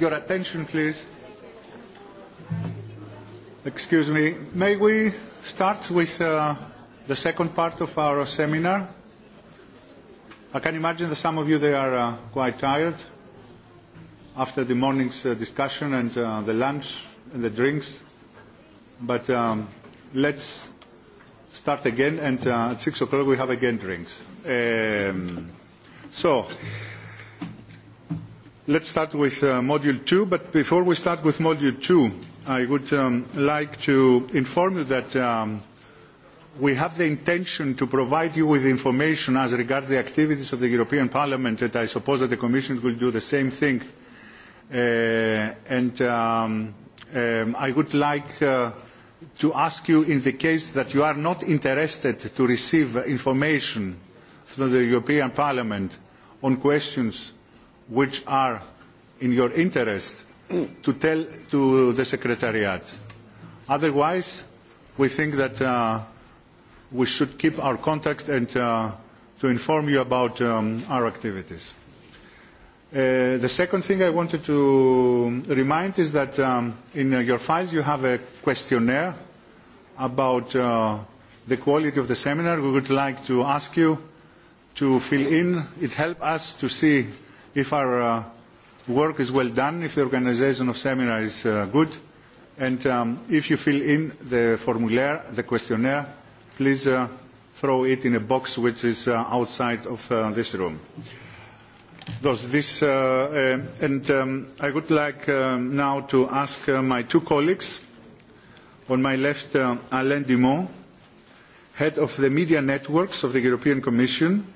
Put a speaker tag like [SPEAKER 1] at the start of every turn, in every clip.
[SPEAKER 1] Your attention, please. Excuse me. May we start with uh, the second part of our seminar? I can imagine that some of you they are uh, quite tired after the morning's uh, discussion and uh, the lunch and the drinks. But um, let's start again, and uh, at six o'clock we have again drinks. Um, so. Let's start with uh, Module two, but before we start with Module two, I would um, like to inform you that um, we have the intention to provide you with information as regards the activities of the European Parliament, and I suppose that the Commission will do the same thing. Uh, and um, um, I would like uh, to ask you, in the case that you are not interested to receive information from the European Parliament on questions which are in your interest to tell to the Secretariat. Otherwise, we think that uh, we should keep our contact and uh, to inform you about um, our activities. Uh, the second thing I wanted to remind is that um, in uh, your files you have a questionnaire about uh, the quality of the seminar. We would like to ask you to fill in. It helps us to see if our uh, work is well done, if the organization of seminar is uh, good, and um, if you fill in the formulaire, the questionnaire, please uh, throw it in a box which is uh, outside of uh, this room. this, uh, uh, and um, I would like uh, now to ask uh, my two colleagues, on my left uh, Alain Dumont, head of the media networks of the European Commission,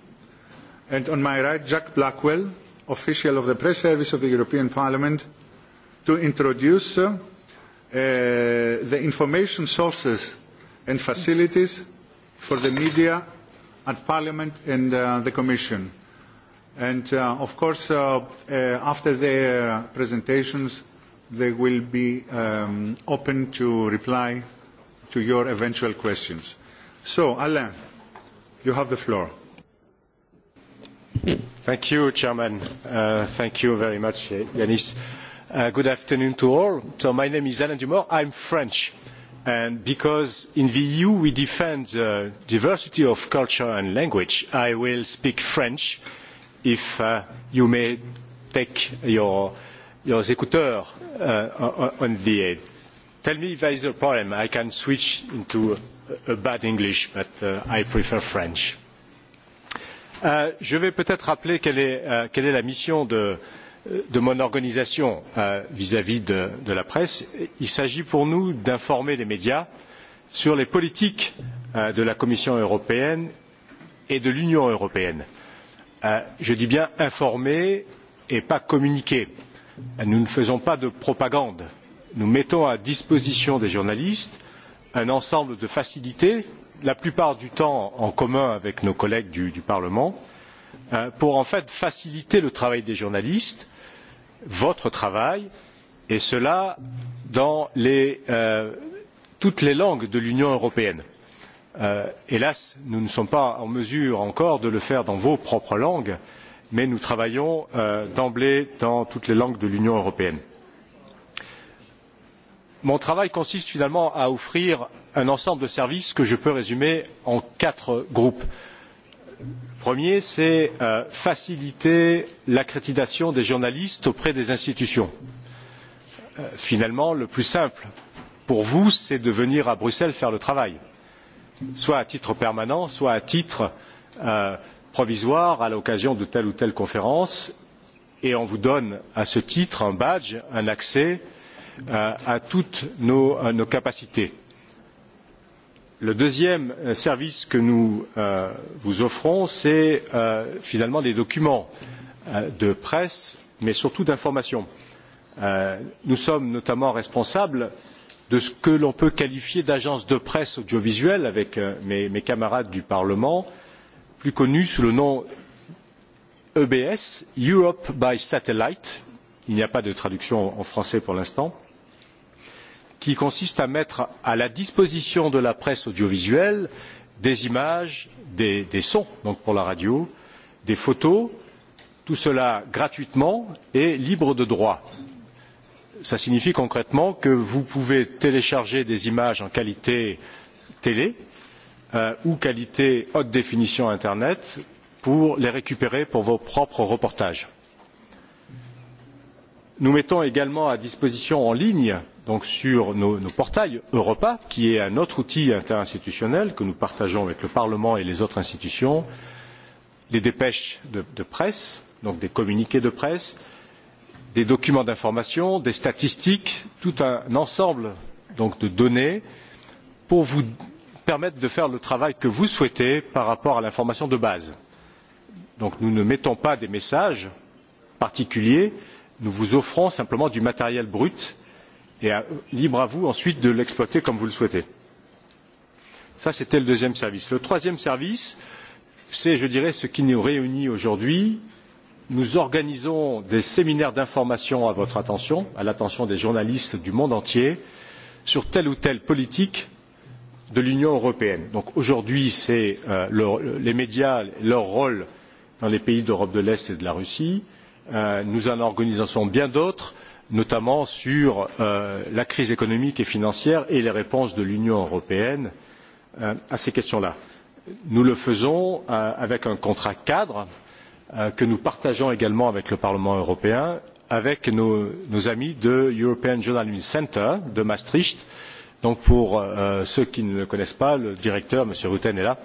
[SPEAKER 1] and on my right Jack Blackwell, official of the press service of the European Parliament to introduce uh, the information sources and facilities for the media at Parliament and uh, the Commission. And uh, of course, uh, uh, after their presentations, they will be um, open to reply to your eventual questions. So, Alain, you have the floor.
[SPEAKER 2] Thank you, Chairman. Uh, thank you very much, Yanis. Uh, good afternoon to all. So my name is Alain Dumont. I'm French. And because in the EU we defend the diversity of culture and language, I will speak French if uh, you may take your, your écouteurs uh, on the aid. Uh, tell me if there is a problem. I can switch into a bad English, but uh, I prefer French. Euh, je vais peut-être rappeler quelle est, euh, quelle est la mission de, de mon organisation euh, vis-à-vis euh, -vis de, de la presse. Il s'agit pour nous d'informer les médias sur les politiques euh, de la Commission européenne et de l'Union européenne. Euh, je dis bien informer et pas communiquer. Nous ne faisons pas de propagande. Nous mettons à disposition des journalistes un ensemble de facilités la plupart du temps en commun avec nos collègues du, du Parlement euh, pour en fait faciliter le travail des journalistes, votre travail, et cela dans les, euh, toutes les langues de l'Union européenne. Euh, hélas, nous ne sommes pas en mesure encore de le faire dans vos propres langues, mais nous travaillons euh, d'emblée dans toutes les langues de l'Union européenne. Mon travail consiste finalement à offrir un ensemble de services que je peux résumer en quatre groupes. Le premier, c'est euh, faciliter l'accréditation des journalistes auprès des institutions. Euh, finalement, le plus simple pour vous, c'est de venir à Bruxelles faire le travail, soit à titre permanent, soit à titre euh, provisoire à l'occasion de telle ou telle conférence, et on vous donne à ce titre un badge, un accès euh, à toutes nos, à euh, nos capacités Le deuxième euh, service que nous euh, vous offrons, c'est euh, finalement des documents euh, de presse, mais surtout d'information. Euh, nous sommes notamment responsables de ce que l'on peut qualifier d'agence de presse audiovisuelle avec euh, mes, mes, camarades du Parlement, plus connue sous le nom EBS, Europe by Satellite. Il n'y a pas de traduction en français pour l'instant qui consiste à mettre à la disposition de la presse audiovisuelle des images, des, des sons, donc pour la radio, des photos, tout cela gratuitement et libre de droit. Cela signifie concrètement que vous pouvez télécharger des images en qualité télé euh, ou qualité haute définition Internet pour les récupérer pour vos propres reportages. Nous mettons également à disposition en ligne donc sur nos, nos portails Europa, qui est un autre outil interinstitutionnel que nous partageons avec le Parlement et les autres institutions, les dépêches de, de presse, donc des communiqués de presse, des documents d'information, des statistiques, tout un, ensemble donc, de données pour vous permettre de faire le travail que vous souhaitez par rapport à l'information de base. Donc nous ne mettons pas des messages particuliers, nous vous offrons simplement du matériel brut et à, libre à vous ensuite de l'exploiter comme vous le souhaitez. Ça, c'était le deuxième service. Le troisième service, c'est, je dirais, ce qui nous réunit aujourd'hui. Nous organisons des séminaires d'information à votre attention, à l'attention des journalistes du monde entier, sur telle ou telle politique de l'Union européenne. Donc aujourd'hui, c'est euh, les médias, leur rôle dans les pays d'Europe de l'Est et de la Russie. Euh, nous en organisons bien d'autres notamment sur euh, la crise économique et financière et les réponses de l'Union européenne euh, à ces questions-là. Nous le faisons euh, avec un contrat cadre euh, que nous partageons également avec le Parlement européen, avec nos, nos amis de European Journalism Center de Maastricht. Donc pour euh, ceux qui ne le connaissent pas, le directeur, M. Rutten, est là.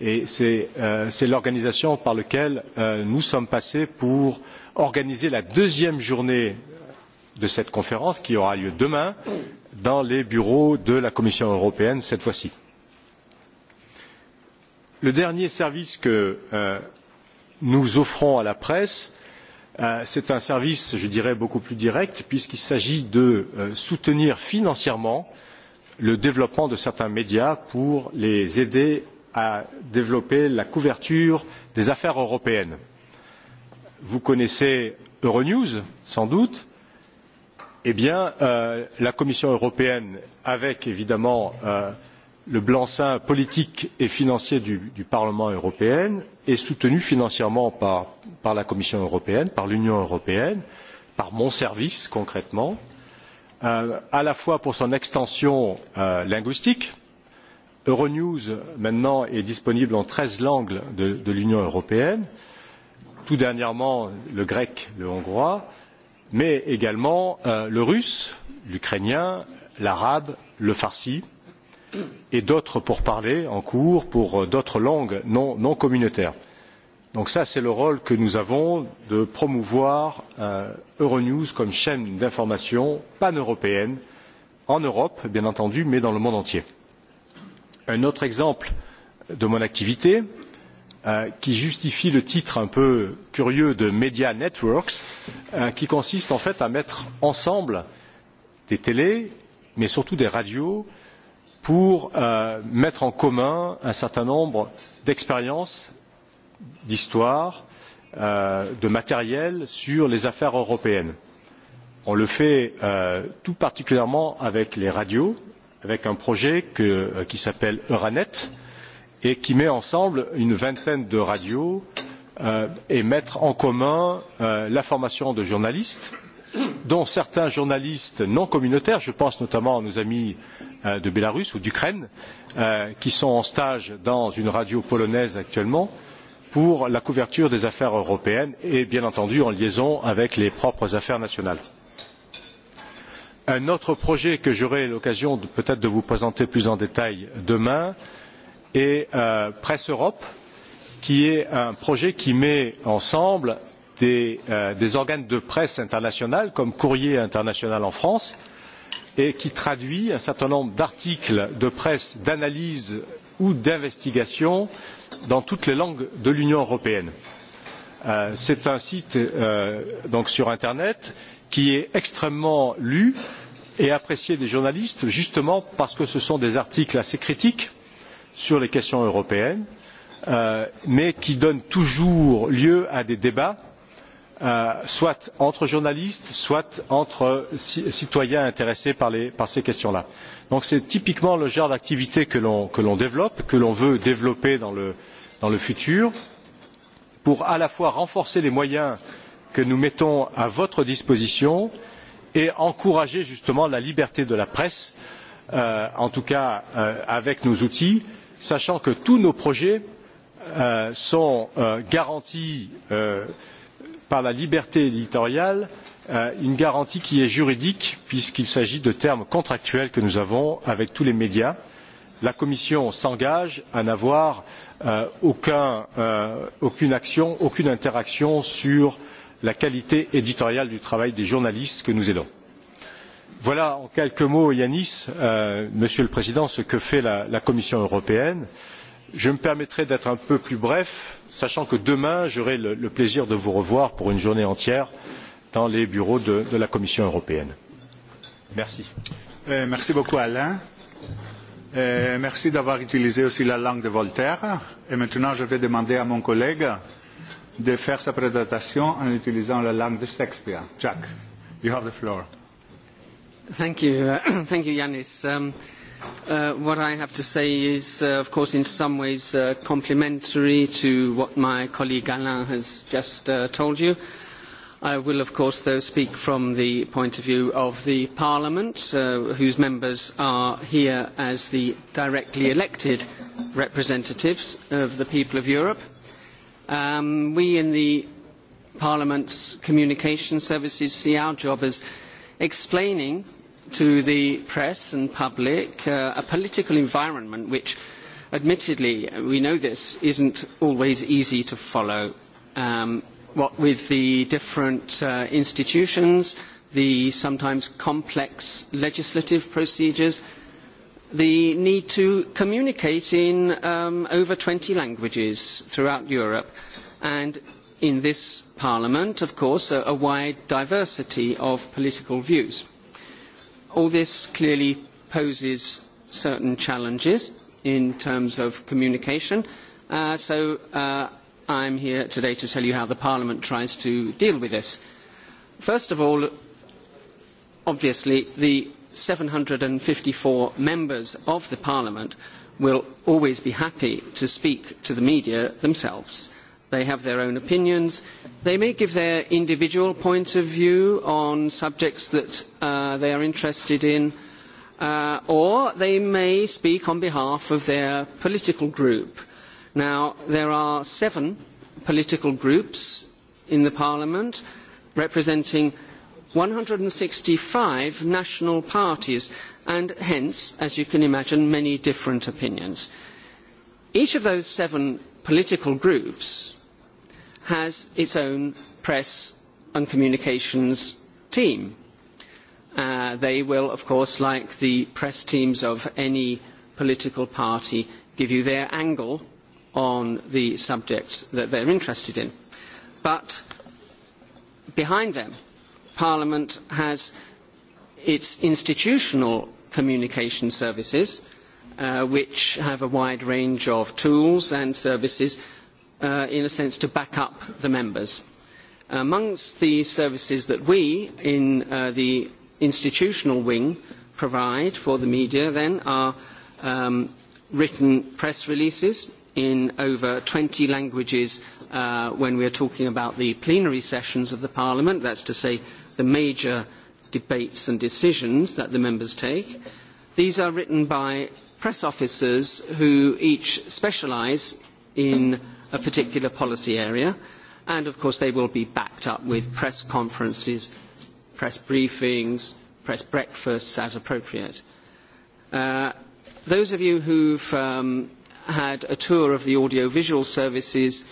[SPEAKER 2] Et c'est euh, l'organisation par laquelle euh, nous sommes passés pour organiser la deuxième journée de cette conférence qui aura lieu demain dans les bureaux de la Commission européenne cette fois-ci. Le dernier service que euh, nous offrons à la presse, euh, c'est un service, je dirais, beaucoup plus direct, puisqu'il s'agit de euh, soutenir financièrement le développement de certains médias pour les aider à développer la couverture des affaires européennes. Vous connaissez Euronews, sans doute, eh bien, euh, la Commission européenne, avec évidemment euh, le blanc-seing politique et financier du, du, Parlement européen, est soutenue financièrement par, par la Commission européenne, par l'Union européenne, par mon service concrètement, euh, à la fois pour son extension euh, linguistique. Euronews maintenant est disponible en treize langues de, de l'Union européenne, tout dernièrement le grec, le hongrois, mais également euh, le russe, l'ukrainien, l'arabe, le farsi et d'autres pourparlers en cours pour euh, d'autres langues non, non communautaires. Donc ça, c'est le rôle que nous avons de promouvoir euh, Euronews comme chaîne d'information pan-européenne en Europe, bien entendu, mais dans le monde entier. Un autre exemple de mon activité, Euh, qui justifie le titre un peu curieux de Media Networks, euh, qui consiste en fait à mettre ensemble des télés, mais surtout des radios, pour euh, mettre en commun un certain nombre d'expériences, d'histoires, de matériel sur les affaires européennes. On le fait tout particulièrement avec les radios, avec un projet que, qui s'appelle Euranet, et qui met ensemble une vingtaine de radios euh, et mettre en commun euh, la formation de journalistes, dont certains journalistes non communautaires, je pense notamment à nos amis euh, de Bélarus ou d'Ukraine, euh, qui sont en stage dans une radio polonaise actuellement, pour la couverture des affaires européennes et bien entendu en liaison avec les propres affaires nationales. Un autre projet que j'aurai l'occasion peut-être de vous présenter plus en détail demain, euh, et euh, Presse Europe, qui est un projet qui met ensemble des, euh, des organes de presse internationale comme Courrier international en France et qui traduit un certain nombre d'articles de presse, d'analyse ou d'investigation dans toutes les langues de l'Union européenne. Euh, C'est un site euh, donc sur Internet qui est extrêmement lu et apprécié des journalistes justement parce que ce sont des articles assez critiques sur les questions européennes, euh, mais qui donne toujours lieu à des débats, euh, soit entre journalistes, soit entre ci citoyens intéressés par, les, par ces questions-là. Donc c'est typiquement le genre d'activité que l'on développe, que l'on veut développer dans le, dans le futur, pour à la fois renforcer les moyens que nous mettons à votre disposition et encourager justement la liberté de la presse, euh, en tout cas euh, avec nos outils, sachant que tous nos projets euh, sont euh, garantis euh, par la liberté éditoriale, euh, une garantie qui est juridique puisqu'il s'agit de termes contractuels que nous avons avec tous les médias. La Commission s'engage à n'avoir euh, aucun, euh, aucune action, aucune interaction sur la qualité éditoriale du travail des journalistes que nous aidons. Voilà en quelques mots, Yanis, euh, Monsieur le Président, ce que fait la, la Commission européenne. Je me permettrai d'être un peu plus bref, sachant que demain, j'aurai le, le, plaisir de vous revoir pour une journée entière dans les bureaux de, de la Commission européenne.
[SPEAKER 1] Merci. Euh, merci beaucoup, Alain. Euh, merci d'avoir utilisé aussi la langue de Voltaire. Et maintenant, je vais demander à mon collègue de faire sa présentation en utilisant la langue de Shakespeare. Jack, you have the floor.
[SPEAKER 3] Thank you. Uh, thank you, Yanis. Um, uh, what I have to say is, uh, of course, in some ways uh, complementary to what my colleague Alain has just uh, told you. I will, of course, though, speak from the point of view of the Parliament, uh, whose members are here as the directly elected representatives of the people of Europe. Um, we in the Parliament's communication services see our job as explaining to the press and public uh, a political environment which admittedly we know this is not always easy to follow um, what with the different uh, institutions the sometimes complex legislative procedures the need to communicate in um, over twenty languages throughout Europe and in this parliament of course a, a wide diversity of political views all this clearly poses certain challenges in terms of communication. Uh, so uh, I'm here today to tell you how the Parliament tries to deal with this. First of all, obviously, the seven hundred and fifty four members of the Parliament will always be happy to speak to the media themselves. They have their own opinions. They may give their individual point of view on subjects that uh, they are interested in, uh, or they may speak on behalf of their political group. Now, there are seven political groups in the Parliament representing one hundred and sixty five national parties and hence, as you can imagine, many different opinions. Each of those seven political groups has its own press and communications team. Uh, they will, of course, like the press teams of any political party, give you their angle on the subjects that they are interested in. But behind them, Parliament has its institutional communication services, uh, which have a wide range of tools and services uh, in a sense, to back up the members. Amongst the services that we in uh, the institutional wing provide for the media then are um, written press releases in over twenty languages uh, when we are talking about the plenary sessions of the Parliament, that is to say the major debates and decisions that the members take. These are written by press officers who each specialise in a particular policy area. And of course, they will be backed up with press conferences, press briefings, press breakfasts as appropriate. Uh, those of you who've um, had a tour of the audiovisual services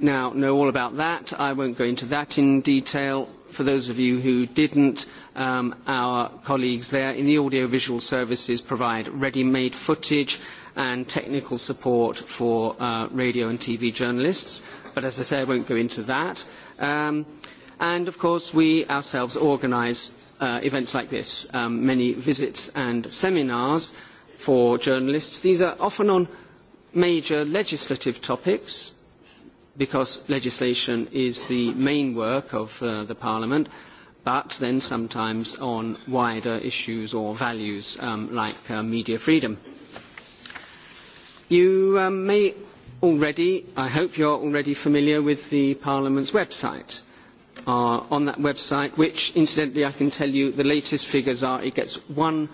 [SPEAKER 3] now know all about that. I won't go into that in detail for those of you who didn't, um, our colleagues there in the audiovisual services provide ready-made footage and technical support for uh, radio and TV journalists. But as I say, I won't go into that. Um, and of course, we ourselves organise uh, events like this, um, many visits and seminars for journalists. These are often on major legislative topics because legislation is the main work of uh, the Parliament, but then sometimes on wider issues or values um, like uh, media freedom. You um, may already, I hope you are already familiar with the Parliament's website. Uh, on that website, which incidentally I can tell you the latest figures are it gets one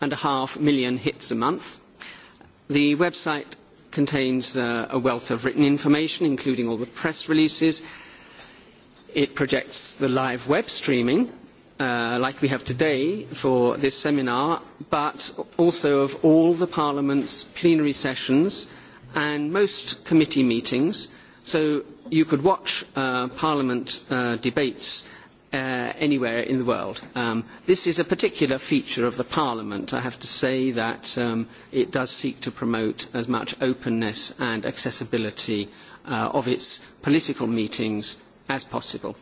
[SPEAKER 3] and a half million hits a month. The website contains uh, a wealth of written information, including all the press releases. It projects the live web streaming, uh, like we have today for this seminar, but also of all the Parliament's plenary sessions and most committee meetings. So you could watch uh, Parliament uh, debates uh, anywhere in the world. Um, this is a particular feature of the Parliament. I have to say that um, it does seek to promote as much openness and accessibility uh, of its political meetings as possible.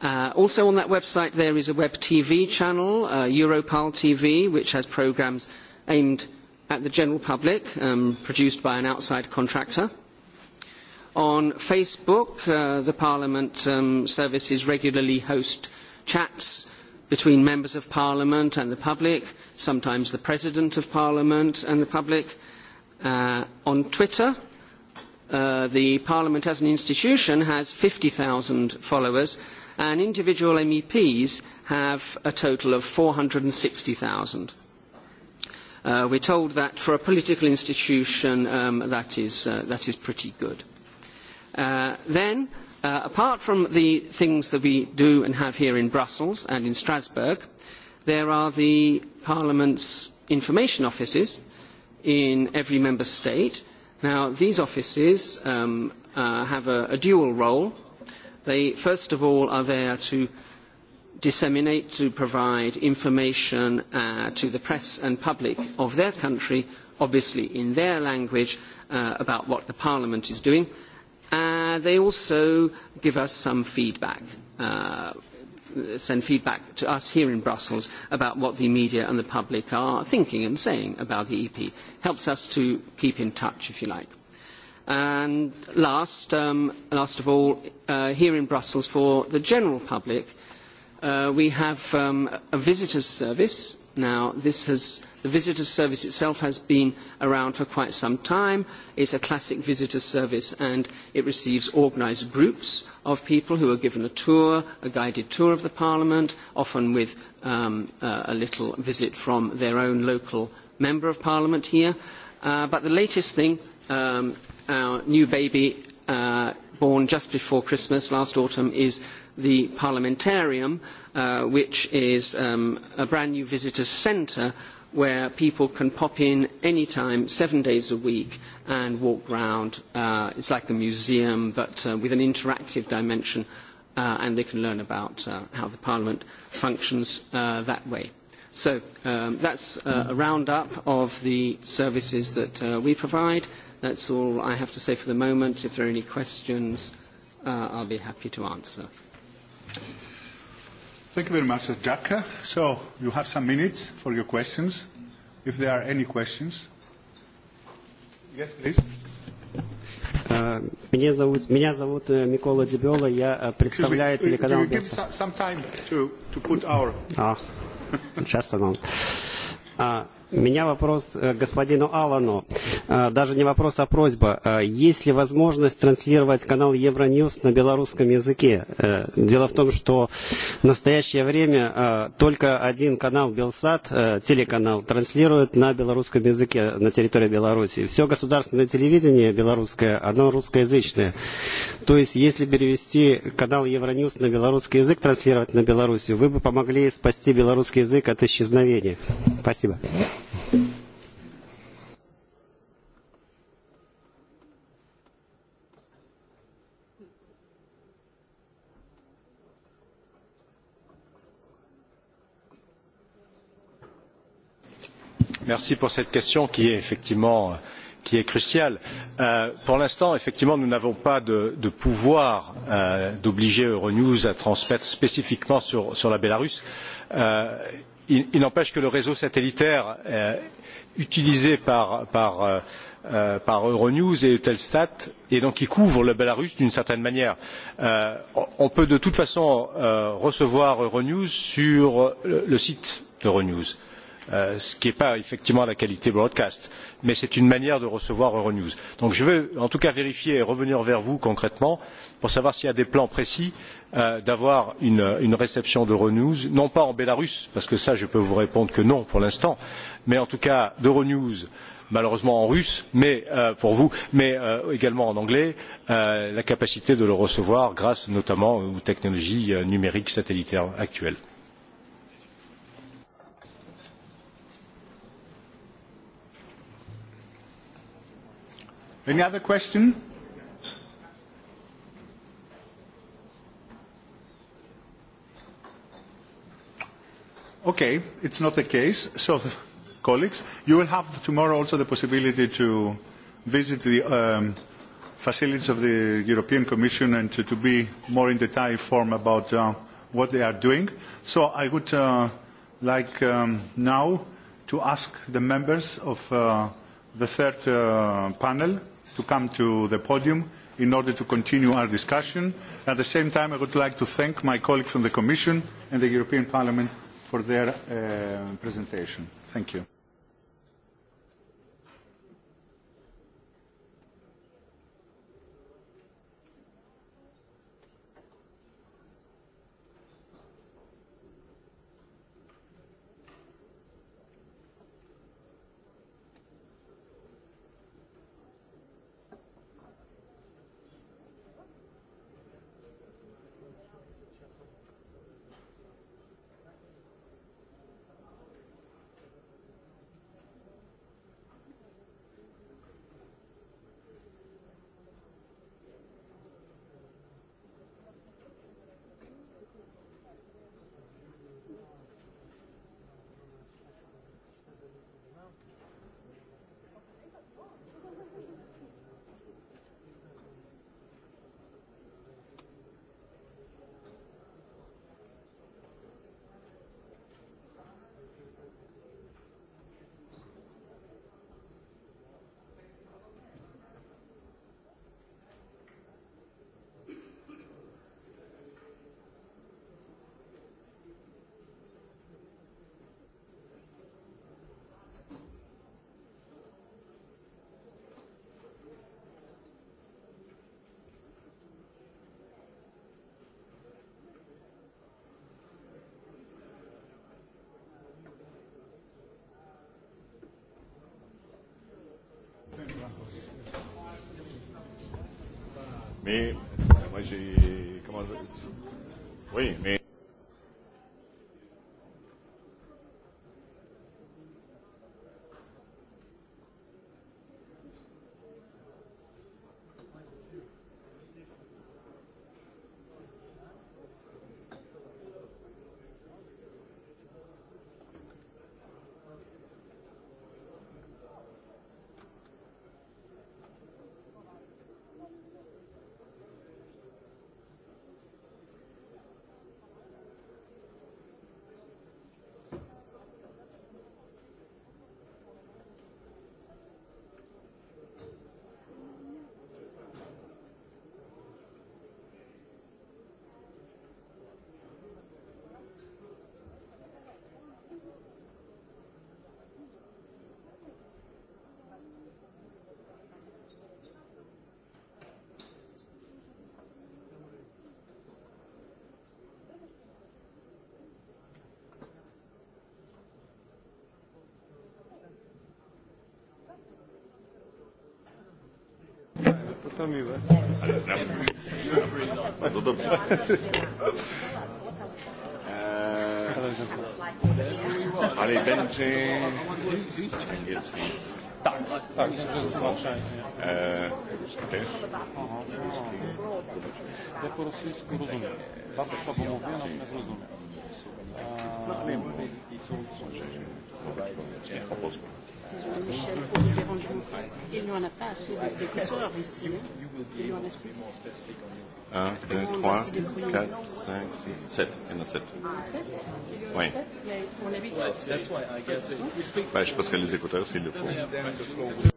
[SPEAKER 3] Uh, also on that website there is a web TV channel, uh, Europal TV, which has programmes aimed at the general public, um, produced by an outside contractor. On Facebook, uh, the Parliament um, services regularly host chats between members of Parliament and the public, sometimes the President of Parliament and the public. Uh, on Twitter, uh, the Parliament as an institution has fifty 50,000 followers and individual MEPs have a total of four hundred and sixty 460,000. Uh, we're told that for a political institution um, that, is, uh, that is pretty good. Uh, then, uh, apart from the things that we do and have here in Brussels and in Strasbourg, there are the Parliament's information offices in every member state. Now, these offices um, uh, have a, a dual role. They, first of all, are there to disseminate, to provide information uh, to the press and public of their country, obviously in their language, uh, about what the Parliament is doing. Uh, they also give us some feedback, uh, send feedback to us here in Brussels about what the media and the public are thinking and saying about the EP. Helps us to keep in touch, if you like. And last, um, last of all, uh, here in Brussels for the general public, uh, we have um, a visitor's service Now, this has, the visitor service itself has been around for quite some time. It's a classic visitor service and it receives organised groups of people who are given a tour, a guided tour of the Parliament, often with um, uh, a little visit from their own local member of Parliament here. Uh, but the latest thing, um, our new baby, uh, born just before Christmas last autumn is the Parliamentarium, uh, which is um, a brand new visitor centre where people can pop in any time, seven days a week, and walk round. Uh, it's like a museum, but uh, with an interactive dimension, uh, and they can learn about uh, how the Parliament functions uh, that way. So um, that's uh, a roundup of the services that uh, we provide. That's all I have to say for the moment. If there are any questions, uh, I'll be happy to answer.
[SPEAKER 1] Thank you very much, Jack. So you have some minutes for your questions, if there are any questions. Yes,
[SPEAKER 4] please. Uh, меня зовут, меня зовут э, Микола Дебела, я э, представляю телеканал Сейчас, меня вопрос к э, господину Алану. Э, даже не вопрос, а просьба. Э, есть ли возможность транслировать канал Евроньюз на белорусском языке? Дело в том, что в настоящее время только один канал Белсат, телеканал, транслирует на белорусском языке на территории Беларуси. Все государственное телевидение белорусское, оно русскоязычное. То есть, если перевести канал Евроньюз на белорусский язык, транслировать на Белоруссию, вы бы помогли спасти белорусский язык от исчезновения. Спасибо.
[SPEAKER 2] Merci pour cette question qui est effectivement euh, qui est crucial. Euh, pour l'instant, effectivement, nous n'avons pas de, de pouvoir euh, d'obliger Euronews à transmettre spécifiquement sur, sur la Bélarus. Euh, il, il n'empêche que le réseau satellitaire euh, utilisé par, par, euh, euh, par, Euronews et Eutelstat et donc qui couvre le Bélarus d'une certaine manière. on peut de toute façon recevoir Euronews sur le, le site d'Euronews. Euh, ce qui n'est pas effectivement la qualité broadcast, mais c'est une manière de recevoir Euronews. Donc je veux en tout cas vérifier et revenir vers vous concrètement pour savoir s'il y a des plans précis euh, d'avoir une, une réception d'Euronews, non pas en Bélarus, parce que ça je peux vous répondre que non pour l'instant, mais en tout cas d'Euronews malheureusement en russe, mais euh, pour vous, mais euh, également en anglais, euh, la capacité de le recevoir grâce notamment aux technologies euh, numériques satellitaires actuelles.
[SPEAKER 1] Any other question? Okay, it's not the case. So, the, colleagues, you will have tomorrow also the possibility to visit the um, facilities of the European Commission and to, to be more in detail form about uh, what they are doing. So I would uh, like um, now to ask the members of uh, the third uh, panel to come to the podium in order to continue our discussion. At the same time, I would like to thank my colleagues from the Commission and the European Parliament for their uh, presentation. Thank you.
[SPEAKER 5] Mais,
[SPEAKER 6] moi j'ai. Comment. Oui, mais.
[SPEAKER 5] To tam miłe.
[SPEAKER 7] No dobrze.
[SPEAKER 6] Ale będzie angielski. Tak, tak, przez tłumaczenie. Ruski też? Ja po
[SPEAKER 8] rosyjsku rozumiem. Bardzo słabo mówię, natomiast rozumiem. E,
[SPEAKER 5] Michel pour les dérangements. Il n'y en a pas assez d'écouteurs
[SPEAKER 9] ici. Il y en a six.
[SPEAKER 5] 1, 2, 3, 4,
[SPEAKER 6] 5, 6, 7. Il y en a 7. Oui.
[SPEAKER 1] Bah, je pense que les écouteurs, s'il le
[SPEAKER 6] faut.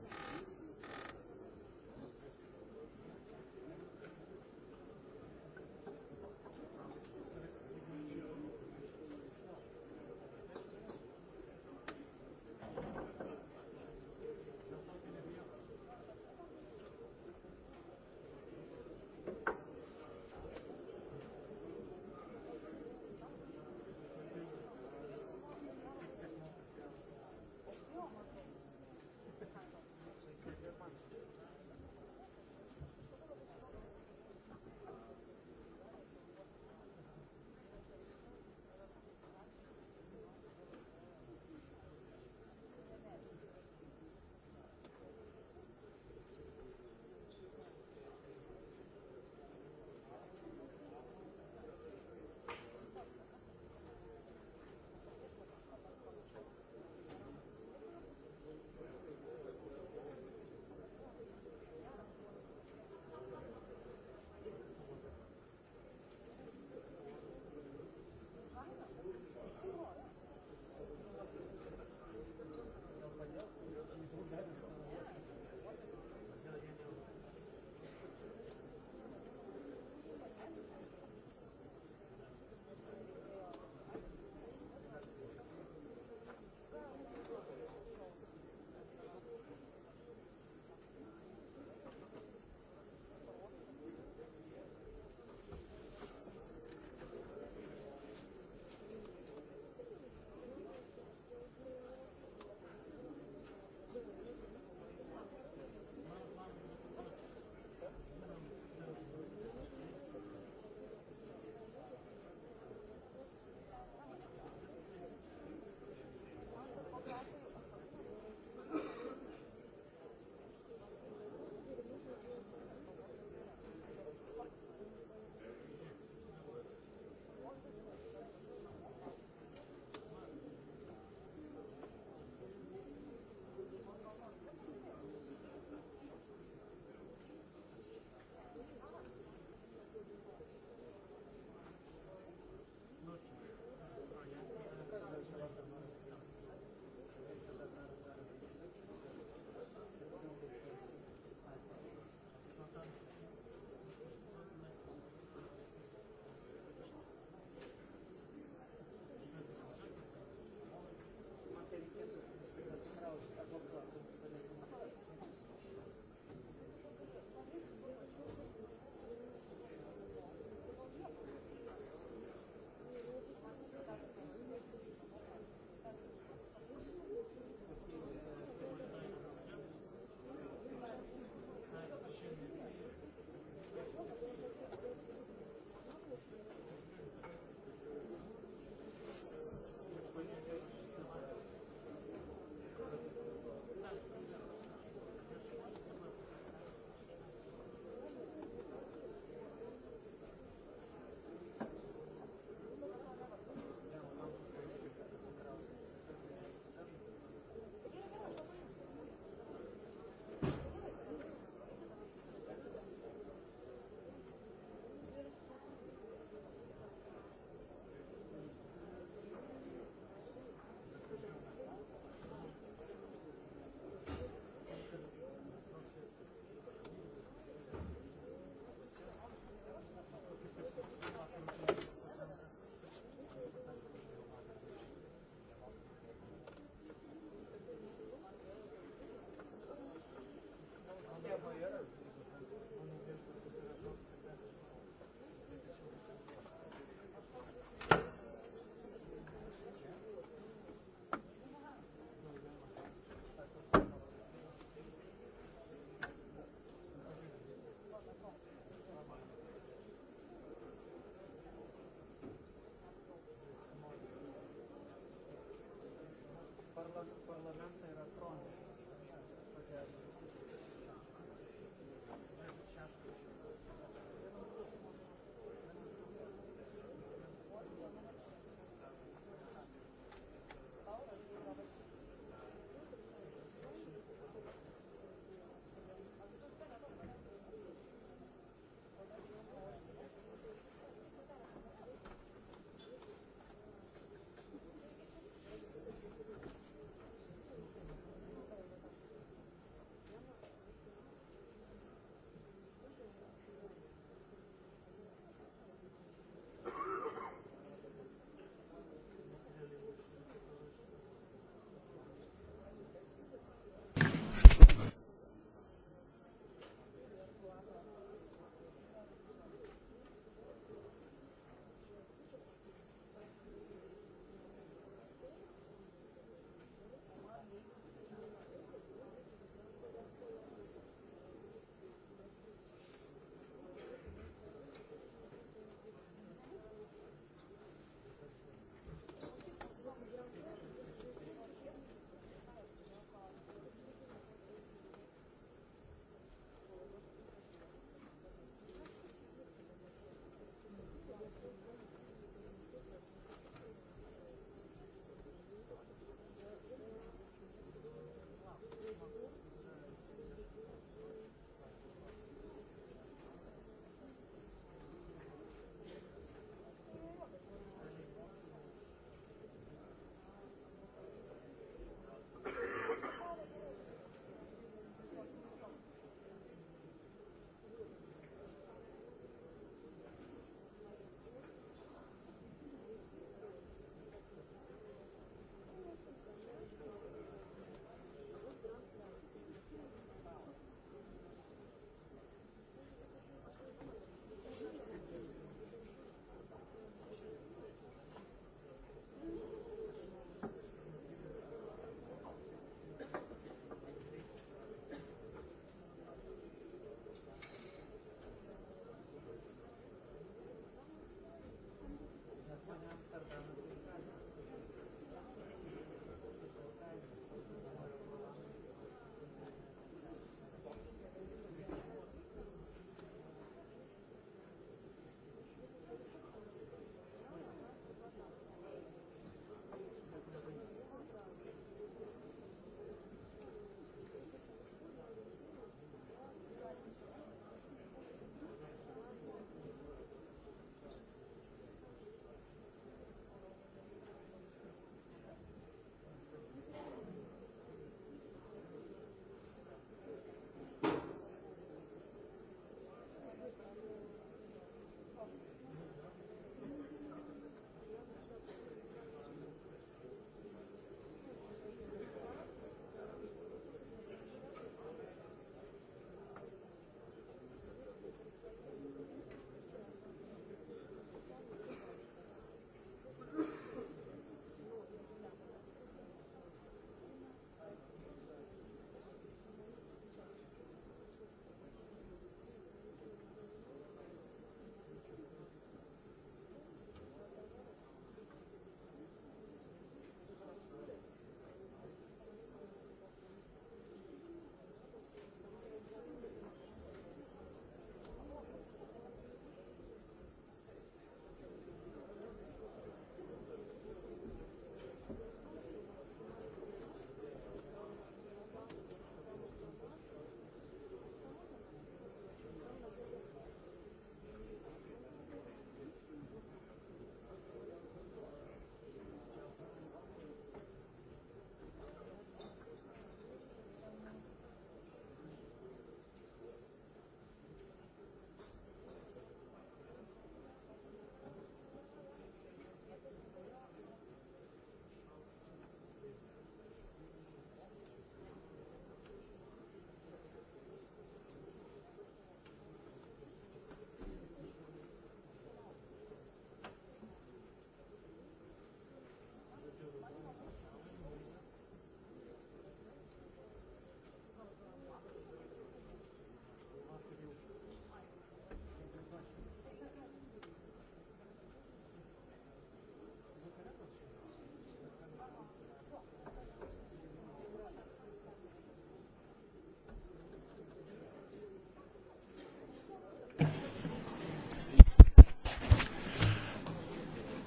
[SPEAKER 5] parlament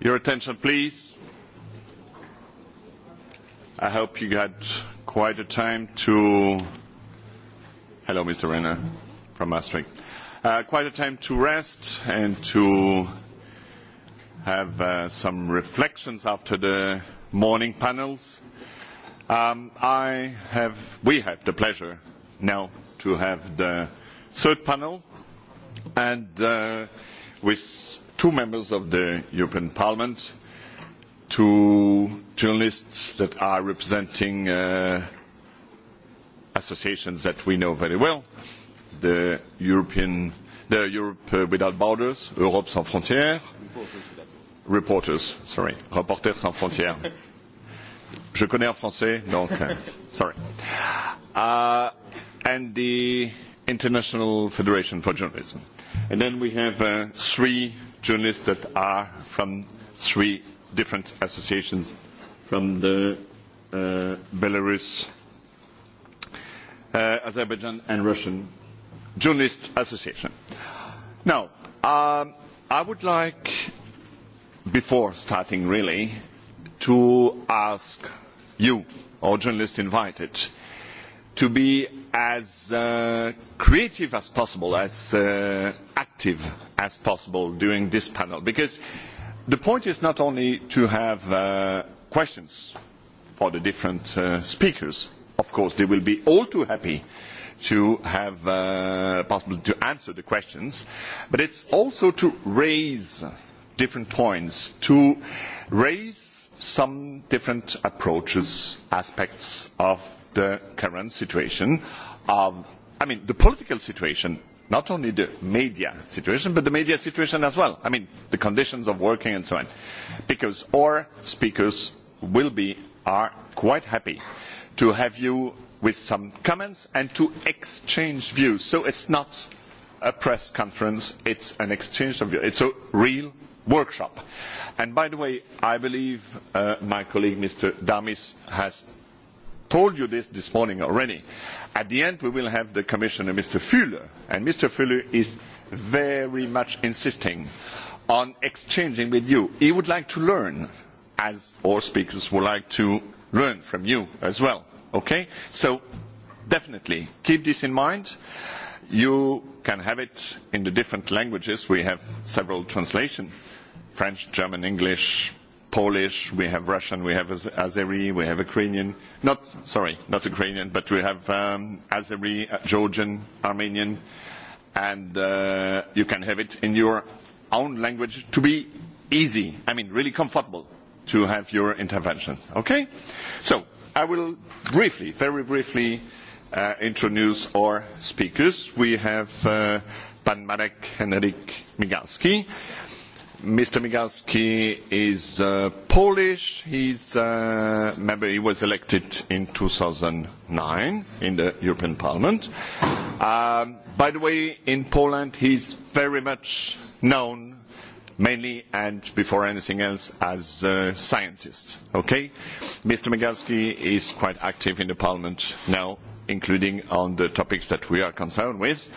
[SPEAKER 6] Your attention, please. I hope you got quite a time to. Hello, Mr. Renner from Maastricht. Uh, quite a time to rest and to have uh, some reflections after the morning panels. Um, I have, we have the pleasure now to have the third panel, and uh, with two members of the European Parliament, two journalists that are representing uh, associations that we know very well, the European, the Europe Without Borders, Europe Sans Frontières, reporters, sorry, Reporters Sans Frontières. Je connais en français, donc, uh, sorry. Uh, and the International Federation for Journalism. And then we have uh, three journalists that are from three different associations from the uh, Belarus, uh, Azerbaijan and Russian Journalists Association. Now, um, I would like, before starting really, to ask you, all journalists invited, to be as uh, creative as possible, as uh, active as possible during this panel, because the point is not only to have uh, questions for the different uh, speakers, of course they will be all too happy to have uh, possible to answer the questions, but it's also to raise different points, to raise some different approaches, aspects of the current situation of, I mean, the political situation, not only the media situation, but the media situation as well. I mean, the conditions of working and so on. Because our speakers will be, are quite happy to have you with some comments and to exchange views. So it's not a press conference, it's an exchange of views. It's a real workshop. And by the way, I believe uh, my colleague Mr. Damis has told you this this morning already. At the end, we will have the Commissioner, Mr. Fuller, and Mr. Fuller is very much insisting on exchanging with you. He would like to learn, as all speakers would like to learn from you as well. Okay? So, definitely, keep this in mind. You can have it in the different languages. We have several translations. French, German, English, Polish, we have Russian, we have Azeri, we have Ukrainian, not, sorry, not Ukrainian, but we have um, Azeri, uh, Georgian, Armenian, and uh, you can have it in your own language to be easy, I mean, really comfortable to have your interventions, okay? So, I will briefly, very briefly, uh, introduce our speakers. We have uh, Pan Marek Henrik Migalski, Mr. Migalski is uh, Polish. He's uh, member. He was elected in 2009 in the European Parliament. Uh, by the way, in Poland, he's very much known, mainly and before anything else, as a scientist. Okay, Mr. Migalski is quite active in the Parliament now, including on the topics that we are concerned with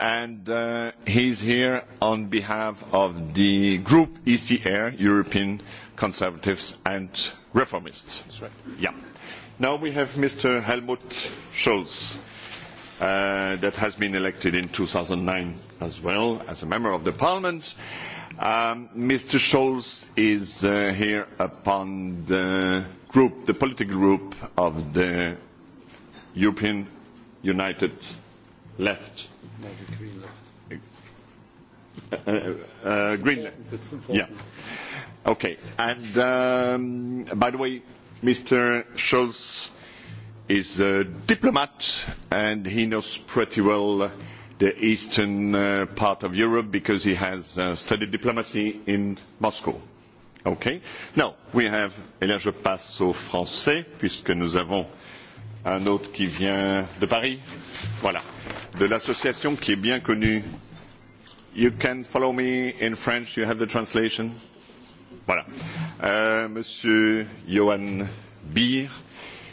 [SPEAKER 6] and uh, he's here on behalf of the group ECR, European Conservatives and Reformists. That's right. Yeah. Now we have Mr. Helmut Scholz, uh, that has been elected in 2009 as well as a member of the parliament. Um, Mr. Scholz is uh, here upon the group, the political group of the European United Left No, the green left. Uh, uh, green left. Yeah. Okay. And um, by the way, Mr. Scholz is a diplomat and he knows pretty well the eastern uh, part of Europe because he has uh, studied diplomacy in Moscow. Okay. Now, we have, et là je passe au français puisque nous avons un autre qui vient de Paris, voilà, de l'association qui est bien connue. You can follow me in French, you have the translation. Voilà. Euh, monsieur Johan Beer,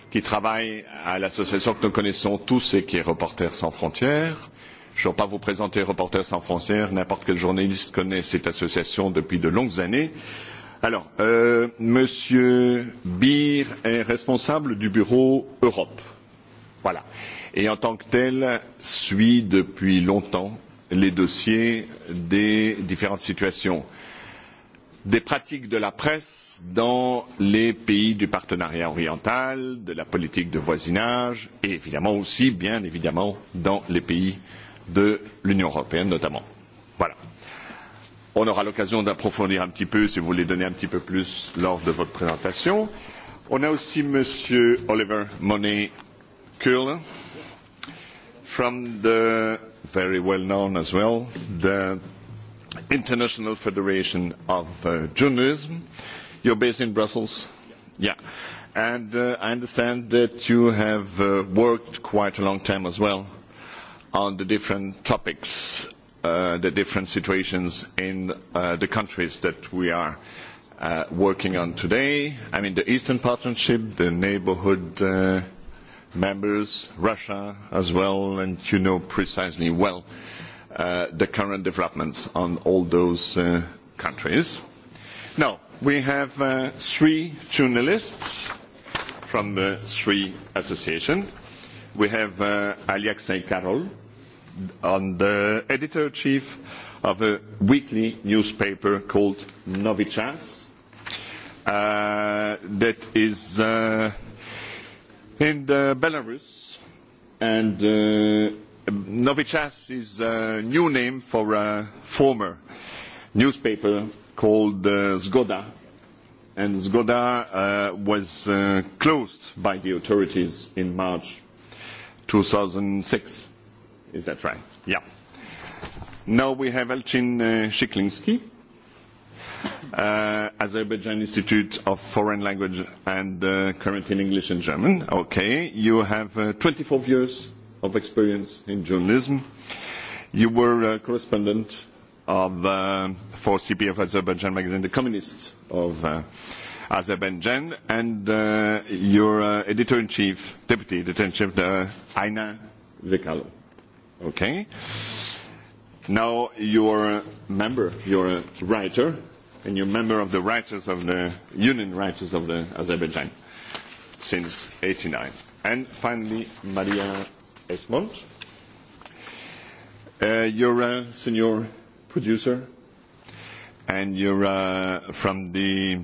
[SPEAKER 6] qui travaille à l'association que nous connaissons tous et qui est Reporters sans frontières. Je ne vais pas vous présenter Reporters sans frontières, n'importe quel journaliste connaît cette association depuis de longues années. Alors, euh, Monsieur Beer est responsable du bureau Europe. Voilà. Et en tant que tel, suit depuis longtemps les dossiers des différentes situations des pratiques de la presse dans les pays du partenariat oriental, de la politique de voisinage et évidemment aussi, bien évidemment, dans les pays de l'Union européenne notamment. Voilà. On aura l'occasion d'approfondir un petit peu si vous voulez donner un petit peu plus lors de votre présentation. On a aussi Monsieur Oliver Monet Curler from the very well known as well, the International Federation of uh, Journalism. You're based in Brussels? Yeah. yeah. And uh, I understand that you have uh, worked quite a long time as well on the different topics uh, the different situations in uh, the countries that we are uh, working on today. I mean, the Eastern Partnership, the neighborhood uh, members, Russia as well, and you know precisely well uh, the current developments on all those uh, countries. Now, we have uh, three journalists from the three associations. We have uh, Alexei Karol, and the editor-chief of a weekly newspaper called Novi Chas uh, that is uh, in the uh, Belarus and uh, Novi Chas is a new name for a former newspaper called uh, Zgoda and Zgoda uh, was uh, closed by the authorities in March 2006 Is that right? Yeah. Now we have Elchin uh, Shiklinski, uh, Azerbaijan Institute of Foreign Language and uh, current in English and German. Okay, you have uh, 24 years of experience in journalism. You were a correspondent of, uh, for CP of Azerbaijan magazine, the Communists of uh, Azerbaijan, and uh, your uh, editor-in-chief, deputy editor-in-chief, uh, Aina Zekalo. Okay. Now you're a member, you're a writer, and you're a member of the writers of the Union Writers of the Azerbaijan since 89. And finally, Maria Esmont. Uh, you're a senior producer, and you're uh, from the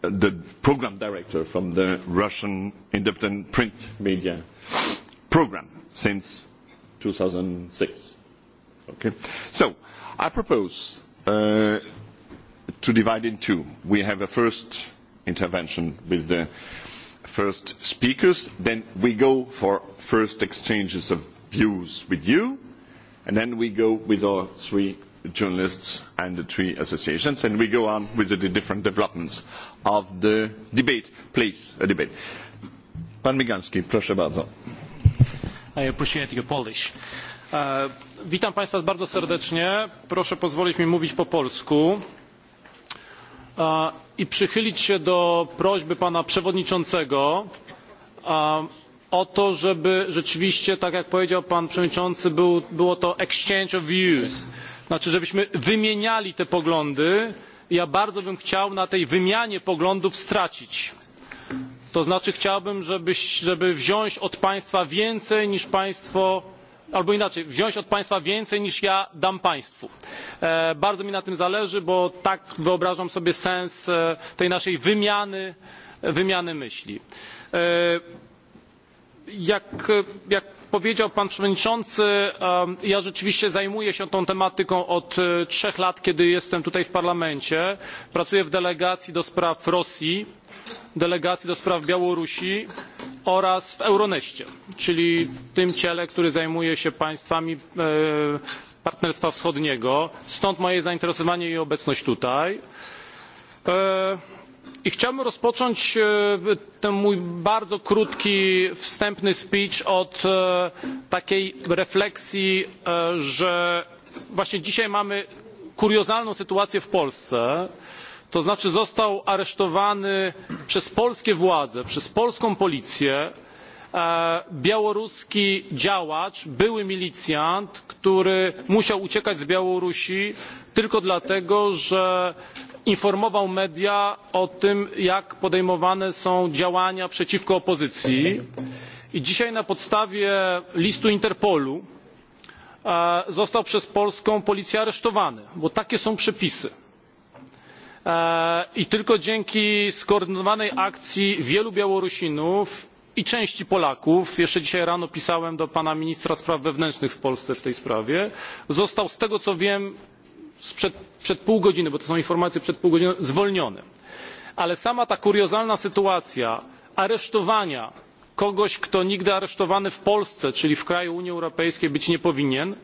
[SPEAKER 6] the program director from the Russian independent print media program since 2006. Okay. So, I propose uh, to divide in two. We have a first intervention with the first speakers, then we go for first exchanges of views with you, and then we go with our three journalists and the three associations, and we go on with the, the different developments of the debate. Please, a debate. Pan Migalski, proszę bardzo.
[SPEAKER 8] I appreciate your Polish. E, witam Państwa bardzo serdecznie. Proszę pozwolić mi mówić po polsku e, i przychylić się do prośby pana przewodniczącego e, o to, żeby rzeczywiście, tak jak powiedział pan przewodniczący, był, było to exchange of views. Znaczy, żebyśmy wymieniali te poglądy. Ja bardzo bym chciał na tej wymianie poglądów stracić. To znaczy chciałbym, żeby, żeby wziąć od państwa więcej niż państwo albo inaczej, wziąć od państwa więcej niż ja dam państwu. E, bardzo mi na tym zależy, bo tak wyobrażam sobie sens e, tej naszej wymiany, e, wymiany myśli. E, jak, jak powiedział pan przewodniczący, e, ja rzeczywiście zajmuję się tą tematyką od e, trzech lat, kiedy jestem tutaj w parlamencie. Pracuję w delegacji do spraw Rosji delegacji do spraw Białorusi oraz w Euroneście, czyli w tym ciele, który zajmuje się państwami e, Partnerstwa Wschodniego. Stąd moje zainteresowanie i obecność tutaj. E, I chciałbym rozpocząć e, ten mój bardzo krótki, wstępny speech od takiej refleksji, że właśnie dzisiaj mamy kuriozalną sytuację w Polsce to znaczy został aresztowany przez polskie władze, przez polską policję e, białoruski działacz, były milicjant, który musiał uciekać z Białorusi tylko dlatego, że informował media o tym, jak podejmowane są działania przeciwko opozycji. I dzisiaj na podstawie listu Interpolu e, został przez polską policję aresztowany, bo takie są przepisy. E, I tylko dzięki skoordynowanej akcji wielu Białorusinów i części Polaków, jeszcze dzisiaj rano pisałem do pana ministra spraw wewnętrznych w Polsce w tej sprawie, został z tego co wiem przed pół godziny, bo to są informacje przed pół godziny, zwolniony. Ale sama ta kuriozalna sytuacja aresztowania kogoś, kto nigdy aresztowany w Polsce, czyli w kraju Unii Europejskiej być nie powinien,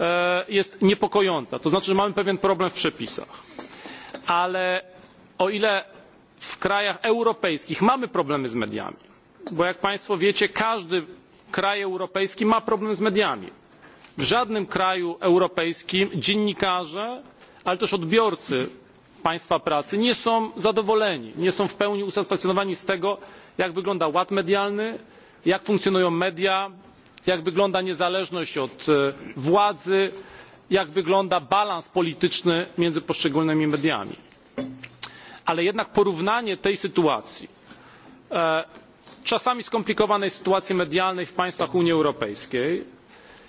[SPEAKER 8] e, jest niepokojąca. To znaczy, że mamy pewien problem w przepisach ale o ile w krajach europejskich mamy problemy z mediami, bo jak Państwo wiecie, każdy kraj europejski ma problem z mediami. W żadnym kraju europejskim dziennikarze, ale też odbiorcy państwa pracy nie są zadowoleni, nie są w pełni usatysfakcjonowani z tego, jak wygląda ład medialny, jak funkcjonują media, jak wygląda niezależność od e, władzy, jak wygląda balans polityczny między poszczególnymi mediami. Ale jednak porównanie tej sytuacji, e, czasami skomplikowanej sytuacji medialnej w państwach Unii Europejskiej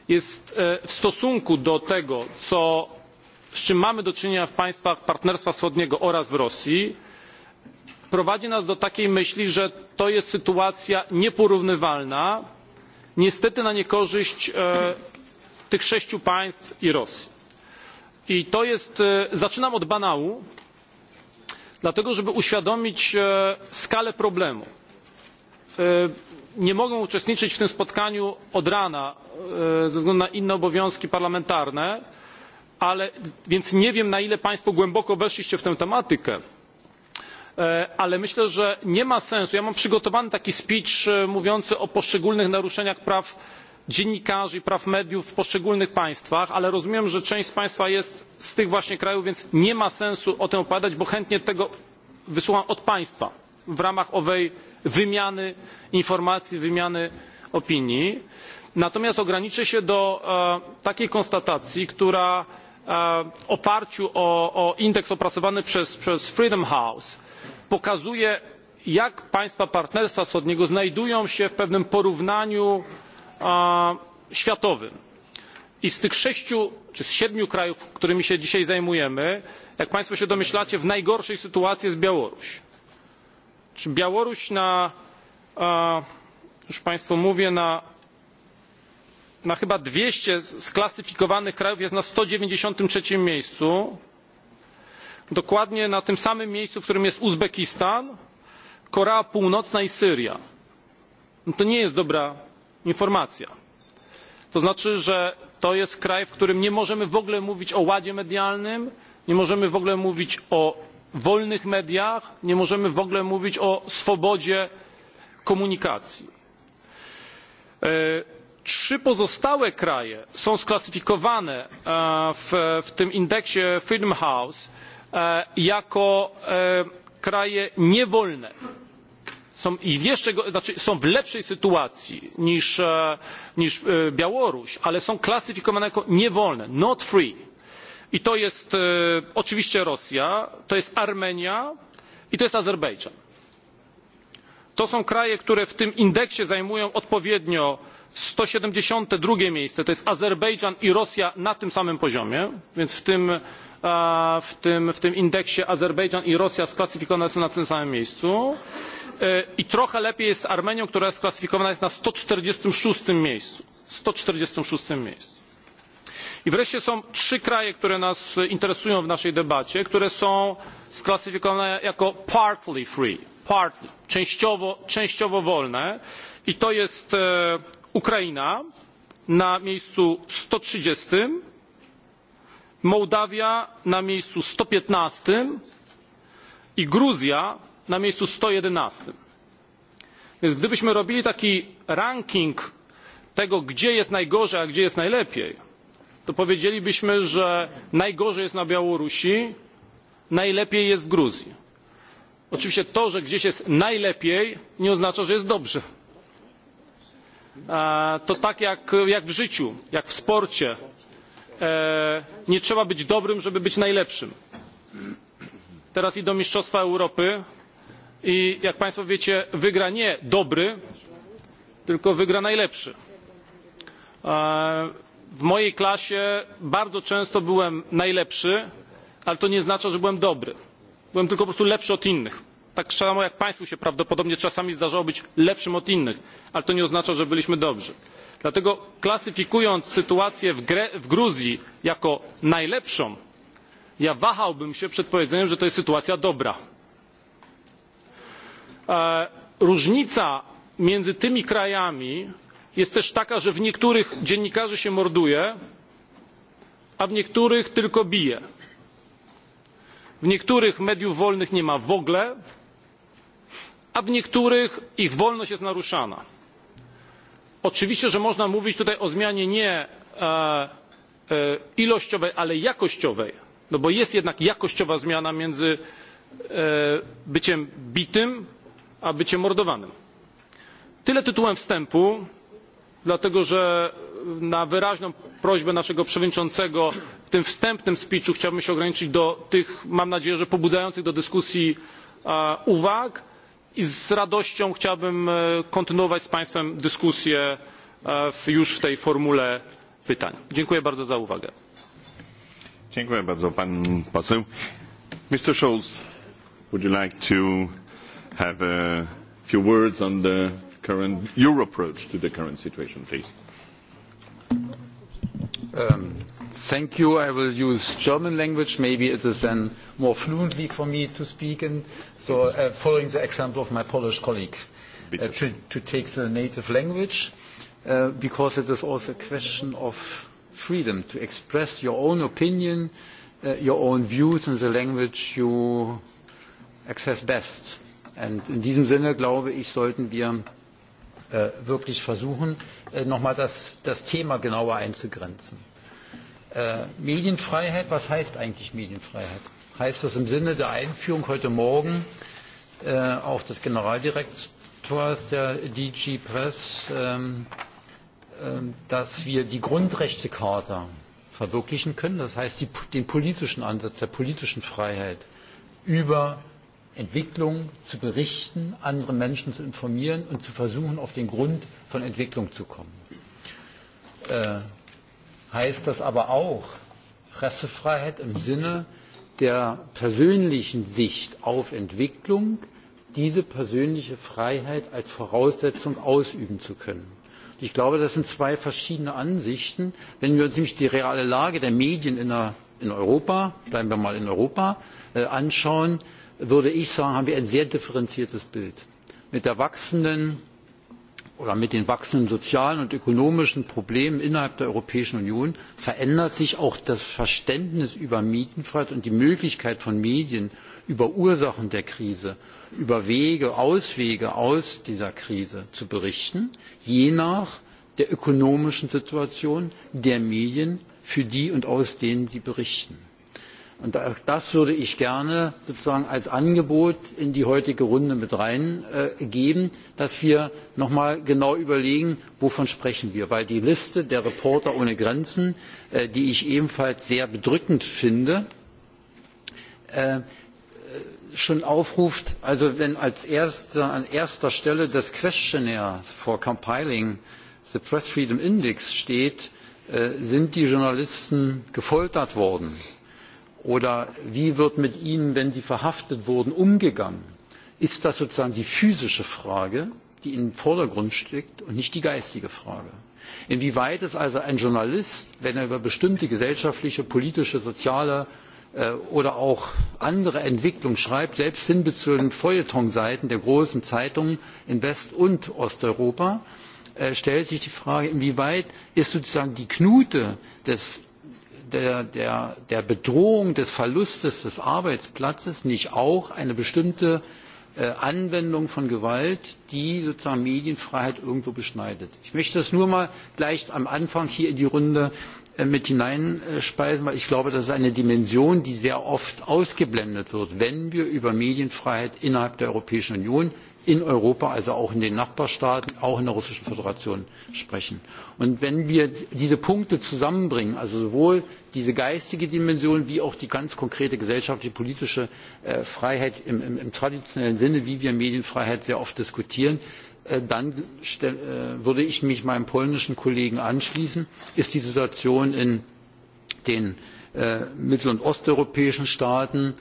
[SPEAKER 8] jest e, w stosunku do tego, co, z czym mamy do czynienia w państwach Partnerstwa Wschodniego oraz w Rosji, prowadzi nas do takiej myśli, że to jest sytuacja nieporównywalna, niestety na niekorzyść e, tych sześciu państw i Rosji. I to jest, e, zaczynam od banału, dlatego żeby uświadomić e, skalę problemu. E, nie mogą uczestniczyć w tym spotkaniu od rana ze względu na inne obowiązki parlamentarne, ale, więc nie wiem na ile Państwo głęboko weszliście w tę tematykę ale myślę, że nie ma sensu. Ja mam przygotowany taki speech mówiący o poszczególnych naruszeniach praw dziennikarzy, i praw mediów w poszczególnych państwach, ale rozumiem, że część z Państwa jest z tych właśnie krajów, więc nie ma sensu o tym opowiadać, bo chętnie tego wysłucham od Państwa w ramach owej wymiany informacji, wymiany opinii. Natomiast ograniczę się do e, takiej konstatacji, która w e, oparciu o, indeks opracowany przez Freedom House pokazuje, jak państwa partnerstwa wschodniego znajdują się w pewnym porównaniu światowym. I z tych sześciu czy z siedmiu krajów, którymi się dzisiaj zajmujemy, jak Państwo się domyślacie, w najgorszej sytuacji jest Białoruś. Czy Białoruś na, już Państwu mówię, na, na chyba dwieście sklasyfikowanych krajów jest na sto dziewięćdzisiąt 193 miejscu. Dokładnie na tym samym miejscu, w którym jest Uzbekistan, Korea Północna i Syria. No to nie jest dobra informacja. To znaczy, że to jest kraj, w którym nie możemy w ogóle mówić o ładzie medialnym, nie możemy w ogóle mówić o wolnych mediach, nie możemy w ogóle mówić o swobodzie komunikacji. E, trzy pozostałe kraje są sklasyfikowane e, w, tym indeksie Freedom House e, jako kraje niewolne są, i w jeszcze, znaczy są w lepszej sytuacji niż, e, niż e, Białoruś, ale są klasyfikowane jako niewolne, not free. I to jest e, oczywiście Rosja, to jest Armenia i to jest Azerbejdżan. To są kraje, które w tym indeksie zajmują odpowiednio 172 miejsce, to jest Azerbejdżan i Rosja na tym samym poziomie, więc w tym w tym, w tym indeksie Azerbejdżan i Rosja sklasyfikowane są na tym samym miejscu. E, i trochę lepiej jest z Armenią, która sklasyfikowana jest na 146 miejscu. 146 miejscu. I wreszcie są trzy kraje, które nas interesują w naszej debacie, które są sklasyfikowane jako partly free, partly, częściowo, częściowo wolne. I to jest e, Ukraina na miejscu 130, Mołdawia na miejscu 115 i Gruzja na miejscu sto Więc gdybyśmy robili taki ranking tego, gdzie jest najgorzej, a gdzie jest najlepiej, to powiedzielibyśmy, że najgorzej jest na Białorusi, najlepiej jest w Gruzji. Oczywiście to, że gdzieś jest najlepiej, nie oznacza, że jest dobrze. E, to tak jak, jak w życiu, jak w sporcie. E, nie trzeba być dobrym, żeby być najlepszym. Teraz idą Mistrzostwa Europy I jak Państwo wiecie, wygra nie dobry, tylko wygra najlepszy. E, w mojej klasie bardzo często byłem najlepszy, ale to nie znaczy, że byłem dobry. Byłem tylko po prostu lepszy od innych. Tak samo jak Państwu się prawdopodobnie czasami zdarzało być lepszym od innych, ale to nie oznacza, że byliśmy dobrzy. Dlatego klasyfikując sytuację w, Gre w Gruzji jako najlepszą, ja wahałbym się przed powiedzeniem, że to jest sytuacja dobra. E, różnica między tymi krajami jest też taka, że w niektórych dziennikarzy się morduje, a w niektórych tylko bije. W niektórych mediów wolnych nie ma w ogóle, a w niektórych ich wolność jest naruszana. Oczywiście, że można mówić tutaj o zmianie nie e, e, ilościowej, ale jakościowej, no bo jest jednak jakościowa zmiana między byciem bitym a bycie mordowanym. Tyle tytułem wstępu, dlatego że na wyraźną prośbę naszego przewodniczącego w tym wstępnym speechu chciałbym się ograniczyć do tych, mam nadzieję, że pobudzających do dyskusji uwag i z radością chciałbym e, kontynuować z Państwem dyskusję e, już w tej formule pytań. Dziękuję bardzo za uwagę.
[SPEAKER 6] Dziękuję bardzo pan poseł. Mr. Scholz, would you like to have a few words on the current, your approach to the current situation, please.
[SPEAKER 10] Um, thank you. I will use German language. Maybe it is then more fluently for me to speak, and so uh, following the example of my Polish colleague, uh, to, to take the native language, uh, because it is also a question of freedom to express your own opinion, uh, your own views in the language you access best. Und in diesem Sinne, glaube ich, sollten wir äh, wirklich versuchen, äh, nochmal das, das Thema genauer einzugrenzen. Äh, Medienfreiheit, was heißt eigentlich Medienfreiheit? Heißt das im Sinne der Einführung heute Morgen äh, auch des Generaldirektors der DG Press, äh, äh, dass wir die Grundrechtecharta verwirklichen können, das heißt die, den politischen Ansatz der politischen Freiheit über Entwicklung zu berichten, andere Menschen zu informieren und zu versuchen, auf den Grund von Entwicklung zu kommen. Äh, heißt das aber auch Pressefreiheit im Sinne der persönlichen Sicht auf Entwicklung, diese persönliche Freiheit als Voraussetzung ausüben zu können. Ich glaube, das sind zwei verschiedene Ansichten. Wenn wir uns nämlich die reale Lage der Medien in, der, in Europa, bleiben wir mal in Europa, äh, anschauen, würde ich sagen, haben wir ein sehr differenziertes Bild. Mit der wachsenden oder mit den wachsenden sozialen und ökonomischen Problemen innerhalb der Europäischen Union verändert sich auch das Verständnis über Mietenfreiheit und die Möglichkeit von Medien über Ursachen der Krise, über Wege, Auswege aus dieser Krise zu berichten, je nach der ökonomischen Situation der Medien, für die und aus denen sie berichten. Und das würde ich gerne sozusagen als Angebot in die heutige Runde mit reingeben, äh, dass wir noch genau überlegen, wovon sprechen wir. Weil die Liste der Reporter ohne Grenzen, äh, die ich ebenfalls sehr bedrückend finde, äh, schon aufruft, also wenn als erste, an erster Stelle des Questionnaire for Compiling the Press Freedom Index steht, sind die Journalisten gefoltert worden Oder wie wird mit ihnen, wenn sie verhaftet wurden, umgegangen? Ist das sozusagen die physische Frage, die im Vordergrund steht und nicht die geistige Frage? Inwieweit ist also ein Journalist, wenn er über bestimmte gesellschaftliche, politische, soziale äh, oder auch andere Entwicklungen schreibt, selbst hin bis zu den Feuilletonseiten der großen Zeitungen in West- und Osteuropa, äh, stellt sich die Frage, inwieweit ist sozusagen die Knute des der, der, der Bedrohung des Verlustes des Arbeitsplatzes nicht auch eine bestimmte äh, Anwendung von Gewalt, die sozusagen Medienfreiheit irgendwo beschneidet. Ich möchte das nur mal gleich am Anfang hier in die Runde äh, mit hineinspeisen, weil ich glaube, das ist eine Dimension, die sehr oft ausgeblendet wird, wenn wir über Medienfreiheit innerhalb der Europäischen Union, in Europa, also auch in den Nachbarstaaten, auch in der Russischen Föderation sprechen. Und wenn wir diese Punkte zusammenbringen, also sowohl diese geistige Dimension wie auch die ganz konkrete gesellschaftliche politische äh, Freiheit im, im, im traditionellen Sinne, wie wir Medienfreiheit sehr oft diskutieren, äh, dann äh, würde ich mich meinem polnischen Kollegen anschließen, ist die Situation in den äh, mittel- und osteuropäischen Staaten,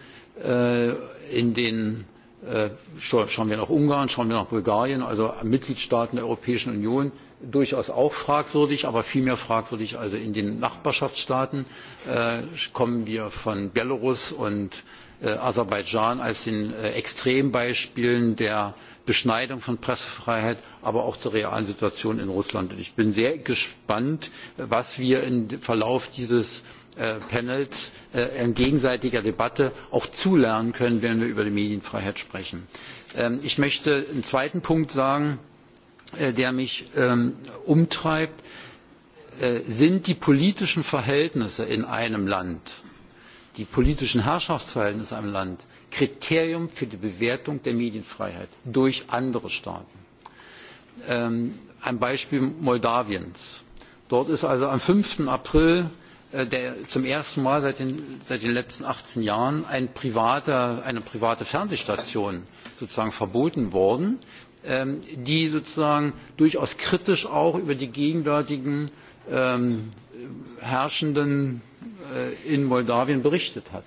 [SPEAKER 10] äh, in den äh, schauen wir nach Ungarn, schauen wir nach Bulgarien, also Mitgliedstaaten der Europäischen Union, durchaus auch fragwürdig, aber viel mehr fragwürdig. Also in den Nachbarschaftsstaaten äh, kommen wir von Belarus und äh, Aserbaidschan als den äh, Extrembeispielen der Beschneidung von Pressefreiheit, aber auch zur realen Situation in Russland. Und ich bin sehr gespannt, was wir im Verlauf dieses äh, Panels äh, in gegenseitiger Debatte auch zulernen können, wenn wir über die Medienfreiheit sprechen. Ähm, ich möchte einen zweiten Punkt sagen, äh, Äh, der mich ähm, umtreibt, äh, sind die politischen Verhältnisse in einem Land, die politischen Herrschaftsverhältnisse in einem Land, Kriterium für die Bewertung der Medienfreiheit durch andere Staaten. Ähm, ein Beispiel Moldawiens. Dort ist also am 5. April äh, der, zum ersten Mal seit den, seit den letzten 18 Jahren ein private, eine private Fernsehstation sozusagen verboten worden, Ähm, die sozusagen durchaus kritisch auch über die gegenwärtigen ähm, Herrschenden äh, in Moldawien berichtet hat.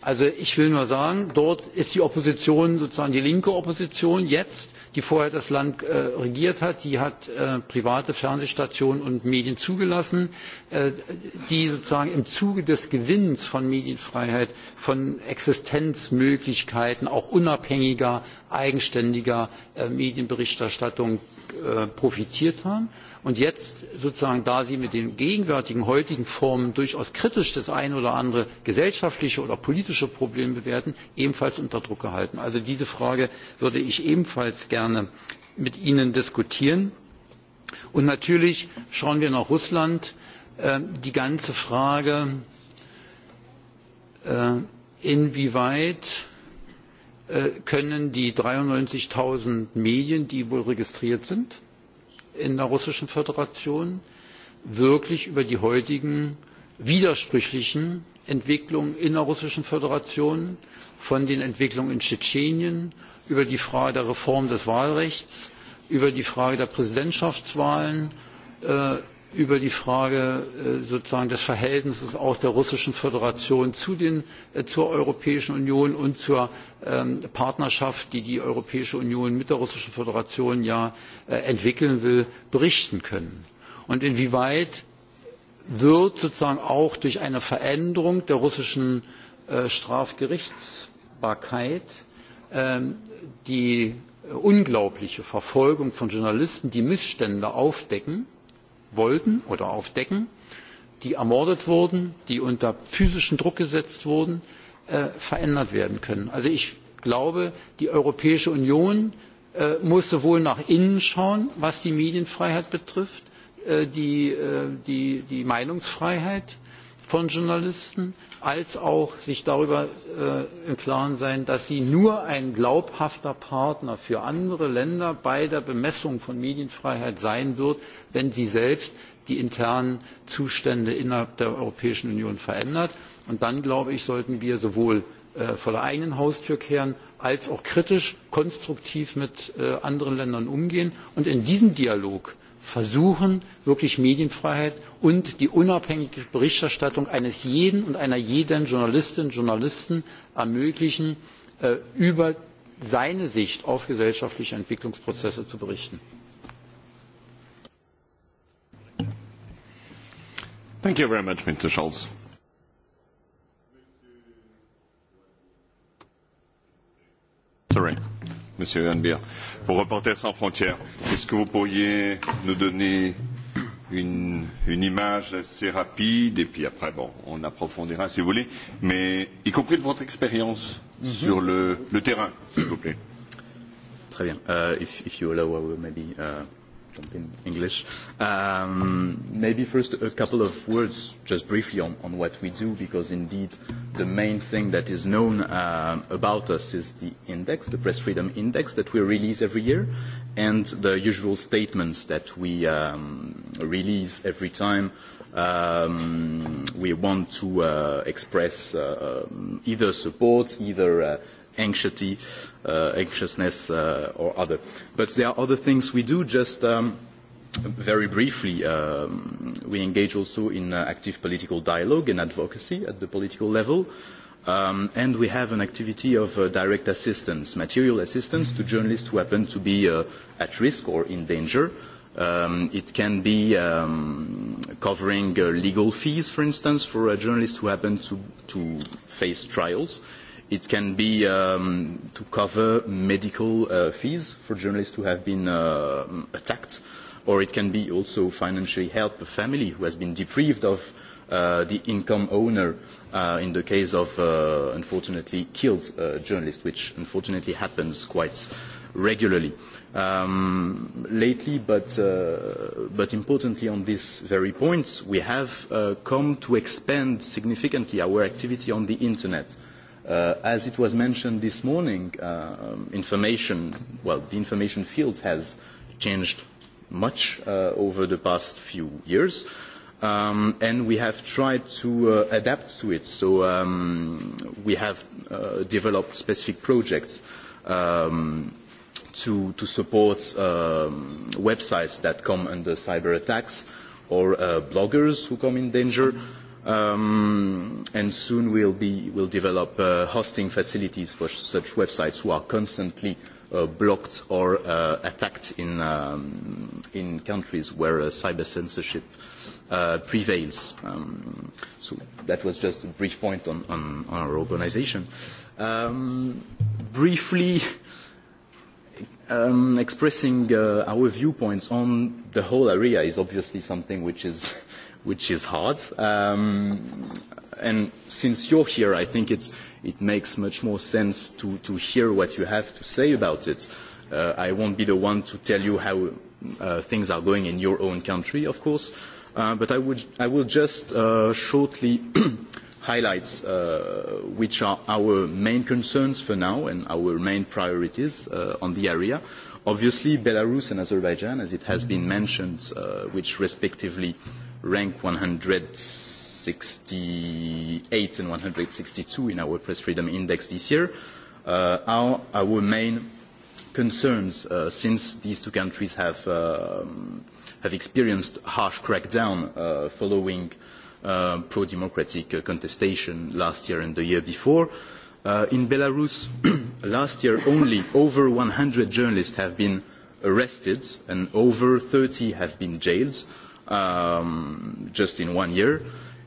[SPEAKER 10] Also ich will nur sagen, dort ist die Opposition sozusagen die linke Opposition jetzt, die vorher das Land äh, regiert hat, die hat äh, private Fernsehstationen und Medien zugelassen, äh, die sozusagen im Zuge des Gewinns von Medienfreiheit, von Existenzmöglichkeiten auch unabhängiger eigenständiger äh, Medienberichterstattung äh, profitiert haben. Und jetzt sozusagen, da sie mit den gegenwärtigen heutigen Formen durchaus kritisch das eine oder andere gesellschaftliche oder politische Problem bewerten, ebenfalls unter Druck gehalten. Also diese Frage würde ich ebenfalls gerne mit Ihnen diskutieren. Und natürlich schauen wir nach Russland. Äh, die ganze Frage, äh, inwieweit Äh, können die 93.000 Medien, die wohl registriert sind in der Russischen Föderation, wirklich über die heutigen widersprüchlichen Entwicklungen in der Russischen Föderation, von den Entwicklungen in Tschetschenien, über die Frage der Reform des Wahlrechts, über die Frage der Präsidentschaftswahlen, äh, über die Frage äh, sozusagen des Verhältnisses auch der Russischen Föderation zu den, äh, zur Europäischen Union und zur ähm, Partnerschaft, die die Europäische Union mit der Russischen Föderation ja äh, entwickeln will, berichten können. Und inwieweit wird sozusagen auch durch eine Veränderung der russischen Strafgerichtsbarkeit ähm, die unglaubliche Verfolgung von Journalisten, die Missstände aufdecken, wollten oder aufdecken, die ermordet wurden, die unter physischen Druck gesetzt wurden, äh, verändert werden können. Also ich glaube, die Europäische Union äh, muss sowohl nach innen schauen, was die Medienfreiheit betrifft, äh, die, äh, die, die Meinungsfreiheit, von Journalisten, als auch sich darüber äh, im Klaren sein, dass sie nur ein glaubhafter Partner für andere Länder bei der Bemessung von Medienfreiheit sein wird, wenn sie selbst die internen Zustände innerhalb der Europäischen Union verändert. Und dann, glaube ich, sollten wir sowohl äh, vor der eigenen Haustür kehren, als auch kritisch, konstruktiv mit äh, anderen Ländern umgehen und in diesem Dialog versuchen, wirklich Medienfreiheit und die unabhängige Berichterstattung eines jeden und einer jeden Journalistin und Journalisten ermöglichen, äh, über seine Sicht auf gesellschaftliche Entwicklungsprozesse zu berichten.
[SPEAKER 6] Thank you very much, Mr. Scholz. Sorry, Monsieur Pour Reporters sans frontières, est-ce que vous pourriez nous donner une, une image assez rapide et puis après, bon, on approfondira si vous voulez, mais y compris de votre
[SPEAKER 9] expérience mm -hmm. sur le, le terrain, s'il vous plaît. Très bien. Uh, if, if you allow, I uh, will maybe uh, in English. Um, maybe first a couple of words just briefly on, on what we do, because indeed the main thing that is known um, about us is the index, the Press Freedom Index that we release every year, and the usual statements that we um, release every time um, we want to uh, express uh, um, either support, either uh, anxiety, uh, anxiousness, uh, or other. But there are other things we do just. Um, very briefly, um, we engage also in uh, active political dialogue and advocacy at the political level. Um, and we have an activity of uh, direct assistance, material assistance to journalists who happen to be uh, at risk or in danger. Um, it can be um, covering uh, legal fees, for instance, for a journalist who happen to, to face trials. It can be um, to cover medical uh, fees for journalists who have been uh, attacked, or it can be also financially help a family who has been deprived of uh, the income owner uh, in the case of, uh, unfortunately, killed uh, journalists, which unfortunately happens quite regularly. Um, lately, but, uh, but importantly on this very point, we have uh, come to expand significantly our activity on the Internet Uh, as it was mentioned this morning, uh, information, well, the information field has changed much uh, over the past few years, um, and we have tried to uh, adapt to it. So um, we have uh, developed specific projects um, to, to support um, websites that come under cyber attacks or uh, bloggers who come in danger. Mm -hmm Um, and soon we'll, be, we'll develop uh, hosting facilities for such websites who are constantly uh, blocked or uh, attacked in, um, in countries where uh, cyber censorship uh, prevails. Um, so that was just a brief point on, on, on our organization. Um, briefly, um, expressing uh, our viewpoints on the whole area is obviously something which is which is hard. Um, and since you're here, I think it's, it makes much more sense to, to hear what you have to say about it. Uh, I won't be the one to tell you how uh, things are going in your own country, of course, uh, but I, would, I will just uh, shortly highlight uh, which are our main concerns for now and our main priorities uh, on the area. Obviously, Belarus and Azerbaijan, as it has been mentioned, uh, which respectively rank 168 and 162 in our press freedom index this year, uh, are our main concerns uh, since these two countries have, uh, have experienced harsh crackdown uh, following uh, pro-democratic uh, contestation last year and the year before. Uh, in Belarus, last year only over 100 journalists have been arrested and over 30 have been jailed. Uh, um, just in one year.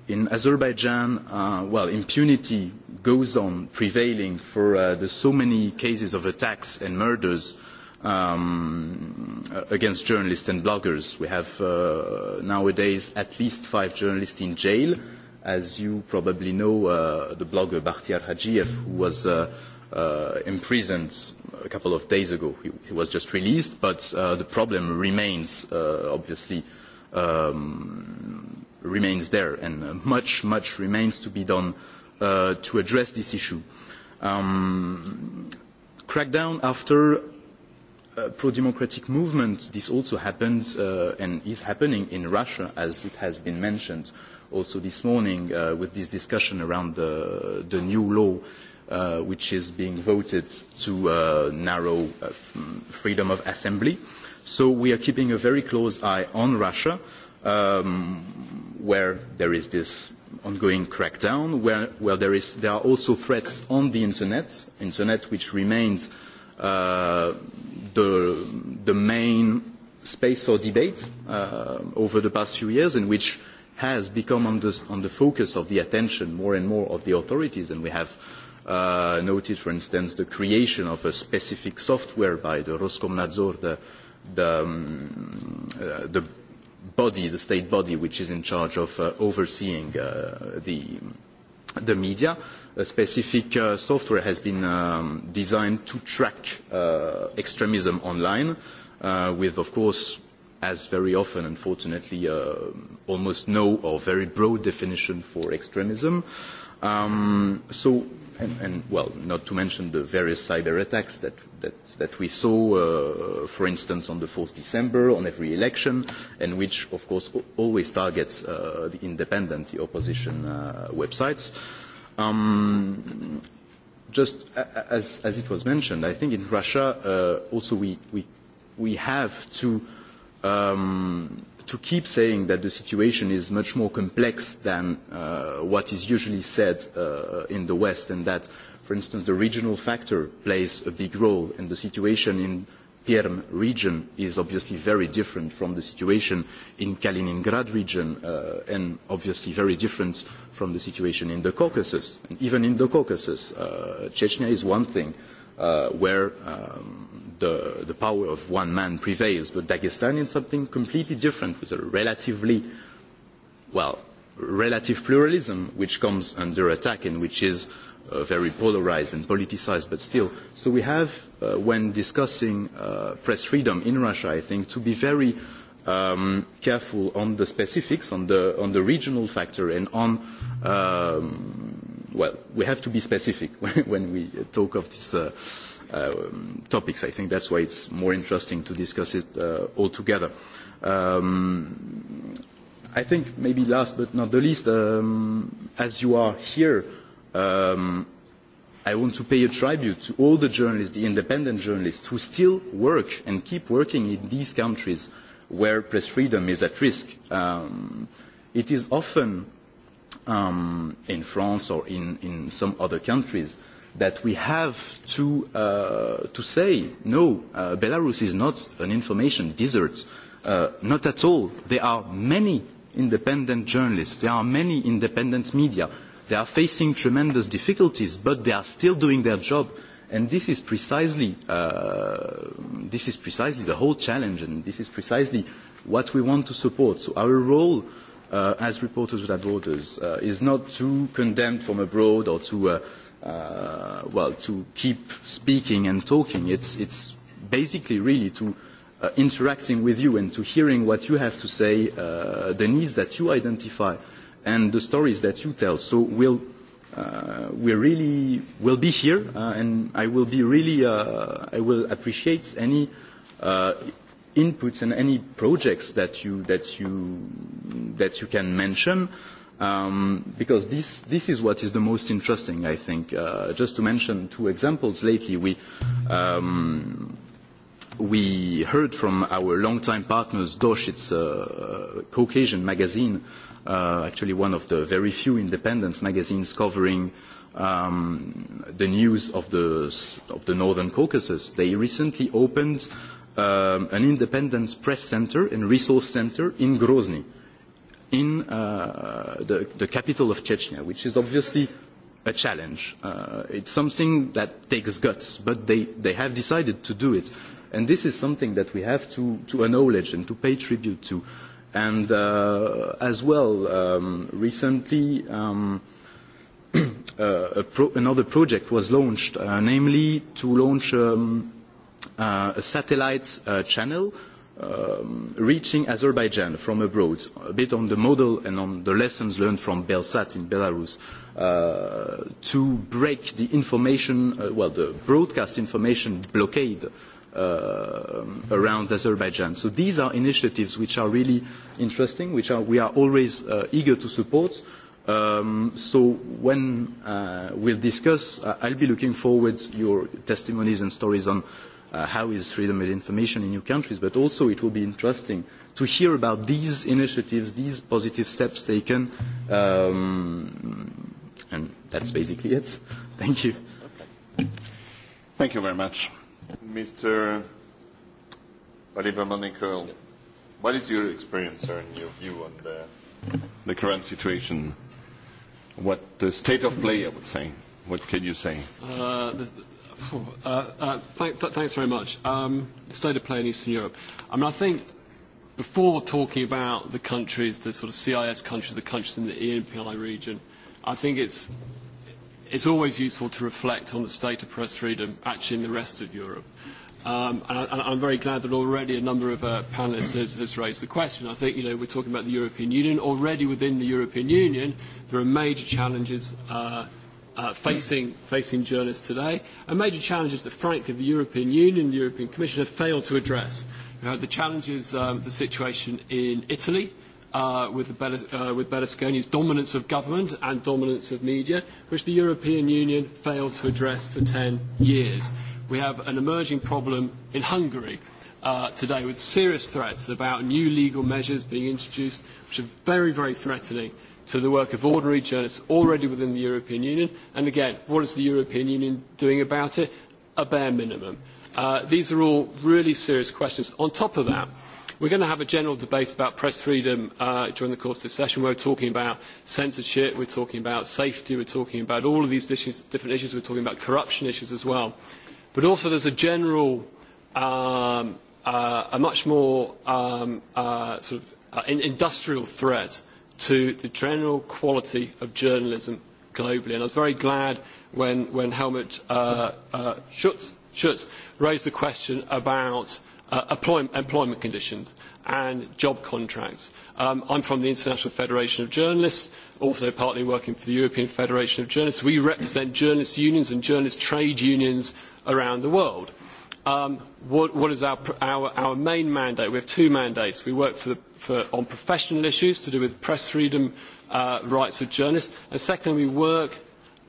[SPEAKER 9] In Azerbaijan, uh, well, impunity goes on prevailing for uh, the so many cases of attacks and murders um, against journalists and bloggers. We have uh, nowadays at least five journalists in jail. As you probably know, uh, the blogger Bakhtiar Hajiev, who was uh, uh, imprisoned a couple of days ago, he, he was just released, but uh, the problem remains, uh, obviously, uh, um, remains there, and much, much remains to be done uh, to address this issue. Um, crackdown after a pro-democratic movement, this also happened uh, and is happening in Russia, as it has been mentioned also this morning uh, with this discussion around the, the new law uh, which is being voted to uh, narrow uh, freedom of assembly. So we are keeping a very close eye on Russia, um, where there is this ongoing crackdown, where, where there, is, there are also threats on the Internet, Internet which remains uh, the, the main space for debate uh, over the past few years and which has become on the, on the focus of the attention more and more of the authorities. And we have uh, noted, for instance, the creation of a specific software by the Roskomnadzor, the the, um, uh, the body, the state body, which is in charge of uh, overseeing uh, the, the media. A specific uh, software has been um, designed to track uh, extremism online, uh, with, of course, as very often, unfortunately, uh, almost no or very broad definition for extremism. Um, so and, and well, not to mention the various cyber attacks that, that, that we saw, uh, for instance, on the 4th December, on every election, and which, of course, always targets uh, the independent, the opposition uh, websites. Um, just as, as it was mentioned, I think in Russia uh, also we, we, we have to uh, um, to keep saying that the situation is much more complex than uh, what is usually said uh, in the West and that, for instance, the regional factor plays a big role and the situation in Perm region is obviously very different from the situation in Kaliningrad region uh, and obviously very different from the situation in the Caucasus. And even in the Caucasus, uh, Chechnya is one thing uh, where um, the, the power of one man prevails, but Dagestan is something completely different with a relatively, well, relative pluralism which comes under attack and which is uh, very polarized and politicized, but still. So we have, uh, when discussing uh, press freedom in Russia, I think, to be very um, careful on the specifics, on the, on the regional factor, and on, um, well, we have to be specific when we talk of this. Uh, Uh, topics. I think that's why it's more interesting to discuss it uh, all together. Um, I think maybe last but not the least, um, as you are here, um, I want to pay a tribute to all the journalists, the independent journalists, who still work and keep working in these countries where press freedom is at risk. Um, it is often um, in France or in, in some other countries that we have to, uh, to say, no, uh, Belarus is not an information desert. Uh, not at all. There are many independent journalists. There are many independent media. They are facing tremendous difficulties, but they are still doing their job. And this is precisely, uh, this is precisely the whole challenge, and this is precisely what we want to support. So our role uh, as Reporters Without Borders uh, is not to condemn from abroad or to uh, uh, well, to keep speaking and talking. It's, it's basically really to uh, interacting with you and to hearing what you have to say, uh, the needs that you identify and the stories that you tell. So we'll, uh, we're really, we'll be here uh, and I will be really, uh, I will appreciate any uh, inputs and any projects that you, that you, that you can mention. Uh, um, because this, this is what is the most interesting, I think. Uh, just to mention two examples, lately we, um, we heard from our longtime partners, Dosh, it's a Caucasian magazine, uh, actually one of the very few independent magazines covering um, the news of the, of the Northern Caucasus. They recently opened um, an independent press center and resource center in Grozny. Uh, in uh, the, the capital of Chechnya, which is obviously a challenge. Uh, it's something that takes guts, but they, they have decided to do it. And this is something that we have to, to acknowledge and to pay tribute to. And uh, as well, um, recently, um, uh, a pro another project was launched, uh, namely to launch um, uh, a satellite uh, channel uh, um, reaching Azerbaijan from abroad, a bit on the model and on the lessons learned from Belsat in Belarus, uh, to break the information, uh, well, the broadcast information blockade uh, around Azerbaijan. So these are initiatives which are really interesting, which are, we are always uh, eager to support. Um, so when uh, we'll discuss, uh, I'll be looking forward to your testimonies and stories on uh, how is freedom of information in new countries, but also it will be interesting to hear about these initiatives, these positive steps taken. Um, and that's basically it. Thank you. Okay. Thank you very much. Mr.
[SPEAKER 6] Oliver Monaco, what is your experience or your view on the, the current situation? What the state of play, I would say. What can you say?
[SPEAKER 11] Uh, the, Uh, uh, th th thanks very much. Um, state of play in Eastern Europe. I mean, I think before talking about the countries, the sort of CIS countries, the countries in the ENPI region, I think it's, it's always useful to reflect on the state of press freedom actually in the rest of Europe. Um, and I, I'm very glad that already a number of uh, panelists has, has raised the question. I think, you know, we're talking about the European Union. Already within the European Union, there are major challenges uh, uh, facing, facing journalists today, and major challenges that, frankly, the European Union and the European Commission have failed to address. You know, the challenges, um, the situation in Italy, uh, with, the uh, with Berlusconi's dominance of government and dominance of media, which the European Union failed to address for 10 years. We have an emerging problem in Hungary uh, today with serious threats about new legal measures being introduced, which are very, very threatening to the work of ordinary journalists already within the European Union. And again, what is the European Union doing about it? A bare minimum. Uh, these are all really serious questions. On top of that, we're going to have a general debate about press freedom uh, during the course of this session. We're talking about censorship, we're talking about safety, we're talking about all of these issues, different issues, we're talking about corruption issues as well. But also there's a general, um, uh, a much more um, uh, sort of uh, industrial threat to the general quality of journalism globally. And I was very glad when, when Helmut uh, uh, Schutz, Schutz raised the question about uh, employment, employment conditions and job contracts. Um, I'm from the International Federation of Journalists, also partly working for the European Federation of Journalists. We represent journalist unions and journalist trade unions around the world um, what, what is our, our, our main mandate? We have two mandates. We work for the, for, on professional issues to do with press freedom, uh, rights of journalists, and secondly, we work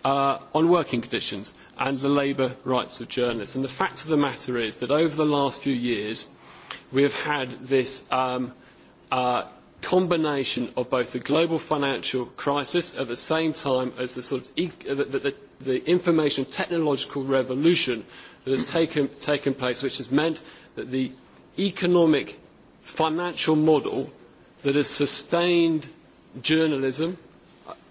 [SPEAKER 11] uh, on working conditions and the labour rights of journalists. And the fact of the matter is that over the last few years, we have had this um, uh, combination of both the global financial crisis at the same time as the, sort of e the, the, the information technological revolution that has taken, taken place which has meant that the economic financial model that has sustained journalism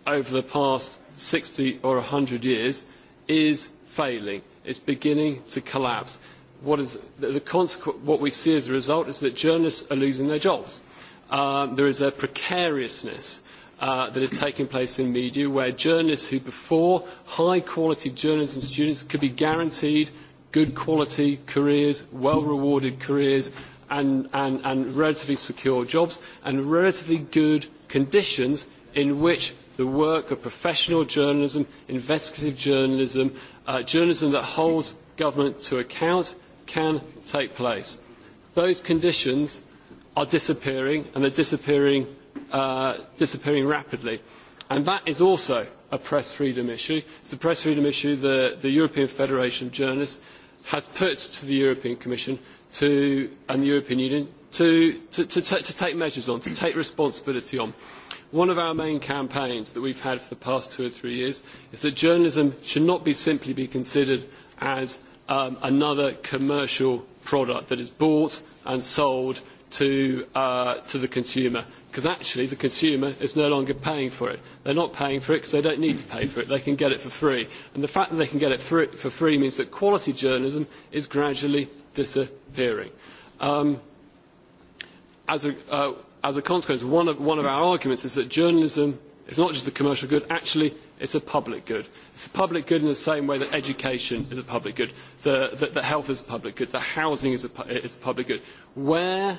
[SPEAKER 11] over the past 60 or 100 years is failing. It's beginning to collapse. What, is, the, the consequ what we see as a result is that journalists are losing their jobs. Um, there is a precariousness uh, that is taking place in media where journalists who before high quality journalism students could be guaranteed good quality careers, well-rewarded careers, and, and, and relatively secure jobs, and relatively good conditions in which the work of professional journalism, investigative journalism, uh, journalism that holds government to account can take place. Those conditions are disappearing, and they're disappearing, uh, disappearing rapidly. And that is also a press freedom issue. It's a press freedom issue that the European Federation of Journalists has put to the European Commission to, and the European Union to, to, to, to take measures on, to take responsibility on. One of our main campaigns that we have had for the past two or three years is that journalism should not be simply be considered as um, another commercial product that is bought and sold to, uh, to the consumer because actually the consumer is no longer paying for it. They're not paying for it because they don't need to pay for it. They can get it for free. And the fact that they can get it for, for free means that quality journalism is gradually disappearing. Um, as, a, uh, as a consequence, one of, one of our arguments is that journalism is not just a commercial good, actually it's a public good. It's a public good in the same way that education is a public good, that the, the health is a public good, that housing is a, is a public good. Where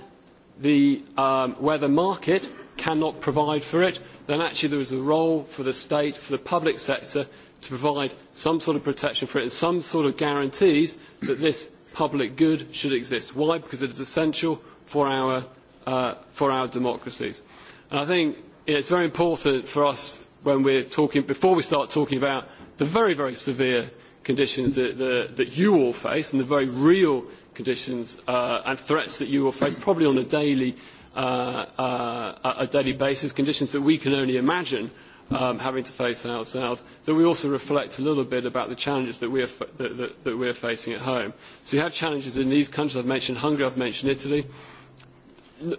[SPEAKER 11] the, um, where the market cannot provide for it, then actually there is a role for the state, for the public sector, to provide some sort of protection for it and some sort of guarantees that this public good should exist. Why? Because it is essential for our, uh, for our democracies. And I think it is very important for us when we're talking, before we start talking about the very, very severe conditions that, the, that you all face and the very real conditions uh, and threats that you will face probably on a daily, uh, uh, a daily basis, conditions that we can only imagine um, having to face ourselves, that we also reflect a little bit about the challenges that we are, that, that, that we are facing at home. So you have challenges in these countries. I've mentioned Hungary, I've mentioned Italy.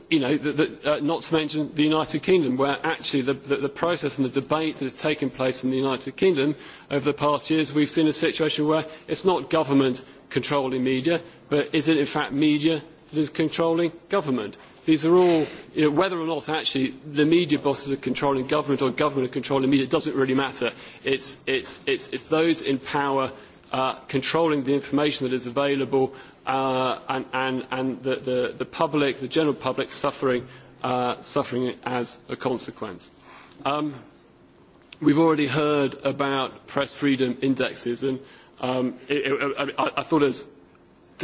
[SPEAKER 11] You know, the, the, uh, not to mention the United Kingdom, where actually the, the, the process and the debate that has taken place in the United Kingdom over the past years, we've seen a situation where it's not government controlling media, but is it in fact media that is controlling government? These are all, you know, whether or not actually the media bosses are controlling government or government are controlling media, it doesn't really matter. It's, it's, it's, it's those in power uh, controlling the information that is available uh, and, and, and the, the, the public, the general public suffering, uh, suffering as a consequence. Um, we've already heard about press freedom indexes and Um, it, it, I, I thought it was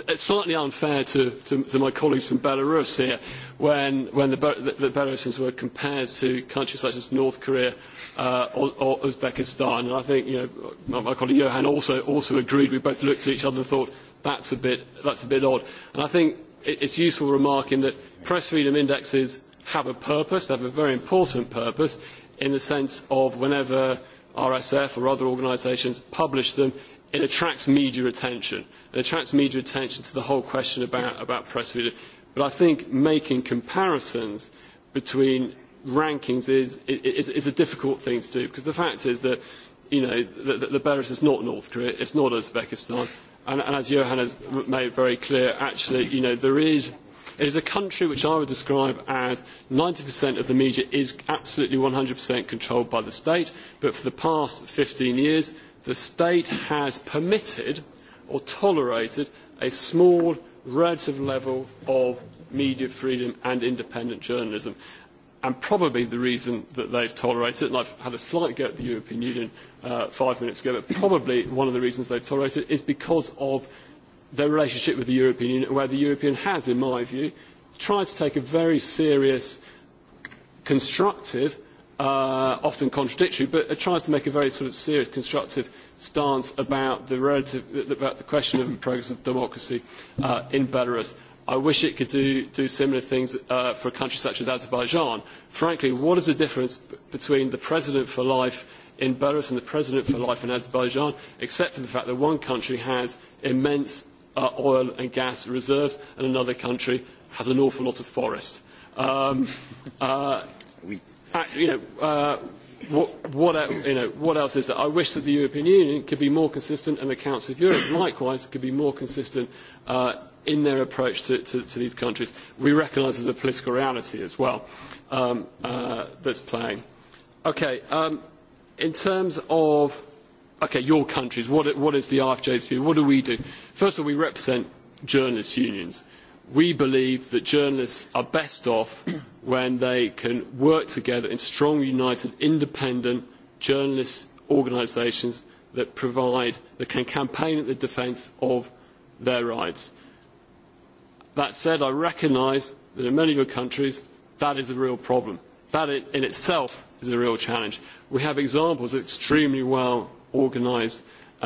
[SPEAKER 11] it's slightly unfair to, to, to my colleagues from Belarus here when, when the, the, the Belarusians were compared to countries such as North Korea uh, or, or Uzbekistan. And I think you know, my, my colleague Johan also, also agreed. We both looked at each other and thought, that's a bit, that's a bit odd. And I think it, it's useful remarking that press freedom indexes have a purpose, they have a very important purpose in the sense of whenever RSF or other organisations publish them, it attracts media attention. It attracts media attention to the whole question about, about press freedom. But I think making comparisons between rankings is, is, is a difficult thing to do because the fact is that you know, the, the Belarus is not North Korea, it's not Uzbekistan. And, and as Johan has made very clear, actually, you know, there is, it is a country which I would describe as 90% of the media is absolutely 100% controlled by the state, but for the past 15 years, the state has permitted or tolerated a small relative level of media freedom and independent journalism. And probably the reason that they've tolerated it, and I've had a slight go at the European Union uh, five minutes ago, but probably one of the reasons they've tolerated it is because of their relationship with the European Union, where the European has, in my view, tried to take a very serious, constructive, uh, often contradictory, but it tries to make a very sort of serious, constructive stance about the, relative, about the question of the progress of democracy uh, in Belarus. I wish it could do, do similar things uh, for a country such as Azerbaijan. Frankly, what is the difference between the president for life in Belarus and the president for life in Azerbaijan, except for the fact that one country has immense uh, oil and gas reserves and another country has an awful lot of forest? Um, uh, Uh, you know, uh, what, what, you know, what else is there? I wish that the European Union could be more consistent and the Council of Europe, likewise, could be more consistent uh, in their approach to, to, to these countries. We recognise the political reality as well um, uh, that's playing. Okay, um, in terms of okay, your countries, what, what is the RFJ's view? What do we do? First of all, we represent journalist unions we believe that journalists are best off when they can work together in strong, united, independent journalist organisations that provide, that can campaign at the defence of their rights. That said, I recognise that in many of your countries, that is a real problem. That in itself is a real challenge. We have examples of extremely well organised uh,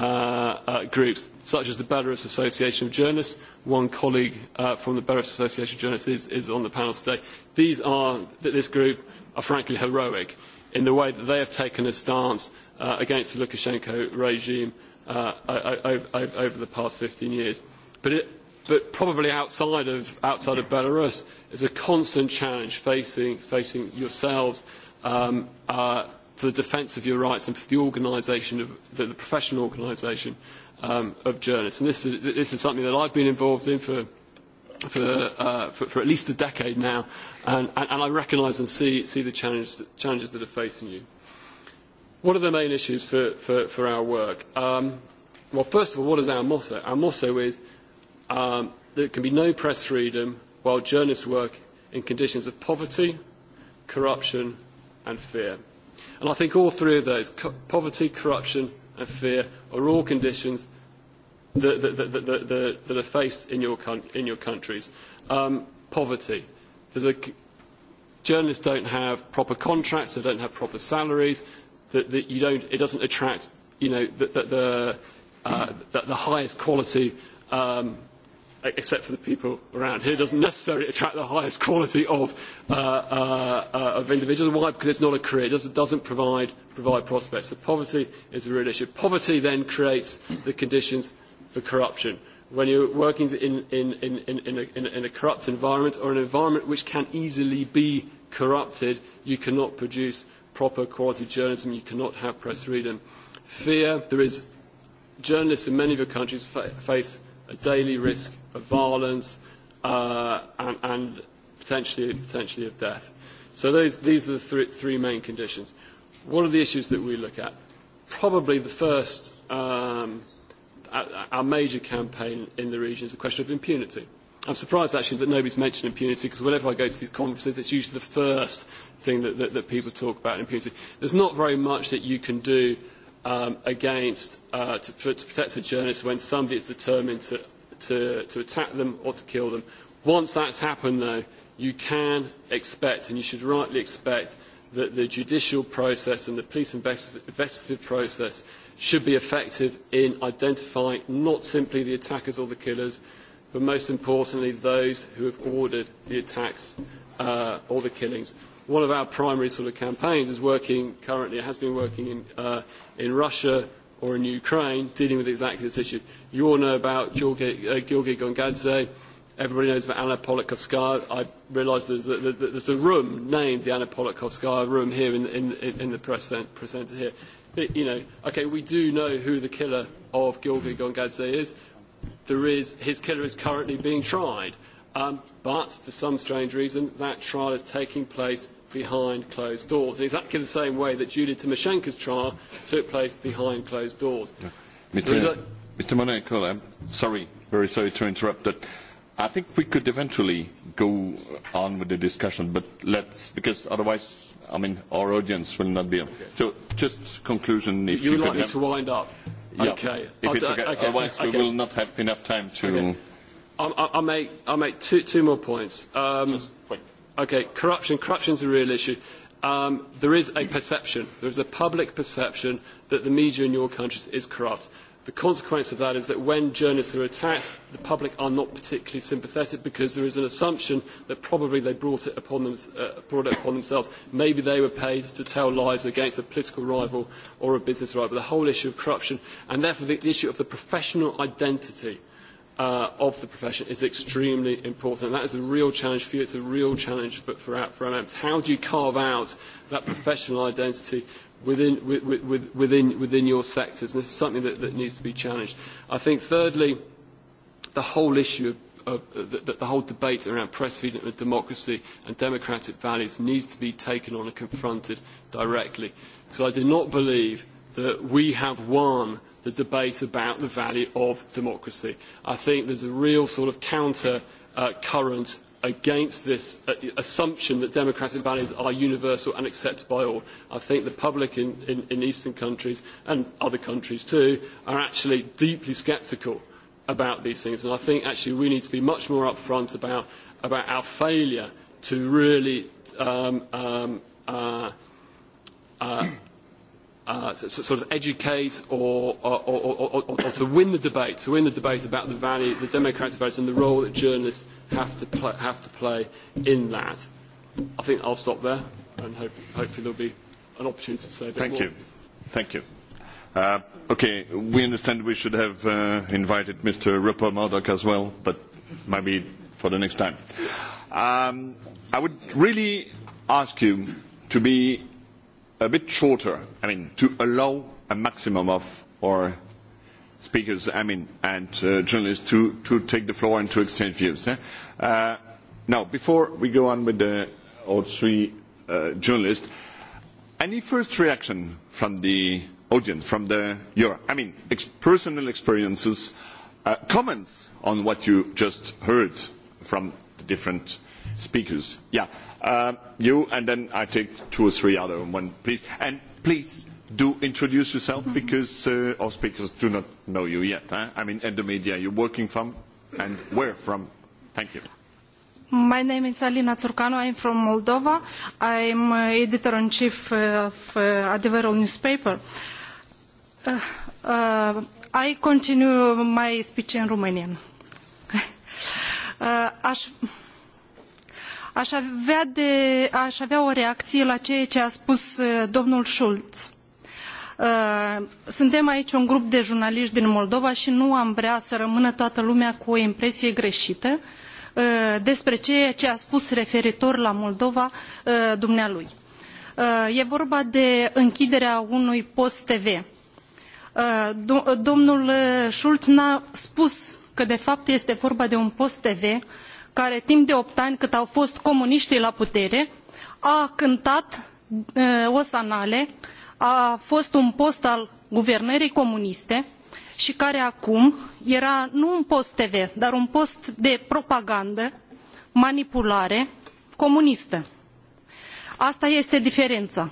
[SPEAKER 11] uh, groups, such as the Belarus Association of Journalists. One colleague uh, from the Belarus Association of Journalists is, is on the panel today. These are, this group are frankly heroic in the way that they have taken a stance uh, against the Lukashenko regime uh, over, over the past 15 years. But, it, but probably outside of, outside of Belarus is a constant challenge facing, facing yourselves um, uh, for the defence of your rights and for the organisation, of the, the professional organisation um, of journalists. And this is, this is something that I've been involved in for, for, uh, for, for at least a decade now, and, and, and I recognise and see, see the challenges, challenges that are facing you. What are the main issues for, for, for our work? Um, well, first of all, what is our motto? Our motto is um, there can be no press freedom while journalists work in conditions of poverty, corruption and fear. And I think all three of those, poverty, corruption and fear, are all conditions that, that, that, that, that, that are faced in your, in your countries. Um, poverty. The, the journalists don't have proper contracts, they don't have proper salaries, that, that you don't, it doesn't attract you know, the, the, the, uh, the, the highest quality um, except for the people around here, doesn't necessarily attract the highest quality of, uh, uh, uh, of individuals. Why? Because it's not a career. It doesn't, doesn't provide, provide prospects. So poverty is a real issue. Poverty then creates the conditions for corruption. When you're working in, in, in, in, in, a, in, in a corrupt environment or an environment which can easily be corrupted, you cannot produce proper quality journalism. You cannot have press freedom. Fear, there is journalists in many of your countries fa face a daily risk of violence uh, and, and potentially, potentially of death. So those, these are the three three main conditions. What are the issues that we look at? Probably the first, um, our major campaign in the region is the question of impunity. I'm surprised actually that nobody's mentioned impunity because whenever I go to these conferences, it's usually the first thing that, that, that people talk about impunity. There's not very much that you can do um, against uh, to, to protect a journalist when somebody is determined to to, to attack them or to kill them. Once that's happened, though, you can expect, and you should rightly expect, that the judicial process and the police investigative process should be effective in identifying not simply the attackers or the killers, but most importantly, those who have ordered the attacks uh, or the killings. One of our primary sort of campaigns is working currently, has been working in, uh, in Russia, or in Ukraine dealing with exactly this issue. You all know about Georgi, uh, Gongadze. Everybody knows about Anna Politkovskaya. I realise there's, a, there's a room named the Anna Politkovskaya room here in, in, in the press present here. It, you know, okay, we do know who the killer of Georgi Gongadze is. There is his killer is currently being tried, um, but for some strange reason, that trial is taking place behind closed doors, in exactly the same way that Julia Timoshenko's trial took place behind closed doors.
[SPEAKER 6] Yeah. Mr. Mr. Monaco, I'm sorry, very sorry to interrupt, but I think we could eventually go on with the discussion, but let's, because otherwise, I mean, our audience will not be able. Okay. So, just conclusion, if You're you like could, to
[SPEAKER 11] wind up. Yeah, okay. If it's okay, okay. Otherwise, okay. we will not have enough
[SPEAKER 6] time to. Okay.
[SPEAKER 11] I'll, I'll make, I'll make two, two more points. Um, just quick. Okay, corruption. Corruption is a real issue. Um, there is a perception, there is a public perception that the media in your countries is corrupt. The consequence of that is that when journalists are attacked, the public are not particularly sympathetic because there is an assumption that probably they brought it upon, them, uh, brought it upon themselves. Maybe they were paid to tell lies against a political rival or a business rival. The whole issue of corruption and therefore the issue of the professional identity uh, of the profession is extremely important. That is a real challenge for you. It's a real challenge for, for, for MMs. How do you carve out that professional identity within, with, with, within, within your sectors? And this is something that, that needs to be challenged. I think, thirdly, the whole issue of uh, the, the whole debate around press freedom and democracy and democratic values needs to be taken on and confronted directly. Because I do not believe that we have won the debate about the value of democracy. I think there's a real sort of counter uh, current against this uh, assumption that democratic values are universal and accepted by all. I think the public in, in, in Eastern countries and other countries too are actually deeply sceptical about these things. And I think actually we need to be much more upfront about, about our failure to really um, um, uh, uh, uh, so, sort of educate or, or, or, or, or to win the debate, to win the debate about the value, the democratic values and the role that journalists have to, pl- have to play in that. I think I'll stop there and hope, hopefully there'll be an opportunity to say a bit Thank more. you.
[SPEAKER 6] Thank you. Uh, okay, we understand we should have uh, invited Mr. Rupert Murdoch as well, but maybe for the next time. Um, I would really ask you to be a bit shorter, I mean, to allow a maximum of our speakers, I mean, and uh, journalists to, to take the floor and to exchange views. Eh? Uh, now, before we go on with the, all three uh, journalists, any first reaction from the audience, from the your, I mean, ex personal experiences, uh, comments on what you just heard from the different uh, speakers. Yeah, uh, you, and then I take two or three other one, please. And please do introduce yourself mm-hmm. because uh, our speakers do not know you yet. Huh? I mean, at the media you're working from and where from. Thank you.
[SPEAKER 12] My name
[SPEAKER 13] is Alina Turcanu. I'm from Moldova. I'm uh, editor-in-chief uh, of uh, Adevărul newspaper. Uh, uh, I continue my speech in Romanian. uh, aș avea, de, aș avea o reacție la ceea ce a spus uh, domnul Schulz. Uh, suntem aici un grup de jurnaliști din Moldova și nu am vrea să rămână toată lumea cu o impresie greșită uh, despre ceea ce a spus referitor la Moldova dumnealui. E vorba de închiderea unui post TV. Domnul Schulz n-a spus că de fapt este vorba de un post TV care timp de opt ani cât au fost comuniștii la putere, a cântat uh, osanale, a fost un post al guvernării comuniste și care acum era nu un post TV, dar un post de propagandă, manipulare comunistă. Asta este diferența.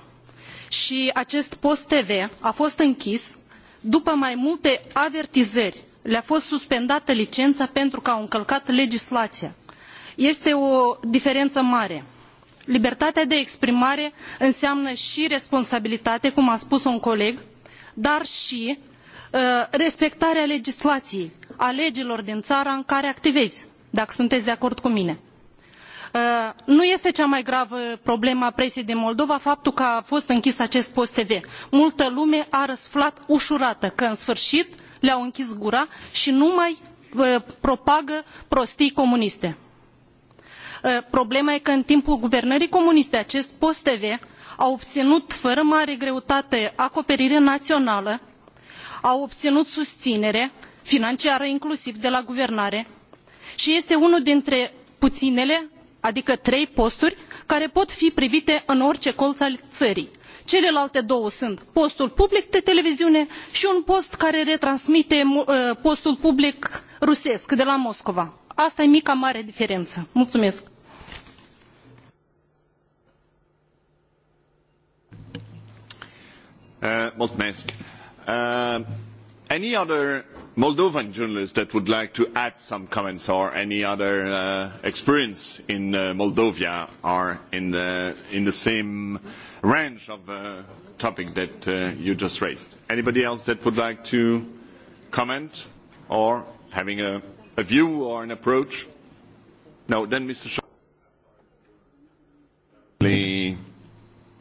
[SPEAKER 13] Și acest post TV a fost închis după mai multe avertizări. Le-a fost suspendată licența pentru că au încălcat legislația este o diferență mare. Libertatea de exprimare înseamnă și responsabilitate, cum a spus un coleg, dar și uh, respectarea legislației, a legilor din țara în care activezi, dacă sunteți de acord cu mine. Uh, nu este cea mai gravă problemă a presiei din Moldova faptul că a fost închis acest post TV. Multă lume a răsflat ușurată că în sfârșit le-au închis gura și nu mai uh, propagă prostii comuniste. Eh, problema e că în timpul guvernării comuniste acest post TV a obținut fără mare greutate acoperire națională, a obținut susținere financiară inclusiv de la guvernare și este unul dintre puținele, adică trei posturi, care pot fi privite în orice colț al țării. Celelalte două sunt postul public de televiziune și un post care retransmite eh, postul public rusesc de la Moscova. Asta e mica mare diferență. Mulțumesc!
[SPEAKER 6] uh, Uh, any other Moldovan journalist that would like to add some comments or any other uh, experience in uh, Moldova or in the, in the same range of uh, topic that uh, you just raised? Anybody else that would like to comment or having a, a view or an approach? No, then Mr. Please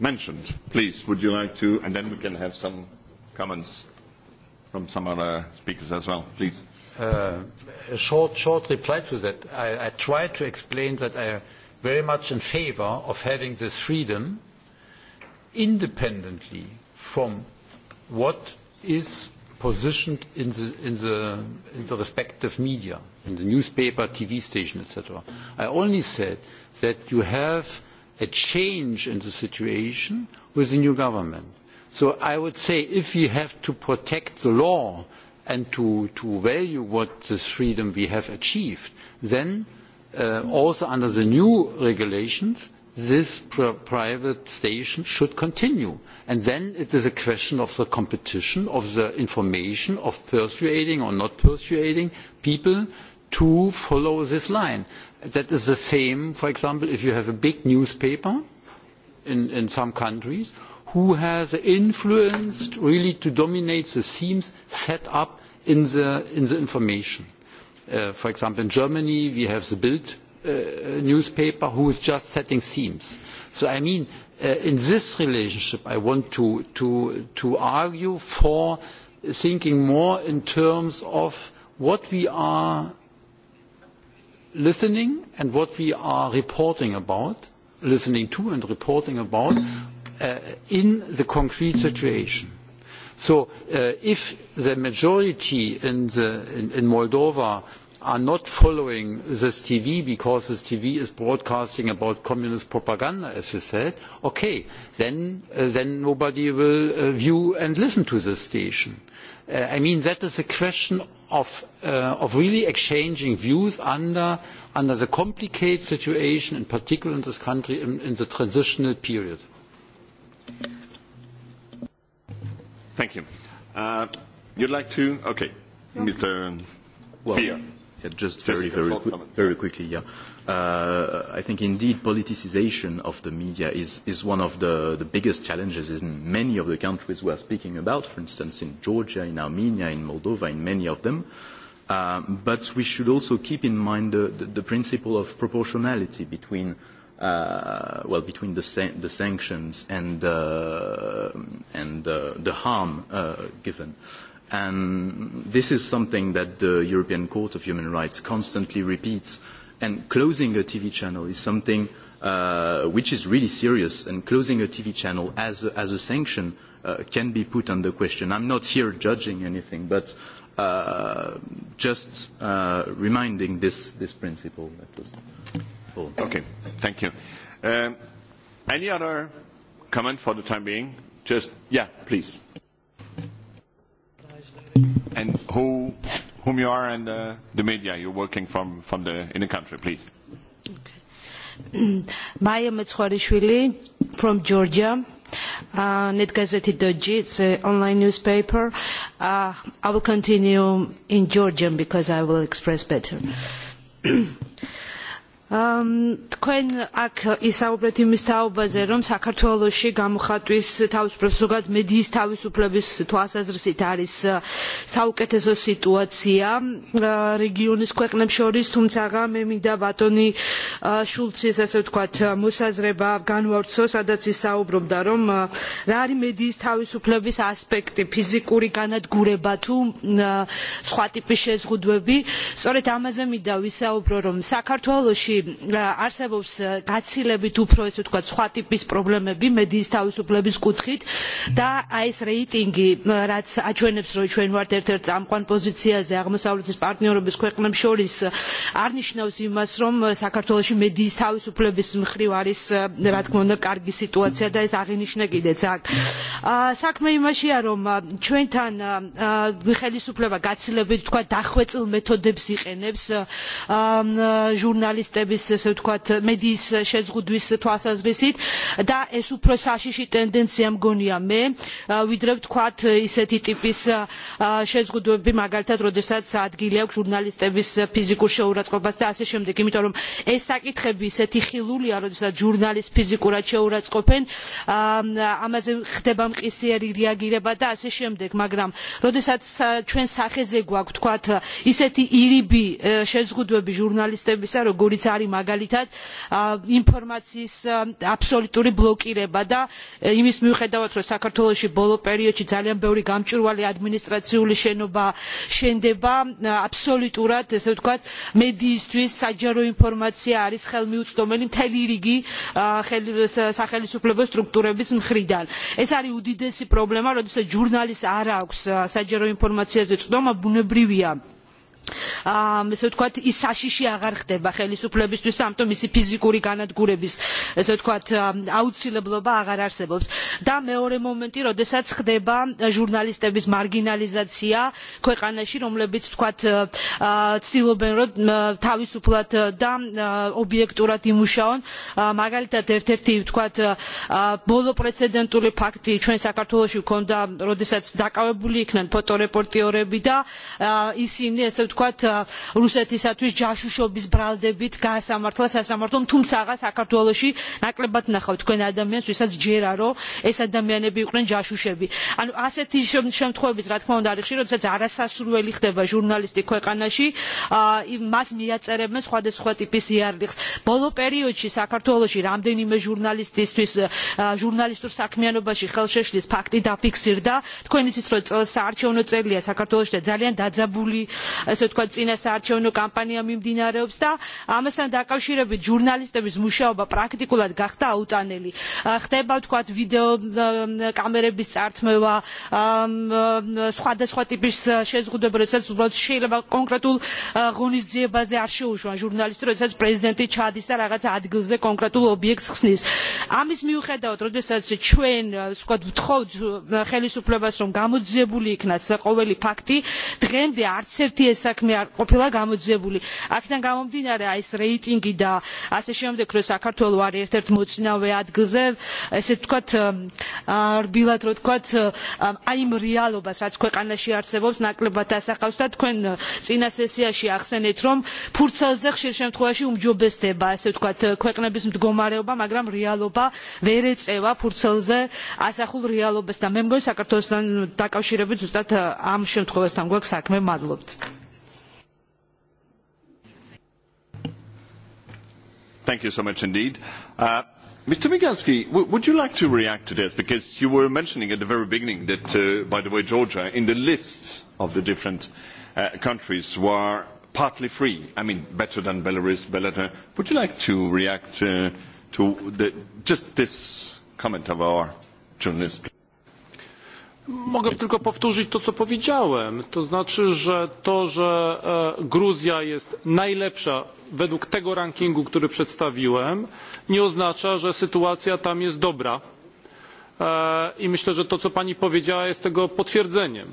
[SPEAKER 6] mentioned. Please, would you like to, and then we can have some comments from some other speakers as well, please.
[SPEAKER 10] Uh, a short, short reply to that. I, I tried to explain that I am very much in favor of having this freedom independently from what is positioned in the, in the, in the respective media, in the newspaper, TV station, etc. I only said that you have a change in the situation with the new government. So I would say if we have to protect the law and to, to value what this freedom we have achieved, then uh, also under the new regulations, this pr private station should continue. And then it is a question of the competition, of the information, of persuading or not persuading people to follow this line that is the same, for example, if you have a big newspaper in, in some countries who has influence really to dominate the themes set up in the, in the information. Uh, for example, in Germany, we have the Bild uh, newspaper who is just setting themes. So I mean, uh, in this relationship, I want to, to, to argue for thinking more in terms of what we are listening and what we are reporting about, listening to and reporting about uh, in the concrete situation. So uh, if the majority in, the, in, in Moldova are not following this TV because this TV is broadcasting about communist propaganda, as you said, okay, then, uh, then nobody will uh, view and listen to this station. Uh, I mean, that is a question of, uh, of really exchanging views under, under the complicated situation, in particular in this country, in, in the transitional period.
[SPEAKER 6] Thank you. Uh, you'd like to? Okay. No. Mr. Um,
[SPEAKER 9] well, yeah, just very, very, very quickly, yeah uh, I think indeed politicization of the media is, is one of the, the biggest challenges in many of the countries we are speaking about, for instance in Georgia, in Armenia, in Moldova, in many of them. Um, but we should also keep in mind the, the, the principle of proportionality between, uh, well, between the, san the sanctions and, uh, and uh, the harm uh, given. And this is something that the European Court of Human Rights constantly repeats uh, and closing a TV channel is something uh, which is really serious, and closing a TV channel as a, as a sanction uh, can be put under question. I'm not here judging anything, but uh, just uh, reminding this, this principle. That was all. Okay,
[SPEAKER 6] thank you. Um, any other comment for the time being? Just, yeah, please. And who whom you are and uh, the media you're working from, from the, in the country, please.
[SPEAKER 12] Okay. Maya from Georgia. Uh, Netgazeti.gi, it's an online newspaper. Uh, I will continue in Georgian because I will express better. თქვენ აქ ისაუბრეთ იმის თაობაზე, რომ საქართველოში გამოხატვის თავისუფლებს ზოგად მედიის თავისუფლების თვალსაზრისით არის საუკეთესო სიტუაცია რეგიონის ქვეყნებს შორის, თუმცაღა მე მინდა ბატონი შულცის ასე ვთქვათ მოსაზრება განვავრცო, სადაც ისაუბრობდა, რომ რა არის მედიის თავისუფლების ასპექტი, ფიზიკური განადგურება თუ სხვა ტიპის შეზღუდვები. სწორედ ამაზე მინდა ვისაუბრო, რომ საქართველოში არსებობს გაცილებით უფრო ესე ვთქვათ სხვა ტიპის პრობლემები მედიის თავისუფლების კუთხით და აი ეს რეიტინგი რაც აჩვენებს რომ ჩვენ ვართ ერთ-ერთ წამყვან პოზიციაზე აღმოსავლეთის პარტნიორების ქვეყნებს შორის არნიშნავს იმას რომ საქართველოში მედიის თავისუფლების მხრივ არის რა თქმა უნდა კარგი სიტუაცია და ეს აღინიშნა კიდეც აქ საქმე იმაშია რომ ჩვენთან ხელისუფლება გაცილებით თქვა დახვეწილ მეთოდებს იყენებს ჟურნალისტების service se თქვათ მედის შეზღუდვის თვალსაზრისით და ეს უფრო საშიში ტენდენცია მგონია მე ვიდრე ვთქვათ ისეთი ტიპის შეზღუდვები მაგალითად როდესაც ადგილი აქვს ჟურნალისტების ფიზიკურ შეურაცხყოფას და ასე შემდეგ იმიტომ რომ ეს საკითხები ისეთი ხილულია როდესაც ჟურნალისტ ფიზიკურად შეურაცხყოფენ ამაზე ხდება მყისიერი რეაგირება და ასე შემდეგ მაგრამ როდესაც ჩვენ სახეზე გვაქვს თქვათ ისეთი ირიბი შეზღუდვები ჟურნალისტებისა როგორიც არის არის მაგალითად ინფორმაციის აბსოლუტური ბლოკირება და იმის მიუხედავად რომ საქართველოში ბოლო პერიოდში ძალიან ბევრი გამჭვირვალე ადმინისტრაციული შენობა შენდება აბსოლუტურად ესე ვთქვათ მედიისთვის საჯარო ინფორმაცია არის ხელმიუწვდომელი მთელი რიგი სახელმწიფო სტრუქტურების მხრიდან ეს არის უდიდესი პრობლემა როდესაც ჟურნალისტს არ აქვს საჯარო ინფორმაციაზე წვდომა ბუნებრივია ესე ვთქვათ ის საშიში აღარ ხდება ხელისუფლებისთვის ამიტომ მისი ფიზიკური განადგურების ესე ვთქვათ აუცილებლობა აღარ არსებობს და მეორე მომენტი როდესაც ხდება ჟურნალისტების მარგინალიზაცია ქვეყანაში რომლებიც ვთქვათ ცდილობენ რომ თავისუფლად და ობიექტურად იმუშაონ მაგალითად ერთ-ერთი ვთქვათ ბოლო პრეცედენტული ფაქტი ჩვენ საქართველოში გვქონდა როდესაც დაკავებული იქნენ ფოტორეპორტიორები და ისინი ესე ვთქვათ э, რუსეთისათვის ჯაშუშობის ბრალდებით გაასამართლა სასამართლომ თუმცაღა საქართველოში ნაკლებად ნახავთ თქვენ ადამიანს ვისაც ჯერა რომ ეს ადამიანები იყვნენ ჯაშუშები ანუ ასეთი შემთხვევების რა თქმა უნდა არის ხშირი როდესაც არასასურველი ხდება ჟურნალისტი ქვეყანაში э, მას მიაწერებენ სხვადასხვა ტიპის იარლიხს ბოლო პერიოდში საქართველოში რამდენიმე ჟურნალისტისთვის э, ჟურნალისტურ საქმიანობაში ხელშეშლის ფაქტი დაფიქსირდა თქვენ იცით რომ წელს საარჩევნო წელია საქართველოში da zalyan dadzabuli ასე თქვა წინა საარჩევნო კამპანია მიმდინარეობს და ამასთან დაკავშირებით ჟურნალისტების მუშაობა პრაქტიკულად გახდა აუტანელი. ხდება თქვა ვიდეო კამერების წართმევა სხვადასხვა ტიპის შეზღუდვები როდესაც უბრალოდ შეიძლება კონკრეტულ ღონისძიებაზე არ შეუშვან ჟურნალისტი როდესაც პრეზიდენტი ჩადის და რაღაც ადგილზე კონკრეტულ ობიექტს ხსნის. ამის მიუხედავად როდესაც ჩვენ ვთქვათ ვთხოვთ ხელისუფლებას რომ გამოძიებული იქნას ყოველი ფაქტი დღემდე არც ერთი ეს საქმე არ ყოფილა გამოძიებული. აქედან გამომდინარე აი ეს რეიტინგი და ასე შემდეგ რომ საქართველო არის ერთ-ერთ მოწინავე ადგილზე ესე ვთქვათ რბილად რო ვთქვათ აი იმ რეალობას რაც ქვეყანაში არსებობს ნაკლებად ასახავს და თქვენ წინა სესიაში ახსენეთ რომ ფურცელზე ხშირ შემთხვევაში უმჯობესდება ასე ვთქვათ ქვეყნების მდგომარეობა მაგრამ რეალობა ვერ ეწევა ფურცელზე ასახულ რეალობას და მე მგონი საქართველოსთან დაკავშირებით ზუსტად ამ შემთხვევასთან გვაქვს საქმე მადლობთ.
[SPEAKER 6] Thank you so much indeed. Uh, Mr. Migalski, would you like to react to this? Because you were mentioning at the very beginning that, uh, by the way, Georgia, in the list of the different uh, countries, were partly free. I mean, better than Belarus, Belarus. Would you like to react uh, to the, just this comment of our journalist?
[SPEAKER 8] Mogę tylko powtórzyć to, co powiedziałem. To znaczy, że to, że e, Gruzja jest najlepsza według tego rankingu, który przedstawiłem, nie oznacza, że sytuacja tam jest dobra. E, I myślę, że to, co pani powiedziała, jest tego potwierdzeniem.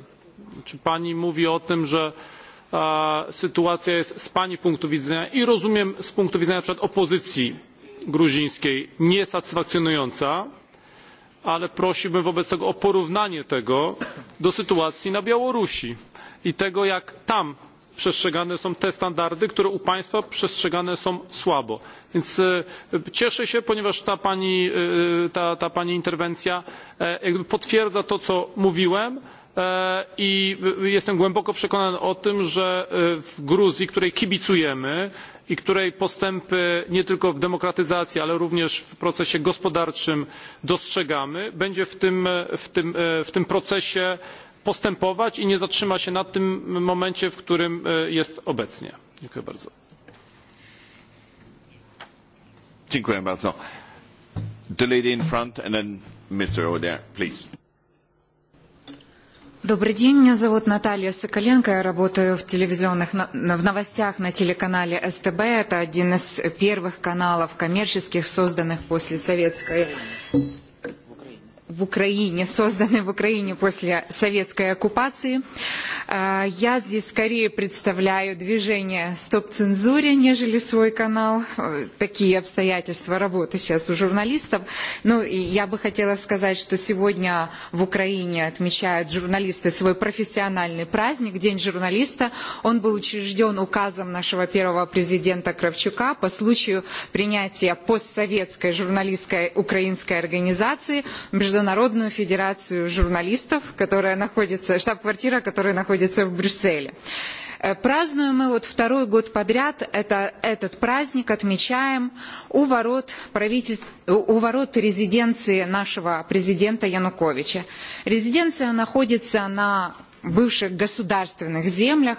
[SPEAKER 8] Czy pani mówi o tym, że e, sytuacja jest z pani punktu widzenia i rozumiem z punktu widzenia na przykład opozycji gruzińskiej niesatysfakcjonująca, ale prosiłbym wobec tego o porównanie tego do sytuacji na Białorusi i tego, jak tam przestrzegane są te standardy, które u państwa przestrzegane są słabo. Więc e, cieszę się, ponieważ ta pani, e, ta, ta pani interwencja e, jakby potwierdza to, co mówiłem. I jestem głęboko przekonany o tym, że w Gruzji, której kibicujemy, i której postępy nie tylko w demokratyzacji, ale również w procesie gospodarczym dostrzegamy, będzie w tym, w tym, w tym procesie postępować i nie zatrzyma się na tym momencie, w którym e,
[SPEAKER 6] jest obecnie. Dziękuję bardzo. Dziękuję bardzo. The lady in front and then Mr. O'Dare, please.
[SPEAKER 14] Добрый день, меня зовут Наталья Соколенко, я работаю в телевизионных, в новостях на телеканале СТБ, это один из первых каналов коммерческих, созданных после советской в Украине, созданы в Украине после советской оккупации. Я здесь скорее представляю движение «Стоп цензуре», нежели свой канал. Э, такие обстоятельства работы сейчас у журналистов. Ну, и я бы хотела сказать, что сегодня в Украине отмечают журналисты свой профессиональный праздник, День журналиста. Он был учрежден указом нашего первого президента Кравчука по случаю принятия постсоветской журналистской украинской организации между Международную федерацию журналистов, которая находится, штаб-квартира, которая находится в Брюсселе. Э, празднуем мы вот второй год подряд это, этот праздник, отмечаем у ворот, правительств, у ворот резиденции нашего президента Януковича. Резиденция находится на бывших государственных землях,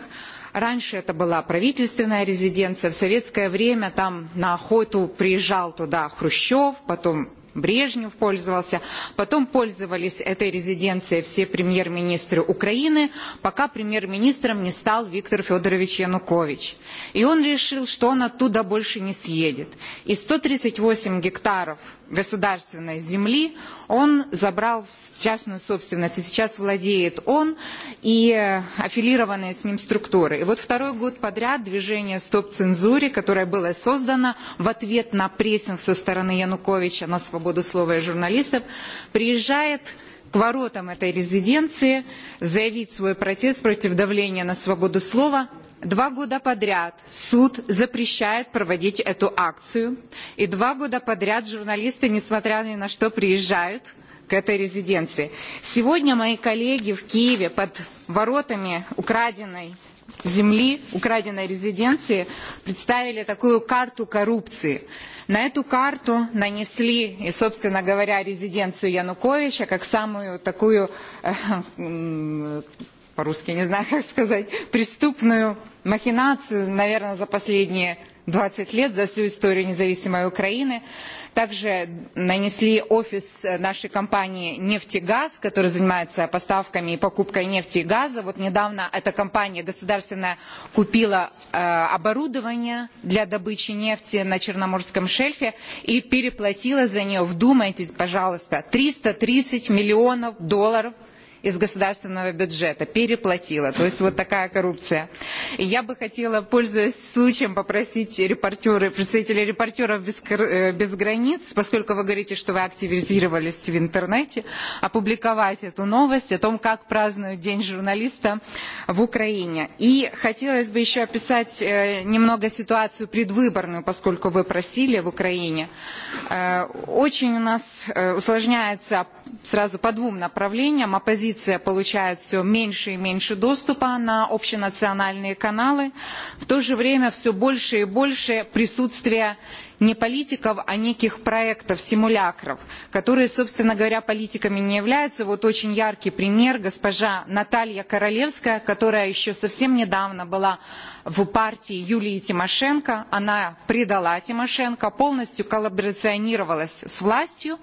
[SPEAKER 14] Раньше это была правительственная резиденция. В советское время там на охоту приезжал туда Хрущев, потом Брежнев пользовался. Потом пользовались этой резиденцией все премьер-министры Украины, пока премьер-министром не стал Виктор Федорович Янукович. И он решил, что он оттуда больше не съедет. И 138 гектаров государственной земли, он забрал в частную собственность, и сейчас владеет он и аффилированные с ним структуры. И вот второй год подряд движение «Стоп цензуре», которое было создано в ответ на прессинг со стороны Януковича на свободу слова и журналистов, приезжает к воротам этой резиденции заявить свой протест против давления на свободу слова, Два года подряд суд запрещает проводить эту акцию. И два года подряд журналисты, несмотря ни на что, приезжают к этой резиденции. Сегодня мои коллеги в Киеве под воротами украденной земли, украденной резиденции, представили такую карту коррупции. На эту карту нанесли, и, собственно говоря, резиденцию Януковича как самую такую э, по-русски не знаю, как сказать, преступную махинацию, наверное, за последние 20 лет, за всю историю независимой Украины. Также нанесли офис нашей компании «Нефтегаз», который занимается поставками и покупкой нефти и газа. Вот недавно эта компания государственная купила э, оборудование для добычи нефти на Черноморском шельфе и переплатила за нее, вдумайтесь, пожалуйста, 330 миллионов долларов – из государственного бюджета, переплатила. То есть вот такая коррупция. И я бы хотела, пользуясь случаем, попросить репортеры, представителей репортеров без, э, без границ, поскольку вы говорите, что вы активизировались в интернете, опубликовать эту новость о том, как празднуют День журналиста в Украине. И хотелось бы еще описать э, немного ситуацию предвыборную, поскольку вы просили в Украине. Э, очень у нас усложняется сразу по двум направлениям оппозиция оппозиция получает все меньше и меньше доступа на общенациональные каналы, в то же время все больше и больше присутствия не политиков, а неких проектов, симулякров, которые, собственно говоря, политиками не являются. Вот очень яркий пример госпожа Наталья Королевская, которая еще совсем недавно была в партии Юлии Тимошенко. Она предала Тимошенко, полностью коллаборационировалась с властью.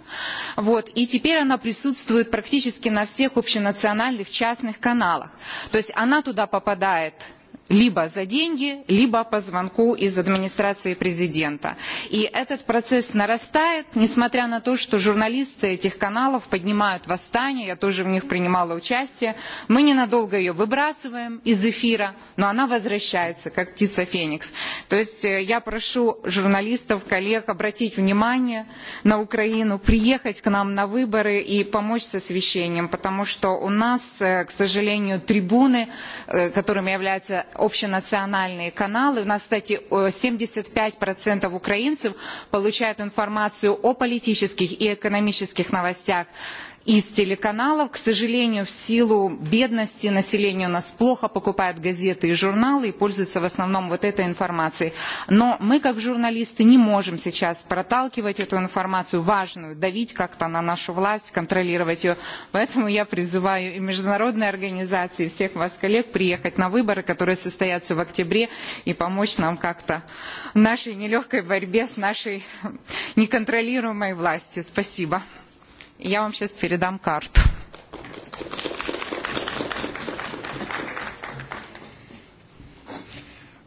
[SPEAKER 14] Вот, и теперь она присутствует практически на всех общенациональных частных каналах. То есть она туда попадает либо за деньги, либо по звонку из администрации президента. И этот процесс нарастает, несмотря на то, что журналисты этих каналов поднимают восстание, я тоже в них принимала участие. Мы ненадолго ее выбрасываем из эфира, но она возвращается, как птица Феникс. То есть э, я прошу журналистов, коллег обратить внимание на Украину, приехать к нам на выборы и помочь с освещением, потому что у нас, э, к сожалению, трибуны, э, которыми является общенациональные каналы. У нас, кстати, 75% украинцев получают информацию о политических и экономических новостях из телеканалов. К сожалению, в силу бедности населения у нас плохо покупают газеты и журналы и пользуются в основном вот этой информацией. Но мы, как журналисты, не можем сейчас проталкивать эту информацию важную, давить как-то на нашу власть, контролировать ее. Поэтому я призываю и международные организации, и всех вас, коллег, приехать на выборы, которые состоятся в октябре, и помочь нам как-то в нашей нелегкой борьбе с нашей неконтролируемой властью. Спасибо. Я вам сейчас передам карту.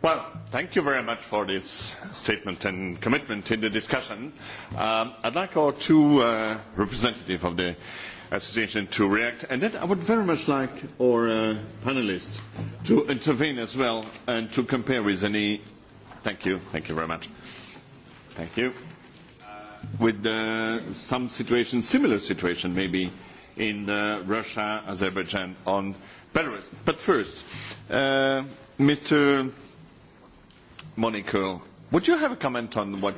[SPEAKER 6] Well, thank you very much for this statement and commitment in the discussion. Um, I'd like our two uh, representatives of the association to react. And then I would very much like our uh, panelists to intervene as well and to compare with any. Thank you. Thank you very much. Thank you with uh, some situation, similar situation maybe, in uh, Russia, Azerbaijan, on Belarus. But first, uh, Mr. Monaco, would you have a comment on what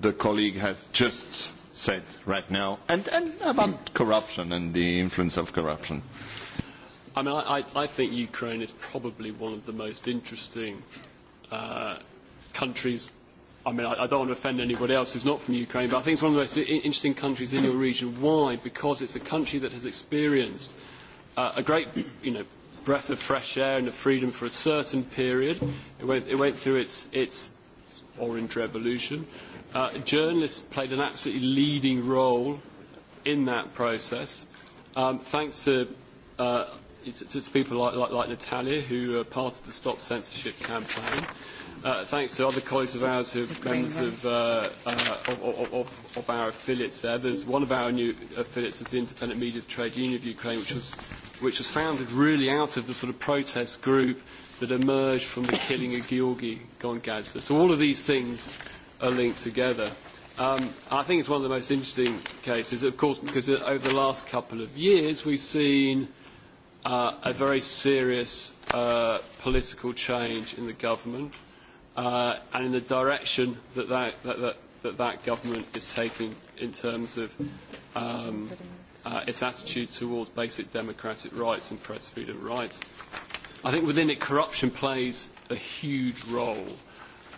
[SPEAKER 6] the colleague has just said right now, and, and about corruption and the influence of corruption?
[SPEAKER 11] I mean, I, I think Ukraine is probably one of the most interesting uh, countries I mean, I, I don't want to offend anybody else who's not from Ukraine, but I think it's one of the most interesting countries in your region. Why? Because it's a country that has experienced uh, a great, you know, breath of fresh air and of freedom for a certain period. It went, it went through its, its orange revolution. Uh, journalists played an absolutely leading role in that process, um, thanks to, uh, to, to people like, like, like Natalia, who are part of the Stop Censorship campaign. Uh, thanks to other colleagues of ours who are members of, uh, uh, of, of, of our affiliates there. There's one of our new affiliates is the Independent Media Trade Union of Ukraine, which was, which was founded really out of the sort of protest group that emerged from the killing of Georgi Gongadze. So all of these things are linked together. Um, I think it's one of the most interesting cases, of course, because over the last couple of years we've seen uh, a very serious uh, political change in the government uh, and in the direction that that, that, that, that, that government is taking in terms of um, uh, its attitude towards basic democratic rights and press freedom rights. I think within it, corruption plays a huge role,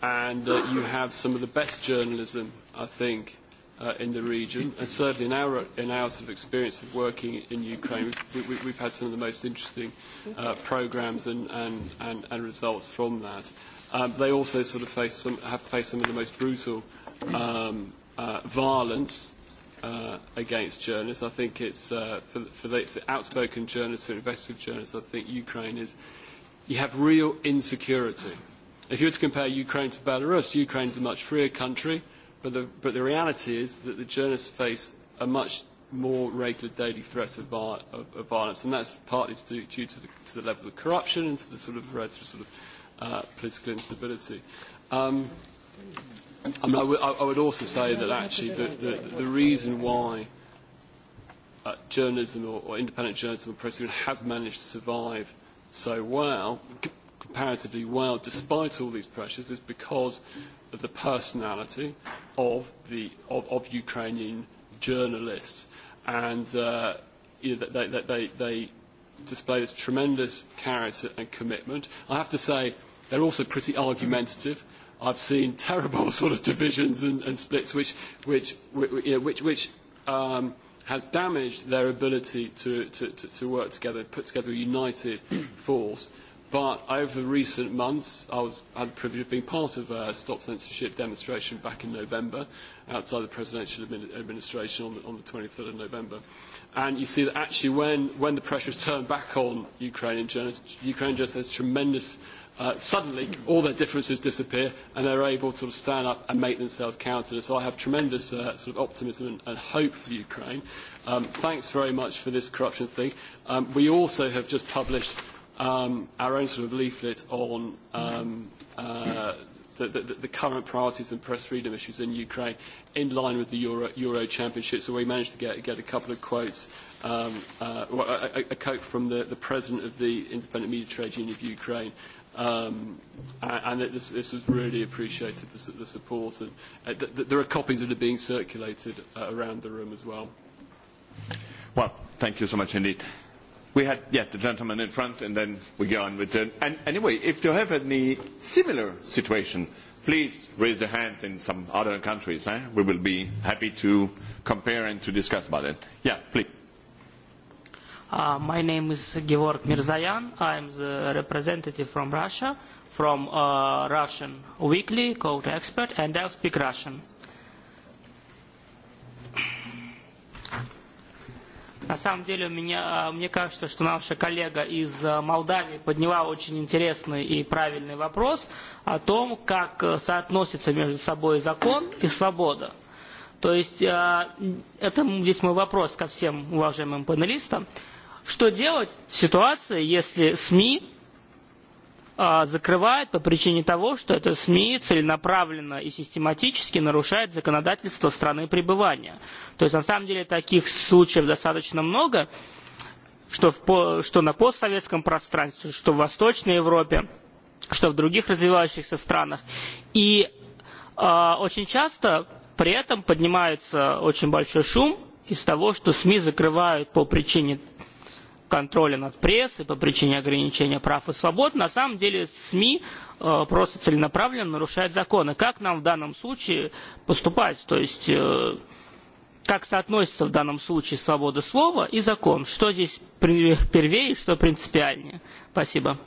[SPEAKER 11] and uh, you have some of the best journalism, I think, uh, in the region, and certainly in our, in our sort of experience of working in Ukraine, we, we, we've had some of the most interesting uh, programs and, and, and, and results from that um, they also sort of face some, have faced some of the most brutal um, uh, violence uh, against journalists. I think it's uh, for, for, the, for outspoken journalists, for investigative journalists, I think Ukraine is, you have real insecurity. If you were to compare Ukraine to Belarus, Ukraine is a much freer country, but the, but the reality is that the journalists face a much more regular daily threat of, vi of, of violence, and that's partly to do, due to the, to the level of corruption and to the sort of, uh, to sort of uh, political instability. Um, I, mean, I, I would also say that actually the, the, the reason why uh, journalism or, or independent journalism or press has managed to survive so well, comparatively well, despite all these pressures, is because of the personality of, the, of, of Ukrainian journalists. And uh, you know, they, they, they, they display this tremendous character and commitment. I have to say, They're also pretty argumentative. I've seen terrible sort of divisions and, and splits, which, which, which, you know, which, which um, has damaged their ability to, to, to, to work together, put together a united force. But over recent months, I was, had the privilege of being part of a stop censorship demonstration back in November outside the presidential administ administration on the, on the 23rd of November. And you see that actually when, when the pressure is turned back on Ukrainian journalists, Ukrainian journalists has tremendous uh, suddenly all their differences disappear and they're able to sort of stand up and make themselves counted. so I have tremendous uh, sort of optimism and, and hope for Ukraine. Um, thanks very much for this corruption thing. Um, we also have just published um, our own sort of leaflet on um, uh, the, the, the current priorities and press freedom issues in Ukraine in line with the Euro, Euro Championship. So we managed to get, get a couple of quotes, um, uh, well, a, a quote from the, the president of the Independent Media Trade Union of Ukraine Um, and it, this, this was really appreciated, the, the support. And, uh, th th there are copies that are being circulated uh, around the room as well.
[SPEAKER 6] Well, thank you so much indeed. We had, yeah, the gentleman in front, and then we go on with the... And anyway, if you have any similar situation, please raise the hands in some other countries. Eh? We will be happy to compare and to discuss about it. Yeah, please.
[SPEAKER 15] Uh, my name is Georg Mirzayan. I'm the representative from Russia, from uh, Russian Weekly, called Expert, and I speak Russian. На самом деле, меня, мне кажется, что наша коллега из Молдавии подняла очень интересный и правильный вопрос о том, как э, соотносится между собой закон и свобода. То есть, это здесь мой вопрос ко всем уважаемым панелистам. Что делать в ситуации, если СМИ закрывают по причине того, что это СМИ целенаправленно и систематически нарушает законодательство страны пребывания. То есть на самом деле таких случаев достаточно много, что, в, что на постсоветском пространстве, что в Восточной Европе, что в других развивающихся странах. И э, очень часто при этом поднимается очень большой шум из того, что СМИ закрывают по причине контроля над прессой по причине ограничения прав и свобод, на самом деле СМИ э, просто целенаправленно нарушают законы. Как нам в данном случае поступать? То есть, э, как соотносится в данном случае свобода слова и закон? Что здесь первее, что принципиальнее? Спасибо.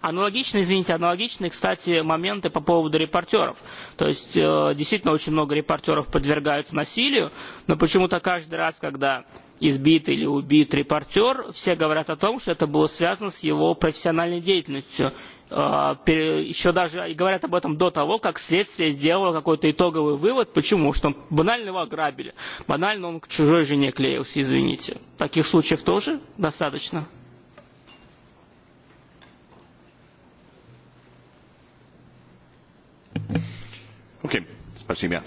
[SPEAKER 15] Аналогичные, извините, аналогичные, кстати, моменты по поводу репортеров. То есть э, действительно очень много репортеров подвергаются насилию, но почему-то каждый раз, когда избит или убит репортер, все говорят о том, что это было связано с его профессиональной деятельностью. Э, еще даже говорят об этом до того, как следствие сделало какой-то итоговый вывод. Почему? Что банально его ограбили. Банально он к чужой жене клеился, извините. Таких случаев тоже достаточно.
[SPEAKER 6] Okay, спасибо.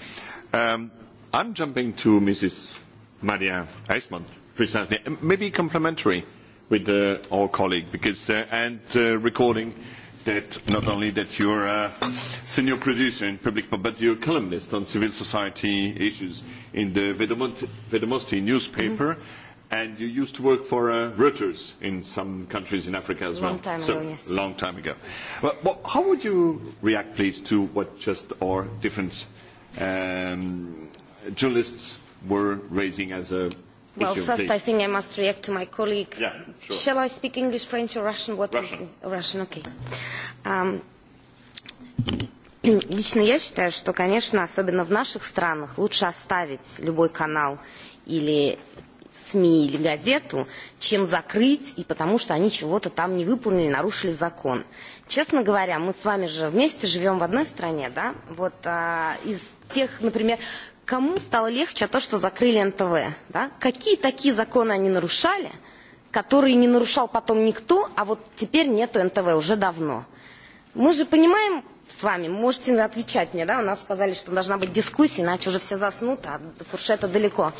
[SPEAKER 6] Um, I'm jumping to Mrs. Maria Eismann precisely, maybe complimentary with uh, our colleague, because, uh, and uh, recording that not only that you're a uh, senior producer in public, but you're a columnist on civil society issues in the Vedomosti newspaper. Mm -hmm And you used to work for uh, Reuters in some countries in Africa as long well. Time so, ago, yes. Long time ago. Well, well, how would you react, please, to what just our different um, journalists were raising as a Well, issue, first please? I
[SPEAKER 16] think I must react to my colleague. Yeah, sure. Shall I speak English, French or Russian? What Russian. Is, Russian, okay. Um, Лично я считаю, что, конечно, особенно в наших странах лучше оставить любой канал или СМИ или газету, чем закрыть, и потому что они чего-то там не выполнили, нарушили закон. Честно говоря, мы с вами же вместе живем в одной стране, да? Вот а, из тех, например, кому стало легче то, что закрыли НТВ, да? Какие такие законы они нарушали, которые не нарушал потом никто, а вот теперь нету НТВ уже давно. Мы же понимаем, с вами. Можете отвечать мне, да? У нас сказали, что должна быть дискуссия, иначе уже все заснут, а до фуршета далеко.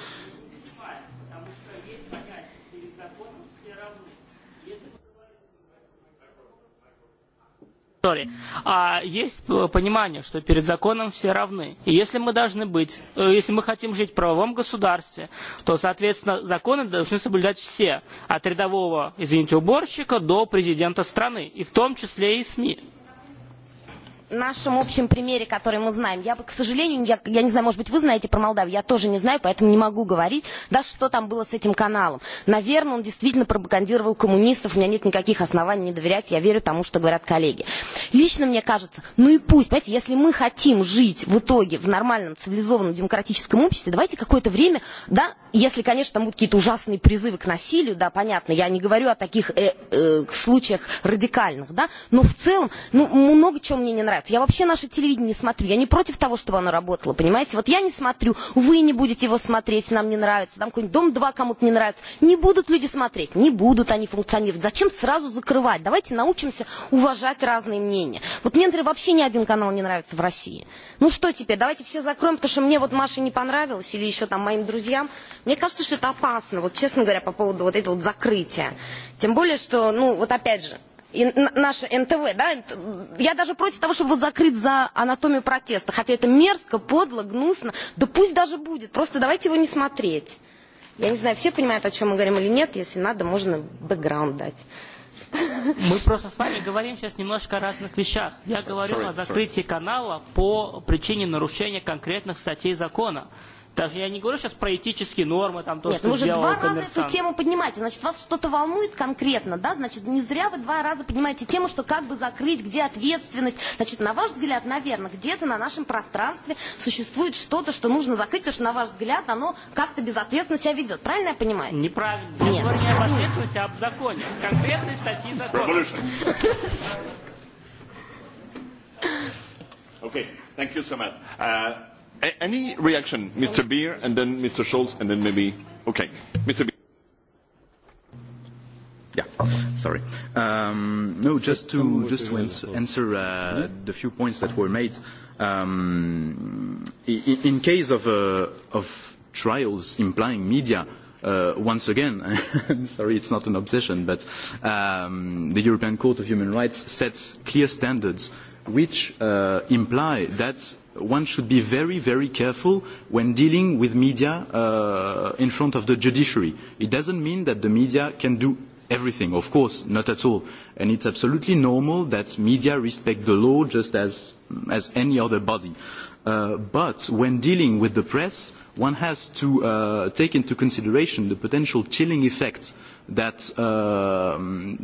[SPEAKER 15] А есть э, понимание, что перед законом все равны. И если мы должны быть, э, если мы хотим жить в правовом государстве, то, соответственно, законы должны соблюдать все, от рядового, извините, уборщика до президента страны, и в том числе и СМИ
[SPEAKER 16] нашем общем примере, который мы знаем. Я бы, к сожалению, я, я не знаю, может быть, вы знаете про Молдавию, я тоже не знаю, поэтому не могу говорить, да, что там было с этим каналом. Наверное, он действительно пропагандировал коммунистов, у меня нет никаких оснований не доверять, я верю тому, что говорят коллеги. Лично мне кажется, ну и пусть, понимаете, если мы хотим жить в итоге в нормальном, цивилизованном, демократическом обществе, давайте какое-то время, да, если, конечно, там будут какие-то ужасные призывы к насилию, да, понятно, я не говорю о таких э, э, случаях радикальных, да, но в целом, ну, много чего мне не нравится говорят. Я вообще наше телевидение не смотрю. Я не против того, чтобы оно работало, понимаете? Вот я не смотрю, вы не будете его смотреть, если нам не нравится. Там какой-нибудь Дом-2 кому-то не нравится. Не будут люди смотреть, не будут они функционировать. Зачем сразу закрывать? Давайте научимся уважать разные мнения. Вот мне, например, вообще ни один канал не нравится в России. Ну что теперь, давайте все закроем, потому что мне вот Маше не понравилось, или еще там моим друзьям. Мне кажется, что это опасно, вот честно говоря, по поводу вот этого вот закрытия. Тем более, что, ну, вот опять же, и наше НТВ, да, я даже против того, чтобы вот закрыть за анатомию протеста, хотя это мерзко, подло, гнусно, да пусть даже будет, просто давайте его не смотреть. Я не знаю, все понимают, о чем мы говорим или нет, если надо, можно бэкграунд дать.
[SPEAKER 15] Мы просто с вами говорим сейчас немножко о разных вещах. Я говорю о закрытии канала по причине нарушения конкретных статей закона. Даже я не говорю сейчас про этические нормы, там то, Нет, что вы же два коммерсант. раза эту тему
[SPEAKER 16] поднимаете, значит, вас что-то волнует конкретно, да, значит, не зря вы два раза поднимаете тему, что как бы закрыть, где ответственность, значит, на ваш взгляд, наверное, где-то на нашем пространстве существует что-то, что нужно закрыть, потому что, на ваш взгляд, оно как-то безответственно себя ведет, правильно я понимаю? Неправильно,
[SPEAKER 6] я говорю не об
[SPEAKER 15] ответственности, а об законе, конкретной статьи закона.
[SPEAKER 6] Okay, thank you so much. Uh, any reaction, Mr. Beer, and then Mr. Scholz, and then maybe... Okay, Mr. Beer.
[SPEAKER 9] Yeah, sorry. Um, no, just to just to answer, answer uh, hmm? the few points that were made. Um, in, in case of uh, of trials implying media, uh, once again, sorry, it's not an obsession, but um, the European Court of Human Rights sets clear standards which uh, imply that one should be very, very careful when dealing with media uh, in front of the judiciary. It doesn't mean that the media can do everything, of course, not at all. And it's absolutely normal that media respect the law just as, as any other body. Uh, but when dealing with the press, one has to uh, take into consideration the potential chilling effects that, uh,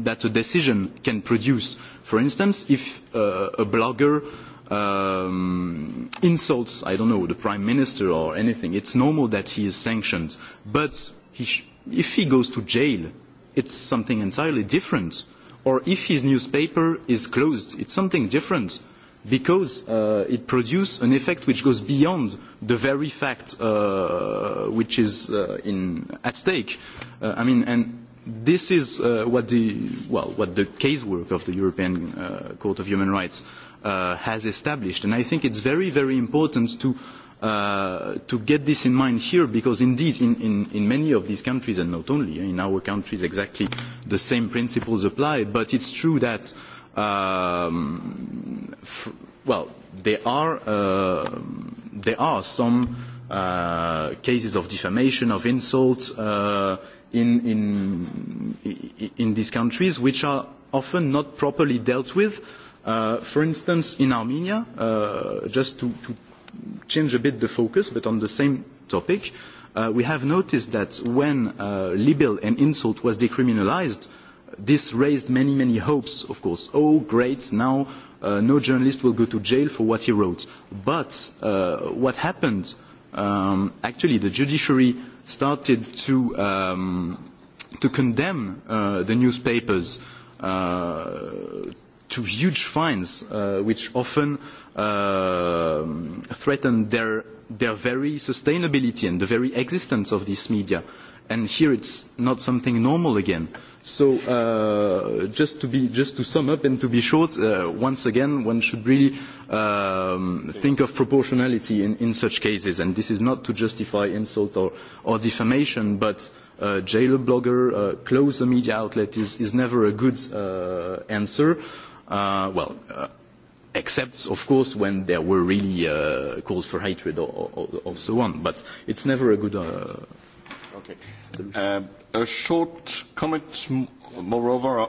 [SPEAKER 9] that a decision can produce. For instance, if uh, a blogger um, insults, I don't know, the prime minister or anything, it's normal that he is sanctioned. But he if he goes to jail, it's something entirely different. Or if his newspaper is closed, it's something different because uh, it produces an effect which goes beyond the very fact uh, which is uh, in, at stake. Uh, I mean, and this is uh, what the well, what the casework of the European uh, Court of Human Rights uh, has established. And I think it's very, very important to, uh, to get this in mind here because indeed in, in, in many of these countries and not only in our countries exactly the same principles apply but it's true that um, well there are, uh, there are some uh, cases of defamation, of insults uh, in, in, in these countries which are often not properly dealt with uh, Uh, for instance, in Armenia, uh, just to, change a bit the focus, but on the same topic, uh, we have noticed that when libel and insult was decriminalized, this raised many, many hopes, of course. Oh, great, now uh, no journalist will go to jail for what he wrote. But what happened? Um, actually, the judiciary started to, um, to condemn uh, the newspapers to huge fines, uh, which often uh, threaten their, their very sustainability and the very existence of these media. And here it's not something normal again. So uh, just, to be, just to sum up and to be short, uh, once again, one should really um, think of proportionality in, in such cases. And this is not to justify insult or, or defamation, but uh, jail a blogger, uh, close a media outlet is, is never a good uh, answer uh, well, uh, except, of course, when there were really uh, calls for hatred or, or, or so on. But it's never a good uh, okay. Um Uh, a short comment, moreover. Uh,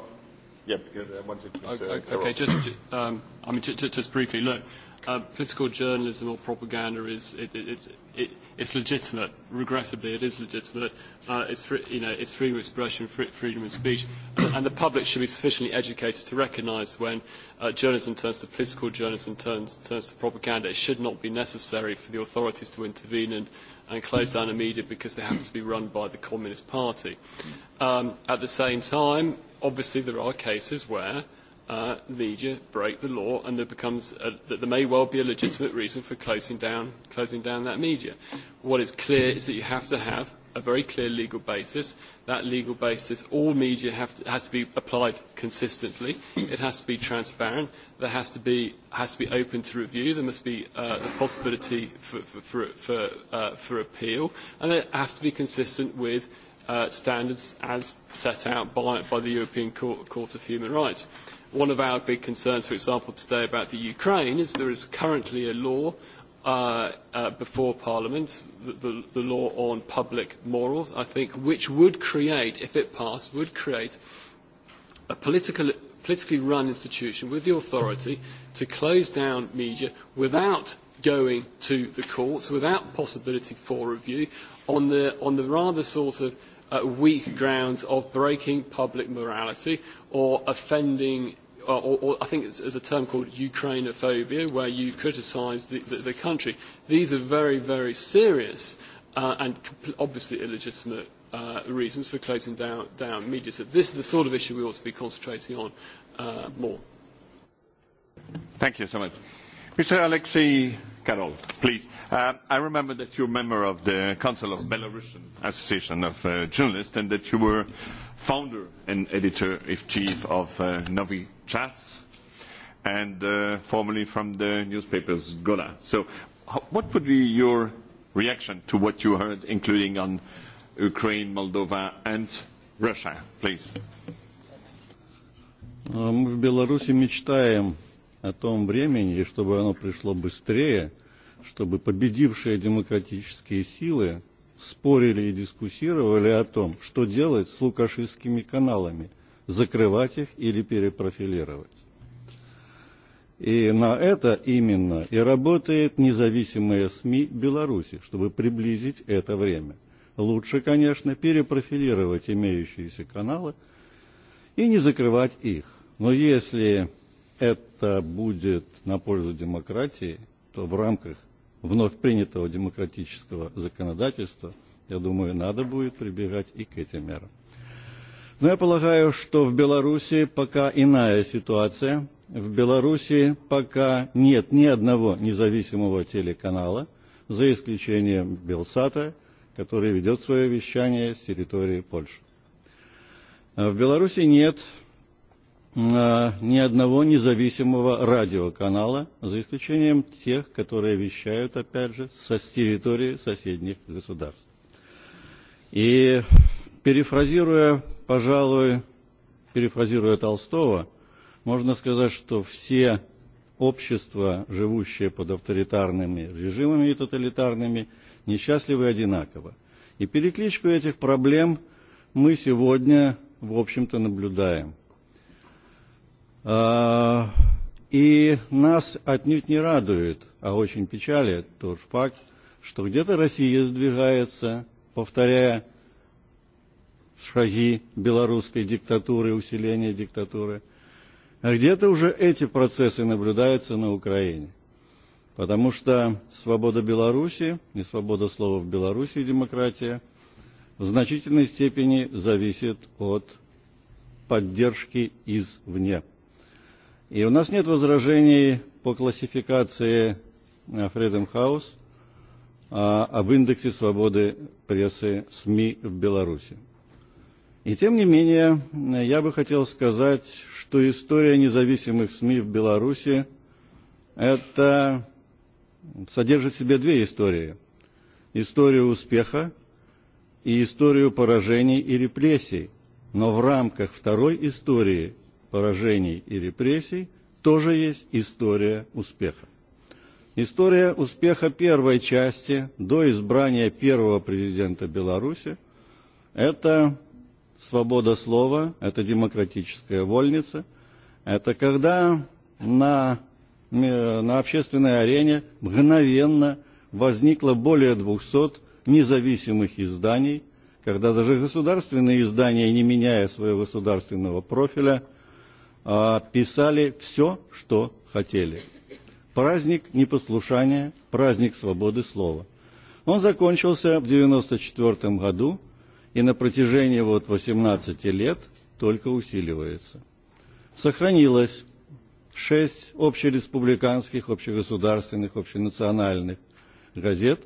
[SPEAKER 11] yeah, because I wanted to... Okay, okay just, um, I mean, just, just briefly, look, uh, political journalism or propaganda is... It, it, it, it, it's legitimate. Regrettably, it is legitimate. Uh, it's, free, you know, it's freedom of expression, free, freedom of speech, and, the public should be sufficiently educated to recognise when uh, journalism turns to political journalism, turns, turns to propaganda. It should not be necessary for the authorities to intervene and, and close down the media because they happen to be run by the Communist Party. Um, at the same time, obviously there are cases where uh, media break the law and there becomes a, that there may well be a legitimate reason for closing down, closing down that media. What is clear is that you have to have a very clear legal basis. That legal basis, all media have to, has to be applied consistently. It has to be transparent. There has to be, has to be open to review. There must be uh, the possibility for, for, for, for, uh, for appeal. And it has to be consistent with uh, standards as set out by, by the European Court, Court of Human Rights. One of our big concerns, for example, today about the Ukraine is there is currently a law uh, uh, before Parliament, the, the, the law on public morals, I think, which would create, if it passed, would create a political, politically run institution with the authority to close down media without going to the courts, without possibility for review, on the, on the rather sort of uh, weak grounds of breaking public morality or offending or, or, or I think it's, there's a term called Ukrainophobia, where you criticise the, the, the country. These are very, very serious uh, and obviously illegitimate uh, reasons for closing down, down media. So this is the sort of issue we ought to be concentrating on uh, more.
[SPEAKER 6] Thank you so much. Mr. Alexei Carol, please. Uh, I remember that you're a member of the Council of Belarusian Association of uh, Journalists and that you were founder and editor-in-chief of uh, Novi Chas and uh, formerly from the newspapers Gola. So what would be your reaction to what you heard, including on Ukraine, Moldova and Russia, please?
[SPEAKER 17] Мы в Беларуси мечтаем о том времени, чтобы оно пришло быстрее, чтобы победившие демократические силы спорили и дискуссировали о том, что делать с лукашистскими каналами, закрывать их или перепрофилировать. И на это именно и работает независимые СМИ Беларуси, чтобы приблизить это время. Лучше, конечно, перепрофилировать имеющиеся каналы и не закрывать их. Но если это будет на пользу демократии, то в рамках вновь принятого демократического законодательства, я думаю, надо будет прибегать и к этим мерам. Но я полагаю, что в Беларуси пока иная ситуация. В Беларуси пока нет ни одного независимого телеканала, за исключением Белсата, который ведет свое вещание с территории Польши. В Беларуси нет Э, ни одного независимого радиоканала, за исключением тех, которые вещают, опять же, со, с территории соседних государств. И перефразируя, пожалуй, перефразируя Толстого, можно сказать, что все общества, живущие под авторитарными режимами и тоталитарными, несчастливы одинаково. И перекличку этих проблем мы сегодня, в общем-то, наблюдаем. И нас отнюдь не радует, а очень печалит тот факт, что где-то Россия сдвигается, повторяя шаги белорусской диктатуры, усиления диктатуры, а где-то уже эти процессы наблюдаются на Украине. Потому что свобода Беларуси и свобода слова в Беларуси и демократия в значительной степени зависит от поддержки извне. И у нас нет возражений по классификации э, Freedom House а, об индексе свободы прессы СМИ в Беларуси. И тем не менее, э, я бы хотел сказать, что история независимых СМИ в Беларуси это содержит в себе две истории. Историю успеха и историю поражений и репрессий. Но в рамках второй истории поражений и репрессий, тоже есть история успеха. История успеха первой части до избрания первого президента Беларуси – это свобода слова, это демократическая вольница, это когда на, э, на общественной арене мгновенно возникло более 200 независимых изданий, когда даже государственные издания, не меняя своего государственного профиля – писали все, что хотели. Праздник непослушания, праздник свободы слова. Он закончился в 1994 году и на протяжении вот 18 лет только усиливается. Сохранилось шесть общереспубликанских, общегосударственных, общенациональных газет,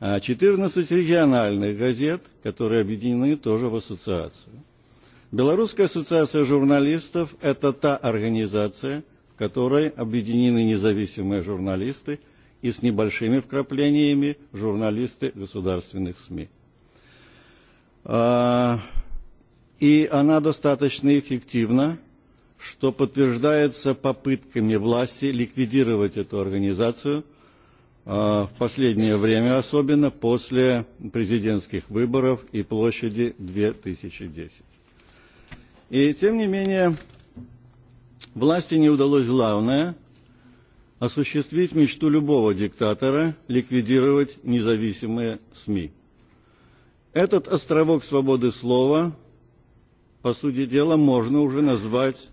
[SPEAKER 17] 14 региональных газет, которые объединены тоже в ассоциацию. Белорусская ассоциация журналистов – это та организация, в которой объединены независимые журналисты и с небольшими вкраплениями журналисты государственных СМИ. И она достаточно эффективна, что подтверждается попытками власти ликвидировать эту организацию в последнее время, особенно после президентских выборов и площади 2010. И тем не менее, власти не удалось главное – осуществить мечту любого диктатора – ликвидировать независимые СМИ. Этот островок свободы слова, по сути дела, можно уже назвать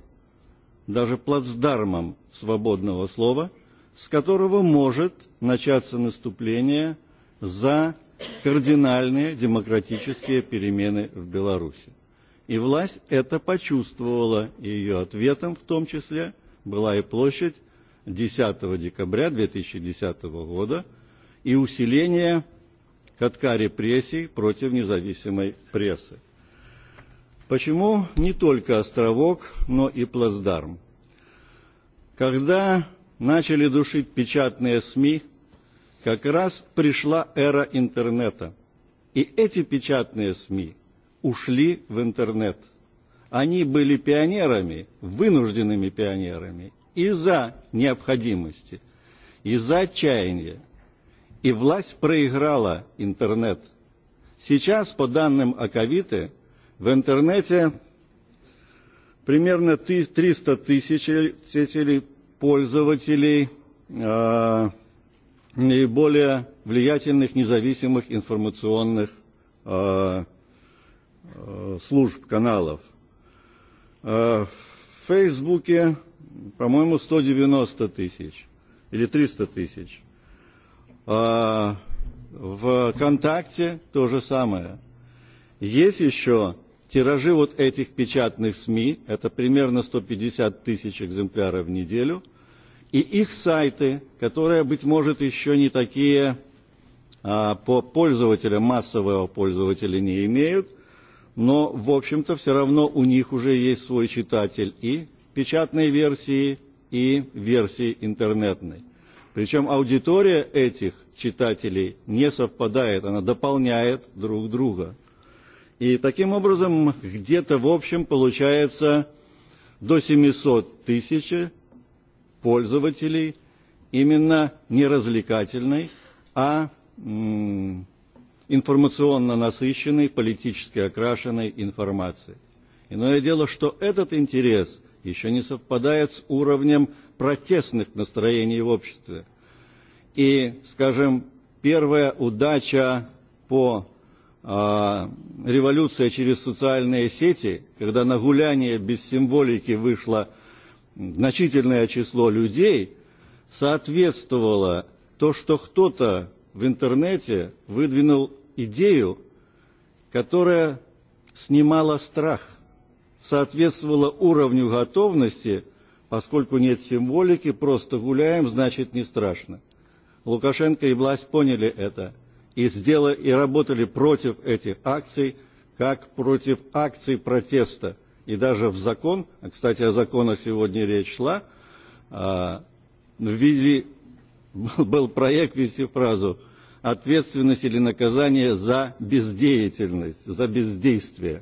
[SPEAKER 17] даже плацдармом свободного слова, с которого может начаться наступление за кардинальные демократические перемены в Беларуси. И власть это почувствовала, и ее ответом в том числе была и площадь 10 декабря 2010 года и усиление катка репрессий против независимой прессы. Почему не только островок, но и плацдарм? Когда начали душить печатные СМИ, как раз пришла эра интернета. И эти печатные СМИ – ушли в интернет. Они были пионерами, вынужденными пионерами, из-за необходимости, из-за отчаяния. И власть проиграла интернет. Сейчас, по данным Аковиты, в интернете примерно 300 тысяч пользователей наиболее влиятельных независимых информационных э, Э, служб, каналов. В Фейсбуке, по-моему, 190 тысяч или 300 тысяч. В ВКонтакте то же самое. Есть еще тиражи вот этих печатных СМИ, это примерно 150 тысяч экземпляров в неделю, и их сайты, которые, быть может, еще не такие а, по пользователям, массового пользователя не имеют – но, в общем-то, все равно у них уже есть свой читатель и печатной версии, и версии интернетной. Причем аудитория этих читателей не совпадает, она дополняет друг друга. И таким образом где-то в общем получается до 700 тысяч пользователей именно не развлекательной, а м, информационно насыщенной, политически окрашенной информацией. Иное дело, что этот интерес еще не совпадает с уровнем протестных настроений в обществе. И, скажем, первая удача по э, революции через социальные сети, когда на гуляние без символики вышло значительное число людей, соответствовало то, что кто-то в интернете выдвинул идею, которая снимала страх, соответствовала уровню готовности, поскольку нет символики, просто гуляем, значит не страшно. Лукашенко и власть поняли это и, сделали, и работали против этих акций, как против акций протеста. И даже в закон, а, кстати, о законах сегодня речь шла, ввели был проект вести фразу «ответственность или наказание за бездеятельность, за бездействие».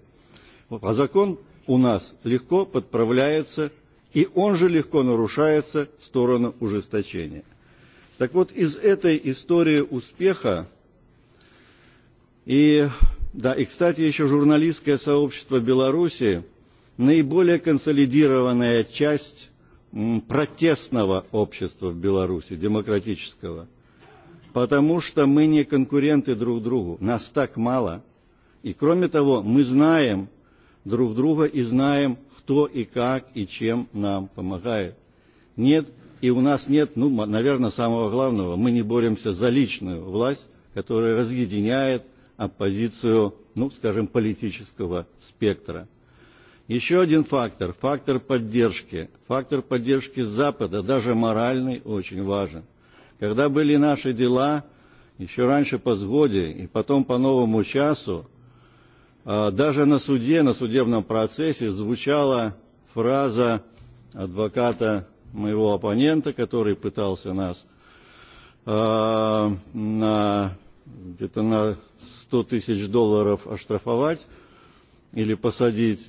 [SPEAKER 17] А закон у нас легко подправляется, и он же легко нарушается в сторону ужесточения. Так вот, из этой истории успеха и, да, и, кстати, еще журналистское сообщество Беларуси наиболее консолидированная часть протестного общества в Беларуси, демократического. Потому что мы не конкуренты друг другу, нас так мало. И кроме того, мы знаем друг друга и знаем, кто и как и чем нам помогает. Нет, и у нас нет, ну, наверное, самого главного, мы не боремся за личную власть, которая разъединяет оппозицию, ну, скажем, политического спектра. Еще один фактор, фактор поддержки. Фактор поддержки Запада, даже моральный, очень важен. Когда были наши дела, еще раньше по сгоде и потом по новому часу, даже на суде, на судебном процессе звучала фраза адвоката моего оппонента, который пытался нас э, на где-то на 100 тысяч долларов оштрафовать или посадить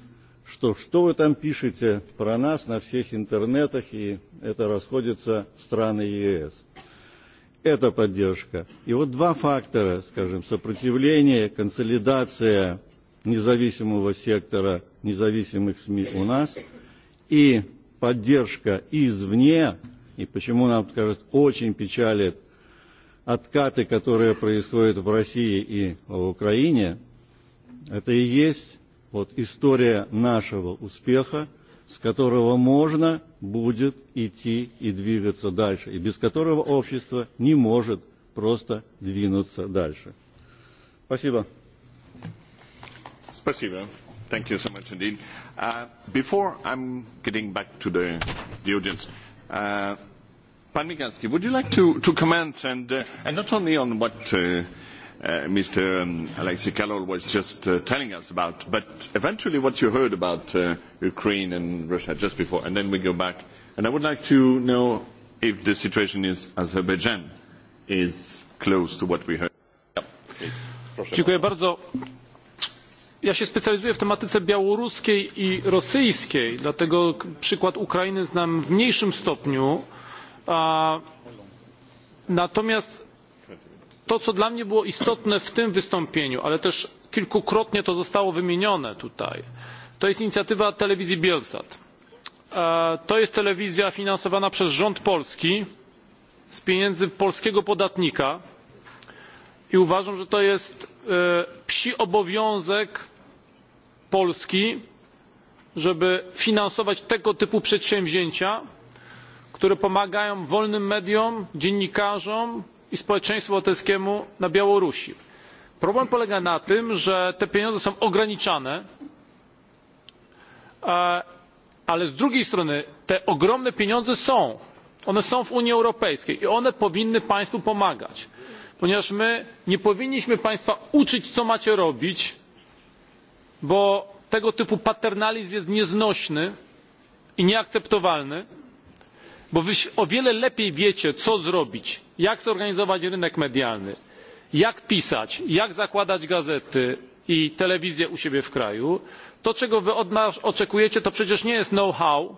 [SPEAKER 17] что что вы там пишете про нас на всех интернетах, и это расходится страны ЕС. Это поддержка. И вот два фактора, скажем, сопротивление, консолидация независимого сектора, независимых СМИ у нас, и поддержка извне, и почему нам, скажут, очень печалит откаты, которые происходят в России и в Украине, это и есть Вот история нашего успеха, с которого можно будет идти и двигаться дальше, и без которого общество не может просто двинуться
[SPEAKER 6] дальше. Спасибо. Спасибо. Thank you so much indeed. Uh, before I'm getting back to the, the audience, uh, Pan Miganski, would you like to, to comment and, uh, and not only on what uh, uh, Mr. Um, Alexei Kalol was just uh, telling us about. But eventually what you heard about uh, Ukraine and Russia just before, and then we go back. And I would like to know if the situation in Azerbaijan is close to what we heard.
[SPEAKER 8] Dziękuję bardzo. Ja się specjalizuję w tematyce białoruskiej i rosyjskiej, dlatego przykład Ukrainy znam w mniejszym stopniu. natomiast to, co dla mnie było istotne w tym wystąpieniu, ale też kilkukrotnie to zostało wymienione tutaj, to jest inicjatywa telewizji Bielsat. E, to jest telewizja finansowana przez rząd polski z pieniędzy polskiego podatnika i uważam, że to jest e, psi obowiązek Polski, żeby finansować tego typu przedsięwzięcia, które pomagają wolnym mediom, dziennikarzom, i społeczeństwu obywatelskiemu na Białorusi. Problem polega na tym, że te pieniądze są ograniczane, e, ale z drugiej strony te ogromne pieniądze są. One są w Unii Europejskiej i one powinny państwu pomagać, ponieważ my nie powinniśmy państwa uczyć, co macie robić, bo tego typu paternalizm jest nieznośny i nieakceptowalny bo wy o wiele lepiej wiecie, co zrobić, jak zorganizować rynek medialny, jak pisać, jak zakładać gazety i telewizję u siebie w kraju. To, czego wy od nas oczekujecie, to przecież nie jest know-how,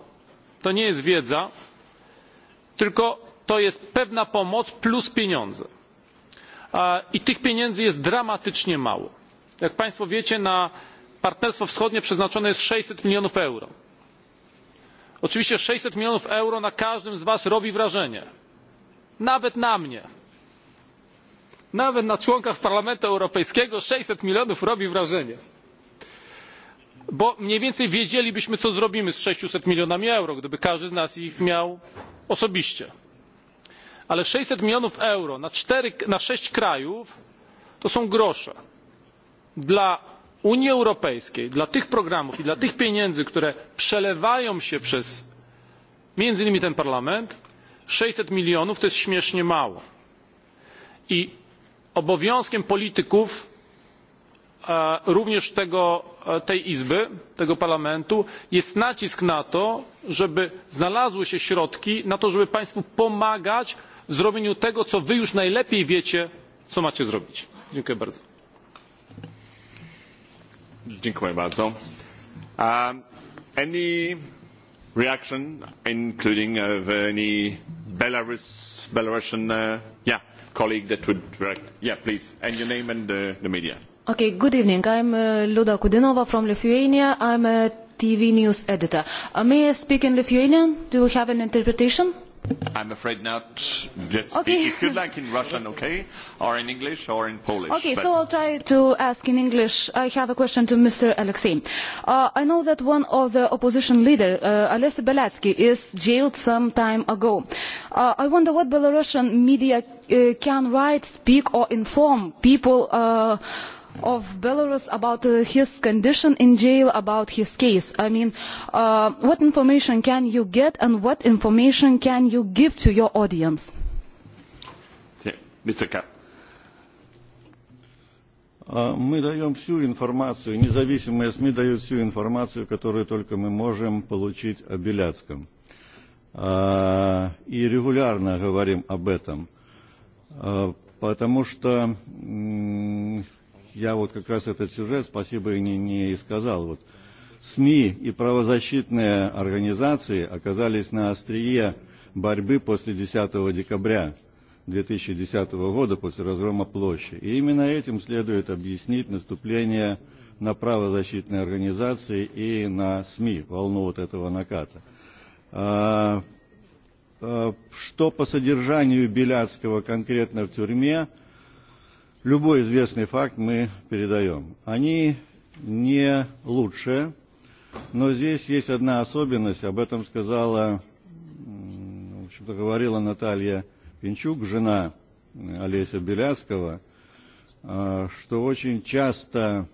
[SPEAKER 8] to nie jest wiedza, tylko to jest pewna pomoc plus pieniądze. I tych pieniędzy jest dramatycznie mało. Jak Państwo wiecie, na Partnerstwo Wschodnie przeznaczone jest 600 milionów euro. Oczywiście 600 milionów euro na każdym z Was robi wrażenie. Nawet na mnie. Nawet na członkach Parlamentu Europejskiego 600 milionów robi wrażenie. Bo mniej więcej wiedzielibyśmy, co zrobimy z 600 milionami euro, gdyby każdy z nas ich miał osobiście. Ale 600 milionów euro na, 4, na 6 krajów to są grosze. Dla Unii Europejskiej dla tych programów i dla tych pieniędzy, które przelewają się przez między innymi ten parlament, 600 milionów to jest śmiesznie mało. I obowiązkiem polityków e, również tego, e, tej Izby, tego Parlamentu, jest nacisk na to, żeby znalazły się środki na to, żeby Państwu pomagać w zrobieniu tego, co Wy już najlepiej wiecie, co macie zrobić. Dziękuję bardzo.
[SPEAKER 6] Dziękuję bardzo. Um, any reaction, including of uh, any Belarus, Belarusian, uh, yeah, colleague that would react? Yeah, please, and your name and the, uh, the media.
[SPEAKER 18] Okay, good evening. I'm uh, Luda Kudinova from Lithuania. I'm a TV news editor. Uh, may I speak in Lithuanian? Do we have an interpretation?
[SPEAKER 6] I'm afraid not. Let's okay. If you'd like in Russian, okay, or in English or in Polish. Okay, but... so
[SPEAKER 18] I'll try to ask in English. I have a question to Mr. Alexei. Uh, I know that one of the opposition leaders, uh, Alessi Belatsky, is jailed some time ago. Uh, I wonder what Belarusian media uh, can write, speak, or inform people. Uh, of Belarus about uh, his condition in jail, about his case. I mean, uh, what information can you get and what information can
[SPEAKER 13] you give to your audience?
[SPEAKER 6] Mr. Kapp.
[SPEAKER 17] Мы даем всю информацию, независимые СМИ дают всю информацию, которую только мы можем получить о Беляцком. И регулярно говорим об этом, потому что я вот как раз этот сюжет, спасибо, и не, не сказал. Вот. СМИ и правозащитные организации оказались на острие борьбы после 10 декабря 2010 года, после разгрома площади. И именно этим следует объяснить наступление на правозащитные организации и на СМИ, волну вот этого наката. Что по содержанию Беляцкого конкретно в тюрьме – любой известный факт мы передаем. Они не лучше, но здесь есть одна особенность, об этом сказала, в общем-то, говорила Наталья Пинчук, жена Олеся Беляцкого, что очень часто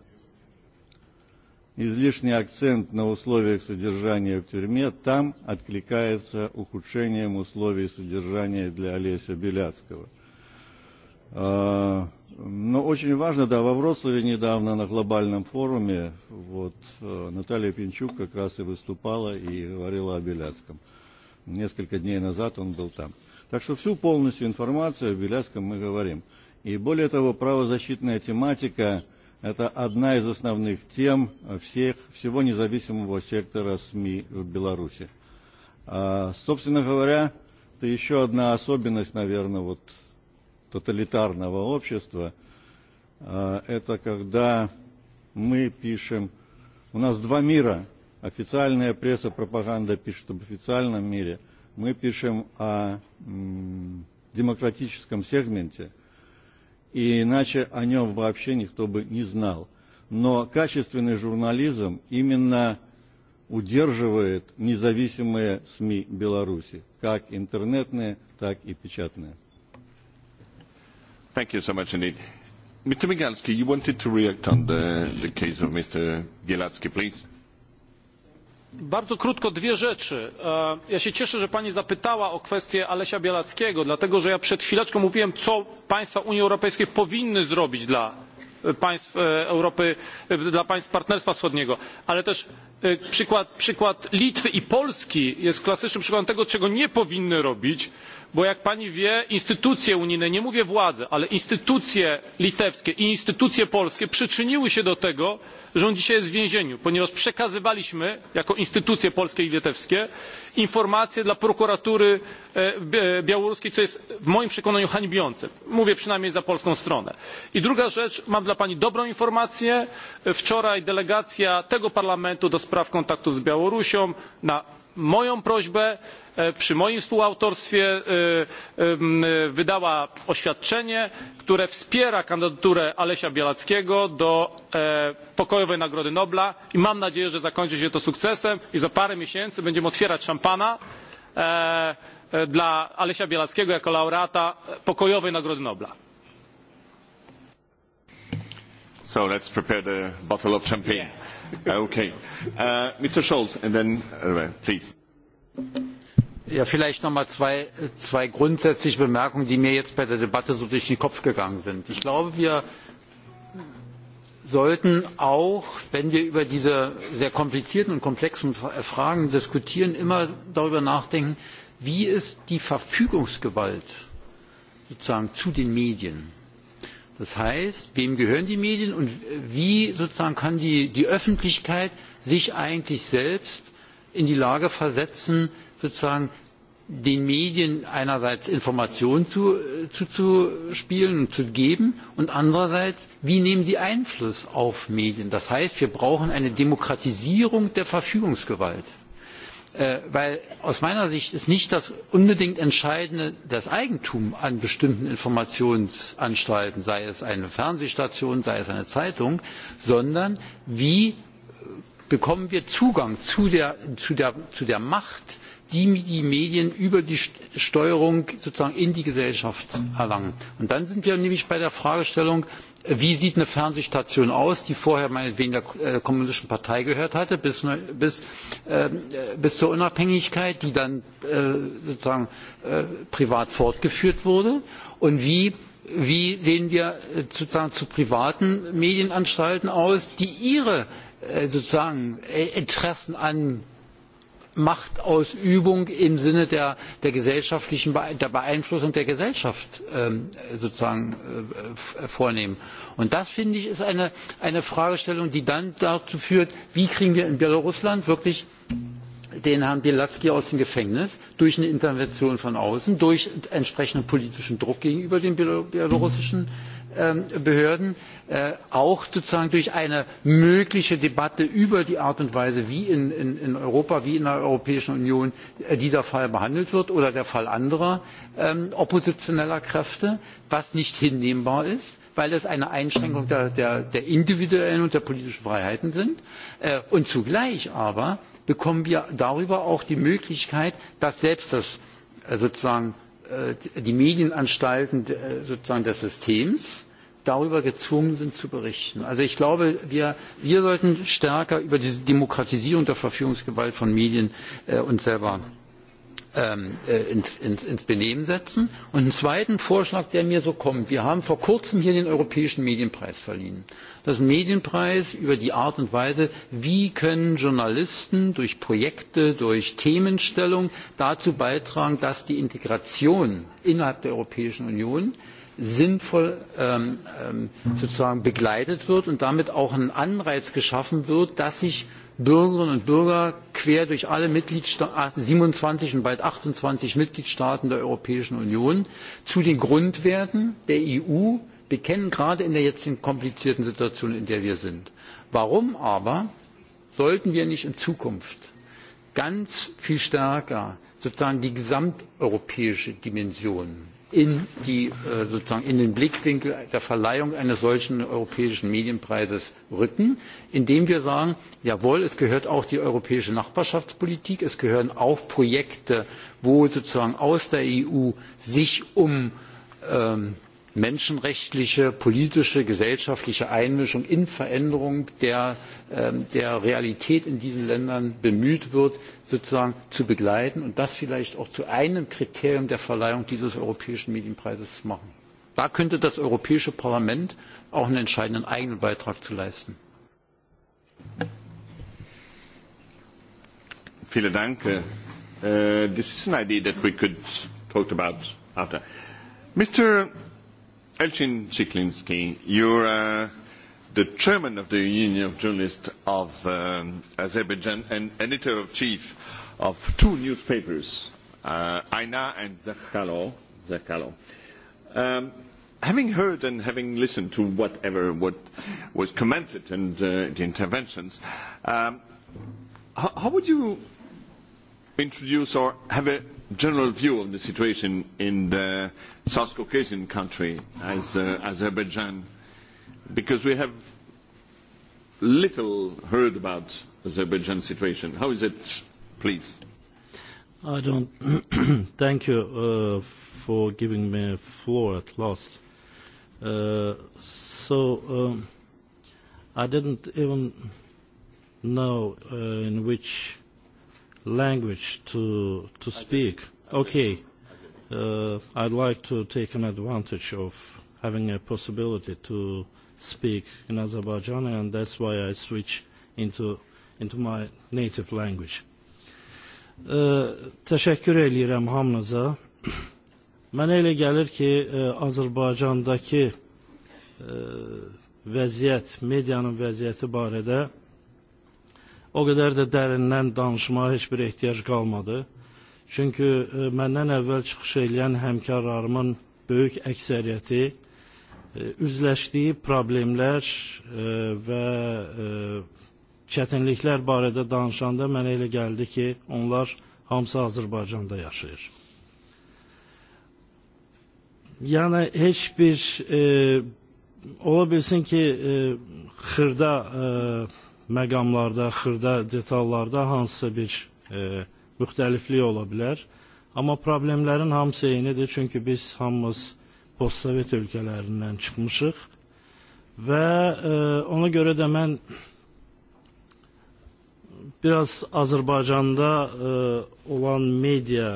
[SPEAKER 17] излишний акцент на условиях содержания в тюрьме там откликается ухудшением условий содержания для Олеся Беляцкого. Но очень важно, да, во Вроцлаве недавно на глобальном форуме вот, э, Наталья Пинчук как раз и выступала и говорила о Беляцком. Несколько дней назад он был там. Так что всю полностью информацию о Беляцком мы говорим. И более того, правозащитная тематика – это одна из основных тем всех, всего независимого сектора СМИ в Беларуси. А, собственно говоря, это еще одна особенность, наверное, вот тоталитарного общества, это когда мы пишем, у нас два мира, официальная пресса, пропаганда пишет об официальном мире, мы пишем о демократическом сегменте, и иначе о нем вообще никто бы не знал. Но качественный журнализм именно удерживает независимые СМИ Беларуси, как интернетные, так и печатные.
[SPEAKER 6] Thank you so much indeed. Mr. Migalski, you wanted to react on the, the case of Mr. Bielacki, please.
[SPEAKER 8] Bardzo krótko dwie rzeczy. E, ja się cieszę, że Pani zapytała o kwestię Alesia Bielackiego, dlatego że ja przed chwileczką mówiłem, co państwa Unii Europejskiej powinny zrobić dla państw e, Europy, e, dla państw Partnerstwa Wschodniego. Ale też przykład, przykład Litwy i Polski jest klasycznym przykładem tego, czego nie powinny robić bo jak pani wie instytucje unijne nie mówię władze ale instytucje litewskie i instytucje polskie przyczyniły się do tego że on dzisiaj jest w więzieniu ponieważ przekazywaliśmy jako instytucje polskie i litewskie informacje dla prokuratury e, e, białoruskiej co jest w moim przekonaniu hańbiące mówię przynajmniej za polską stronę i druga rzecz mam dla pani dobrą informację wczoraj delegacja tego parlamentu do spraw kontaktów z białorusią na moją prośbę e, przy moim współautorstwie e, e, wydała oświadczenie które wspiera kandydaturę Alesia Białackiego do pokojowej Nagrody Nobla i mam nadzieję, że zakończy się to sukcesem i za parę miesięcy będziemy otwierać szampana dla Alesia Białackiego jako laureata pokojowej Nagrody Nobla.
[SPEAKER 6] So let's prepare the bottle of champagne. Yeah. okay.
[SPEAKER 10] Uh, Mr. Scholz, and then, uh, please. Ja, vielleicht noch mal zwei, zwei grundsätzliche Bemerkungen, die mir jetzt bei der Debatte so durch den Kopf gegangen sind. Ich glaube, wir sollten auch, wenn wir über diese sehr komplizierten und komplexen äh, Fragen diskutieren, immer darüber nachdenken, wie ist die Verfügungsgewalt sozusagen zu den Medien? Das heißt, wem gehören die Medien und wie sozusagen kann die, die Öffentlichkeit sich eigentlich selbst in die Lage versetzen, sozusagen den Medien einerseits Informationen zu, zu, äh, zu spielen und zu geben und andererseits, wie nehmen sie Einfluss auf Medien? Das heißt, wir brauchen eine Demokratisierung der Verfügungsgewalt. Äh, weil aus meiner Sicht ist nicht das unbedingt Entscheidende das Eigentum an bestimmten Informationsanstalten, sei es eine Fernsehstation, sei es eine Zeitung, sondern wie bekommen wir Zugang zu der, zu der, zu der Macht, die die Medien über die Steuerung sozusagen in die Gesellschaft erlangen. Und dann sind wir nämlich bei der Fragestellung, Wie sieht eine Fernsehstation aus, die vorher meinetwegen der äh, Kommunistischen Partei gehört hatte, bis, bis, ähm, äh, bis zur Unabhängigkeit, die dann äh, sozusagen äh, privat fortgeführt wurde? Und wie, wie sehen wir äh, sozusagen zu privaten Medienanstalten aus, die ihre äh, sozusagen Interessen an Machtausübung im Sinne der, der gesellschaftlichen der Beeinflussung der Gesellschaft ähm, sozusagen äh, vornehmen. Und das finde ich ist eine, eine Fragestellung, die dann dazu führt, wie kriegen wir in Belarusland wirklich den Herrn Bielacki aus dem Gefängnis durch eine Intervention von außen, durch entsprechenden politischen Druck gegenüber den belarussischen Ähm, Behörden äh, auch sozusagen durch eine mögliche Debatte über die Art und Weise, wie in, in, in Europa, wie in der Europäischen Union äh, dieser Fall behandelt wird oder der Fall anderer ähm, oppositioneller Kräfte, was nicht hinnehmbar ist weil es eine Einschränkung der, der, der individuellen und der politischen Freiheiten sind. Äh, und zugleich aber bekommen wir darüber auch die Möglichkeit, dass selbst das sozusagen Äh, die Medienanstalten äh, sozusagen des Systems darüber gezwungen sind zu berichten. Also ich glaube, wir, wir sollten stärker über die Demokratisierung der Verfügungsgewalt von Medien äh, uns selber ähm, äh, ins, ins, ins Benehmen setzen. Und einen zweiten Vorschlag, der mir so kommt. Wir haben vor kurzem hier den Europäischen Medienpreis verliehen. Das ist ein Medienpreis über die Art und Weise, wie können Journalisten durch Projekte, durch Themenstellung dazu beitragen, dass die Integration innerhalb der Europäischen Union sinnvoll ähm, ähm sozusagen begleitet wird und damit auch ein Anreiz geschaffen wird, dass sich Bürgerinnen und Bürger quer durch alle Mitgliedstaaten, 27 und bald 28 Mitgliedstaaten der Europäischen Union zu den Grundwerten der EU bekennen, gerade in der jetzigen komplizierten Situation, in der wir sind. Warum aber sollten wir nicht in Zukunft ganz viel stärker sozusagen die gesamteuropäische Dimension in, die, äh, sozusagen in den Blickwinkel der Verleihung eines solchen europäischen Medienpreises rücken, indem wir sagen, jawohl, es gehört auch die europäische Nachbarschaftspolitik, es gehören auch Projekte, wo sozusagen aus der EU sich um ähm, menschenrechtliche, politische, gesellschaftliche Einmischung in Veränderung der, ähm, der Realität in diesen Ländern bemüht wird, sozusagen zu begleiten und das vielleicht auch zu einem Kriterium der Verleihung dieses Europäischen Medienpreises zu machen. Da könnte das Europäische Parlament auch einen entscheidenden eigenen Beitrag zu leisten. Vielen Dank. Uh,
[SPEAKER 6] äh, this is an idea that we could talk about after. Mr. Elchin Chiklinski, you're uh, the chairman of the Union of Journalists of um, Azerbaijan and editor-in-chief of two newspapers, uh, Aina and Zakhalo. Zakhalo. Um, having heard and having listened to whatever what was commented and uh, the interventions, um, how, how would you introduce or have a general view of the situation in the South Caucasian country as uh, Azerbaijan, because we have little heard about Azerbaijan situation. How is it, please? I don't.
[SPEAKER 19] Thank you uh, for giving me a floor at last. Uh, so um, I didn't even know uh, in which language to, to speak. Okay, uh, I'd like to take an advantage of having a possibility to speak in Azerbaijani, and that's why I switch into, into my native language. Uh, teşekkür ederim hamınıza. Mənə elə gəlir ki, ə, uh, Azərbaycandakı ə, uh, vəziyyət, medianın vəziyyəti barədə O qədər də dərindən danışmağa heç bir ehtiyac qalmadı. Çünki e, məndən əvvəl çıxış edən həmkarlarımın böyük əksəriyyəti e, üzləşdiyi problemlər e, və e, çətinliklər barədə danışanda mənə elə gəldi ki, onlar hamısı Azərbaycanda yaşayır. Yəni heç bir e, ola bilsin ki, e, xırda e, məqamlarda, xırda detallarda hansısa bir e, müxtəliflik ola bilər. Amma problemlərin hamısı eynidir, çünki biz hamımız postsovet ölkələrindən çıxmışıq və e, ona görə də mən biraz Azərbaycanda e, olan media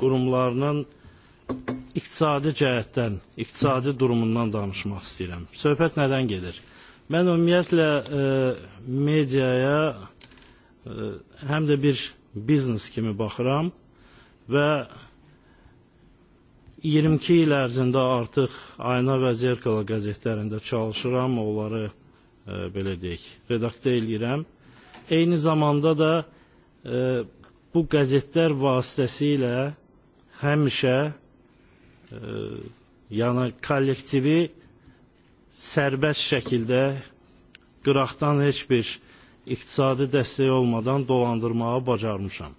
[SPEAKER 19] qurumlarının iqtisadi cəhətdən, iqtisadi durumundan danışmaq istəyirəm. Söhbət nədən gedir? Mən ümumiyyətlə e, medyaya e, hem de bir biznes kimi baxıram və 22 il ərzində artıq Ayna və Zerkala qəzetlərində çalışıram, onları e, belə deyək, redaktə eləyirəm. Eyni zamanda da e, bu qəzetlər vasitəsilə həmişə e, yəni kollektivi sərbəst şəkildə qıraqdan heç bir iqtisadi dəstək olmadan dolandırmağı bacarmışam.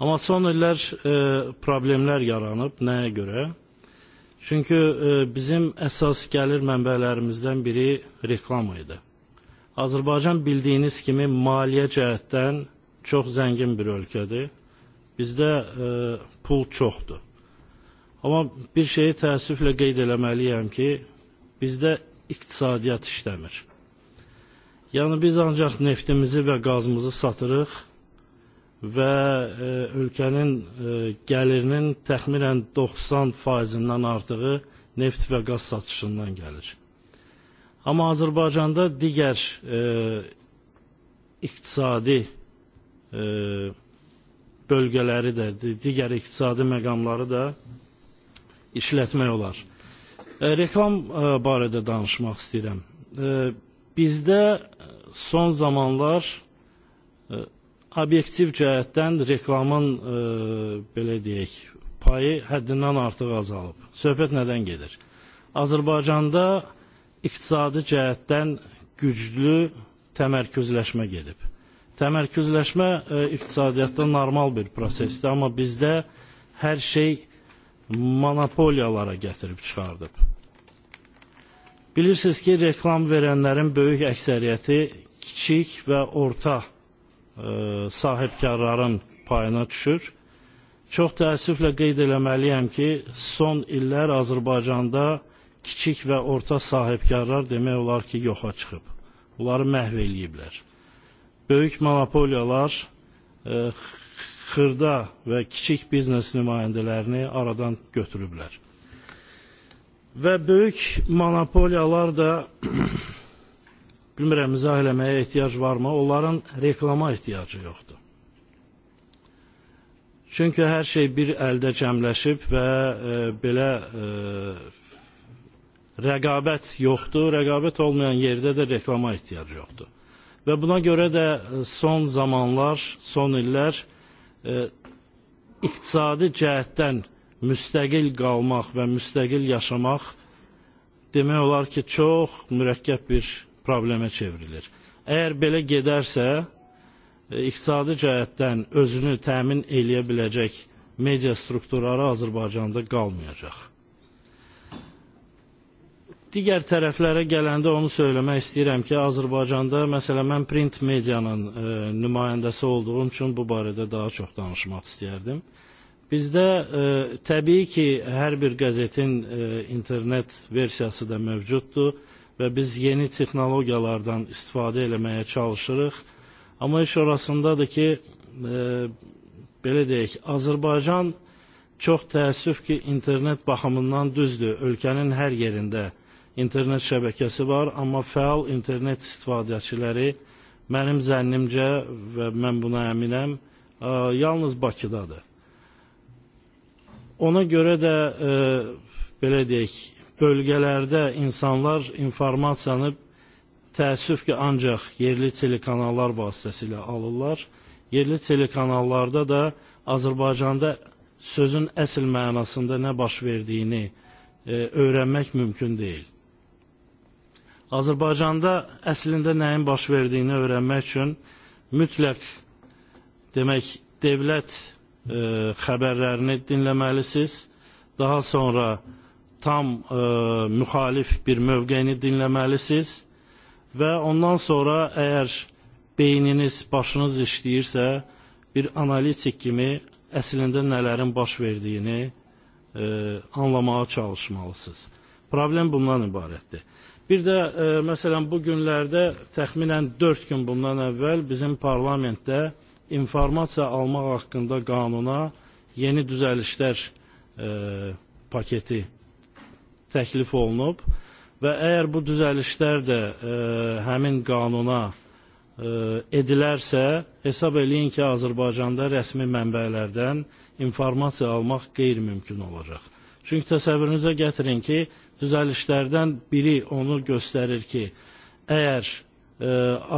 [SPEAKER 19] Amma son illər e, problemlər yaranıb, nəyə görə? Çünki e, bizim əsas gəlir mənbələrimizdən biri reklam idi. Azərbaycan bildiyiniz kimi maliyyə cəhətdən çox zəngin bir ölkədir. Bizdə e, pul çoxdur. Amma bir şeyi təəssüflə qeyd eləməliyəm ki, bizdə iqtisadiyyat işləmir. Yəni biz ancaq neftimizi və qazımızı satırıq və e, ölkənin e, gəlirinin təxminən 90%-dən artığı neft və qaz satışından gəlir. Amma Azərbaycanda digər e, iqtisadi e, bölgələri də, digər iqtisadi məqamları da işlətmək olar. E, reklam e, barədə danışmaq istəyirəm. E, bizdə son zamanlar obyektiv cəhətdən reklamın belə deyək, payı həddindən artıq azalıb. Söhbət nədən gedir? Azərbaycanda iqtisadi cəhətdən güclü təmərküzləşmə gedib. Təmərküzləşmə iqtisadiyyatda normal bir prosesdir, amma bizdə hər şey monopoliyalara gətirib çıxardıb. Bilirsiniz ki reklam verenlerin büyük ekseriyeti küçük ve orta e, sahipkarların payına düşür. Çox təəssüflə qeyd eləməliyəm ki, son illər Azərbaycanda kiçik və orta sahibkarlar demək olar ki, yoxa çıxıb. Onları məhv eləyiblər. Böyük monopoliyalar e, xırda və kiçik biznes nümayəndələrini aradan götürüblər ve büyük monopolyalar da bilmirəm izah eləməyə ehtiyac varmı? Onların reklama ehtiyacı yoxdur. Çünki hər şey bir əldə cəmləşib və e, belə e, rəqabət yoxdur. Rəqabət olmayan yerdə də reklama ehtiyacı yoxdur. Və buna görə də e, son zamanlar, son illər e, iqtisadi cəhətdən müstəqil qalmaq və müstəqil yaşamaq demək olar ki çox mürəkkəb bir problemə çevrilir. Əgər belə gedərsə, e, iqtisadi cəhətdən özünü təmin eləyə biləcək media strukturları Azərbaycanda qalmayacaq. Digər tərəflərə gələndə onu söyləmək istəyirəm ki, Azərbaycanda məsələn mən print medianın e, nümayəndəsi olduğum üçün bu barədə daha çox danışmaq istəyərdim. Bizde e, tabii ki her bir gazetin e, internet versiyası da mevcuttu ve biz yeni teknolojilerden istifade etmeye çalışırıq. Ama iş orasındadır ki, e, belə deyək, Azərbaycan çox təəssüf ki, internet baxımından düzdür. Ölkənin hər yerində internet şəbəkəsi var, amma fəal internet istifadəçiləri mənim zənnimcə və mən buna əminəm, e, yalnız Bakıdadır. Ona göre de e, belə deyək, bölgələrdə insanlar informasiyanı təəssüf ki, ancaq yerli telekanallar vasitəsilə alırlar. Yerli telekanallarda da Azərbaycanda sözün əsl mənasında nə baş verdiyini e, öyrənmək mümkün deyil. Azərbaycanda əslində nəyin baş verdiyini öyrənmək üçün mütləq demək devlət e, haberlerini dinlemelisiz. Daha sonra tam e, muhalif bir mövqeyini dinləməlisiniz və ondan sonra əgər beyniniz, başınız işləyirsə, bir analitik kimi əslində nələrin baş verdiyini e, anlamağa çalışmalısınız. Problem bundan ibarətdir. Bir də e, məsələn bu günlərdə təxminən 4 gün bundan əvvəl bizim parlamentdə e, informatsiya almaq haqqında qanuna yeni düzəlişlər e, paketi təklif olunub və əgər bu düzəlişlər də e, həmin qanuna e, edilərsə, hesab eləyin ki, Azərbaycanda rəsmi mənbələrdən informasiya almaq qeyri-mümkün olacaq. Çünki təsəvvürünüzə gətirin ki, düzəlişlərdən biri onu göstərir ki, əgər e,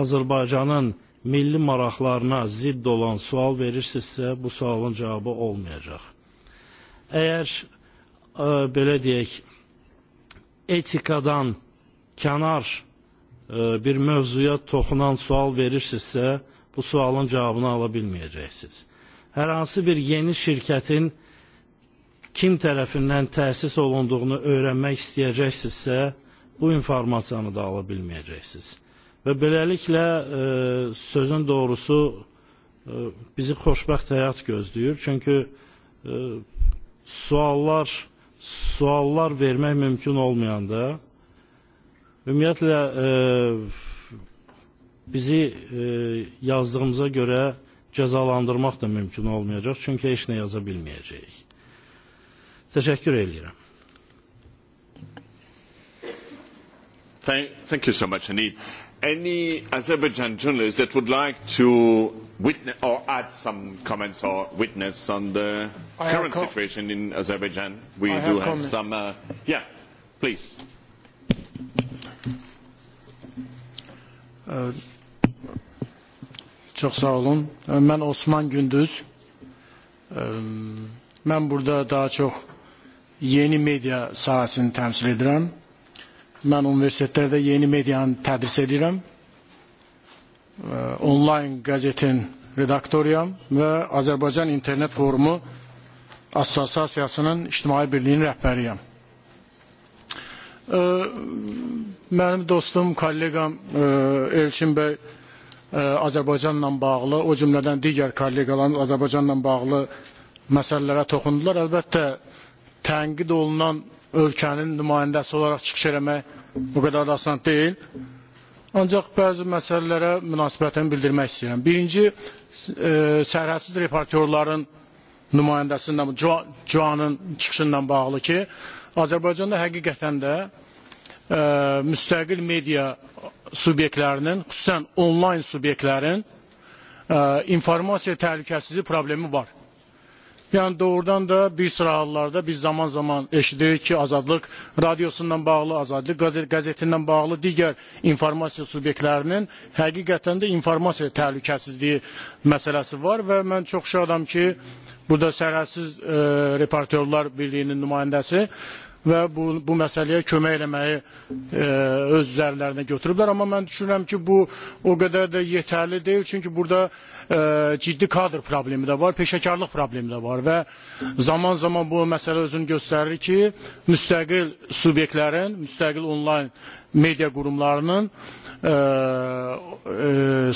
[SPEAKER 19] Azərbaycanın milli maraqlarına zidd olan sual verirsinizsə, bu sualın cavabı olmayacaq. Əgər ə, e, belə deyək, etikadan kənar ə, e, bir mövzuya toxunan sual verirsinizsə, bu sualın cavabını ala bilməyəcəksiniz. Hər hansı bir yeni şirkətin kim tərəfindən təsis olunduğunu öyrənmək istəyəcəksinizsə, bu informasiyanı da ala bilməyəcəksiniz. Və beləliklə e, sözün doğrusu e, bizi xoşbəxt həyat gözləyir. Çünki e, suallar suallar vermək mümkün olmayanda ümumiyyətlə e, bizi e, yazdığımıza görə cəzalandırmaq da mümkün olmayacaq. Çünki heç nə yaza bilməyəcəyik. Təşəkkür edirəm.
[SPEAKER 6] Thank, thank you so much indeed any Azerbaijan journalist that would like to witness or add some comments or witness on the I current situation in Azerbaijan? We I do have, have some. Uh, yeah, please.
[SPEAKER 20] Uh, Çox sağ olun. Mən uh, Osman Gündüz. Mən um, burada daha çox yeni media sahəsini təmsil edirəm. Ben üniversitelerde yeni medyanı tedris ediyorum. Online gazetin redaktoruyum ve Azerbaycan İnternet Forumu Assosiyasyasının İctimai Birliği'nin rehberiyim. Benim dostum, kollegam e, Elçin Bey e, Azərbaycanla bağlı, o cümlədən digər kolleqaların Azərbaycanla bağlı məsələlərə toxundular. Əlbəttə, tənqid olunan ülkenin nümayəndəsi olaraq çıxış eləmək bu qədər də asan deyil. Ancaq bəzi məsələlərə münasibətimi bildirmək istəyirəm. Birinci, e, sərhədsiz reportyorların nümayəndəsindən, Cuanın çıxışından bağlı ki, Azərbaycanda həqiqətən də e, müstəqil media subyektlərinin, xüsusən onlayn subyektlərin e, informasiya təhlükəsizliyi problemi var. Yani doğrudan da bir sıra hallarda biz zaman zaman eşitirik ki Azadlık radyosundan bağlı, Azadlık gazet gazetinden bağlı digər informasiya subyektlerinin həqiqətən də informasiya təhlükəsizliyi məsələsi var və mən çox şadam ki, burada Sərhədsiz e, Reportyorlar Birliyinin nümayəndəsi ve bu, bu meseleye kömək eləməyi e, öz üzərlərinə götürüblər. Amma mən düşünürəm ki, bu o qədər də yetərli deyil, çünki burada e, ciddi kadr problemi də var, peşəkarlıq problemi də var və zaman-zaman bu məsələ özünü göstərir ki, müstəqil subyektlərin, müstəqil onlayn media qurumlarının e, e,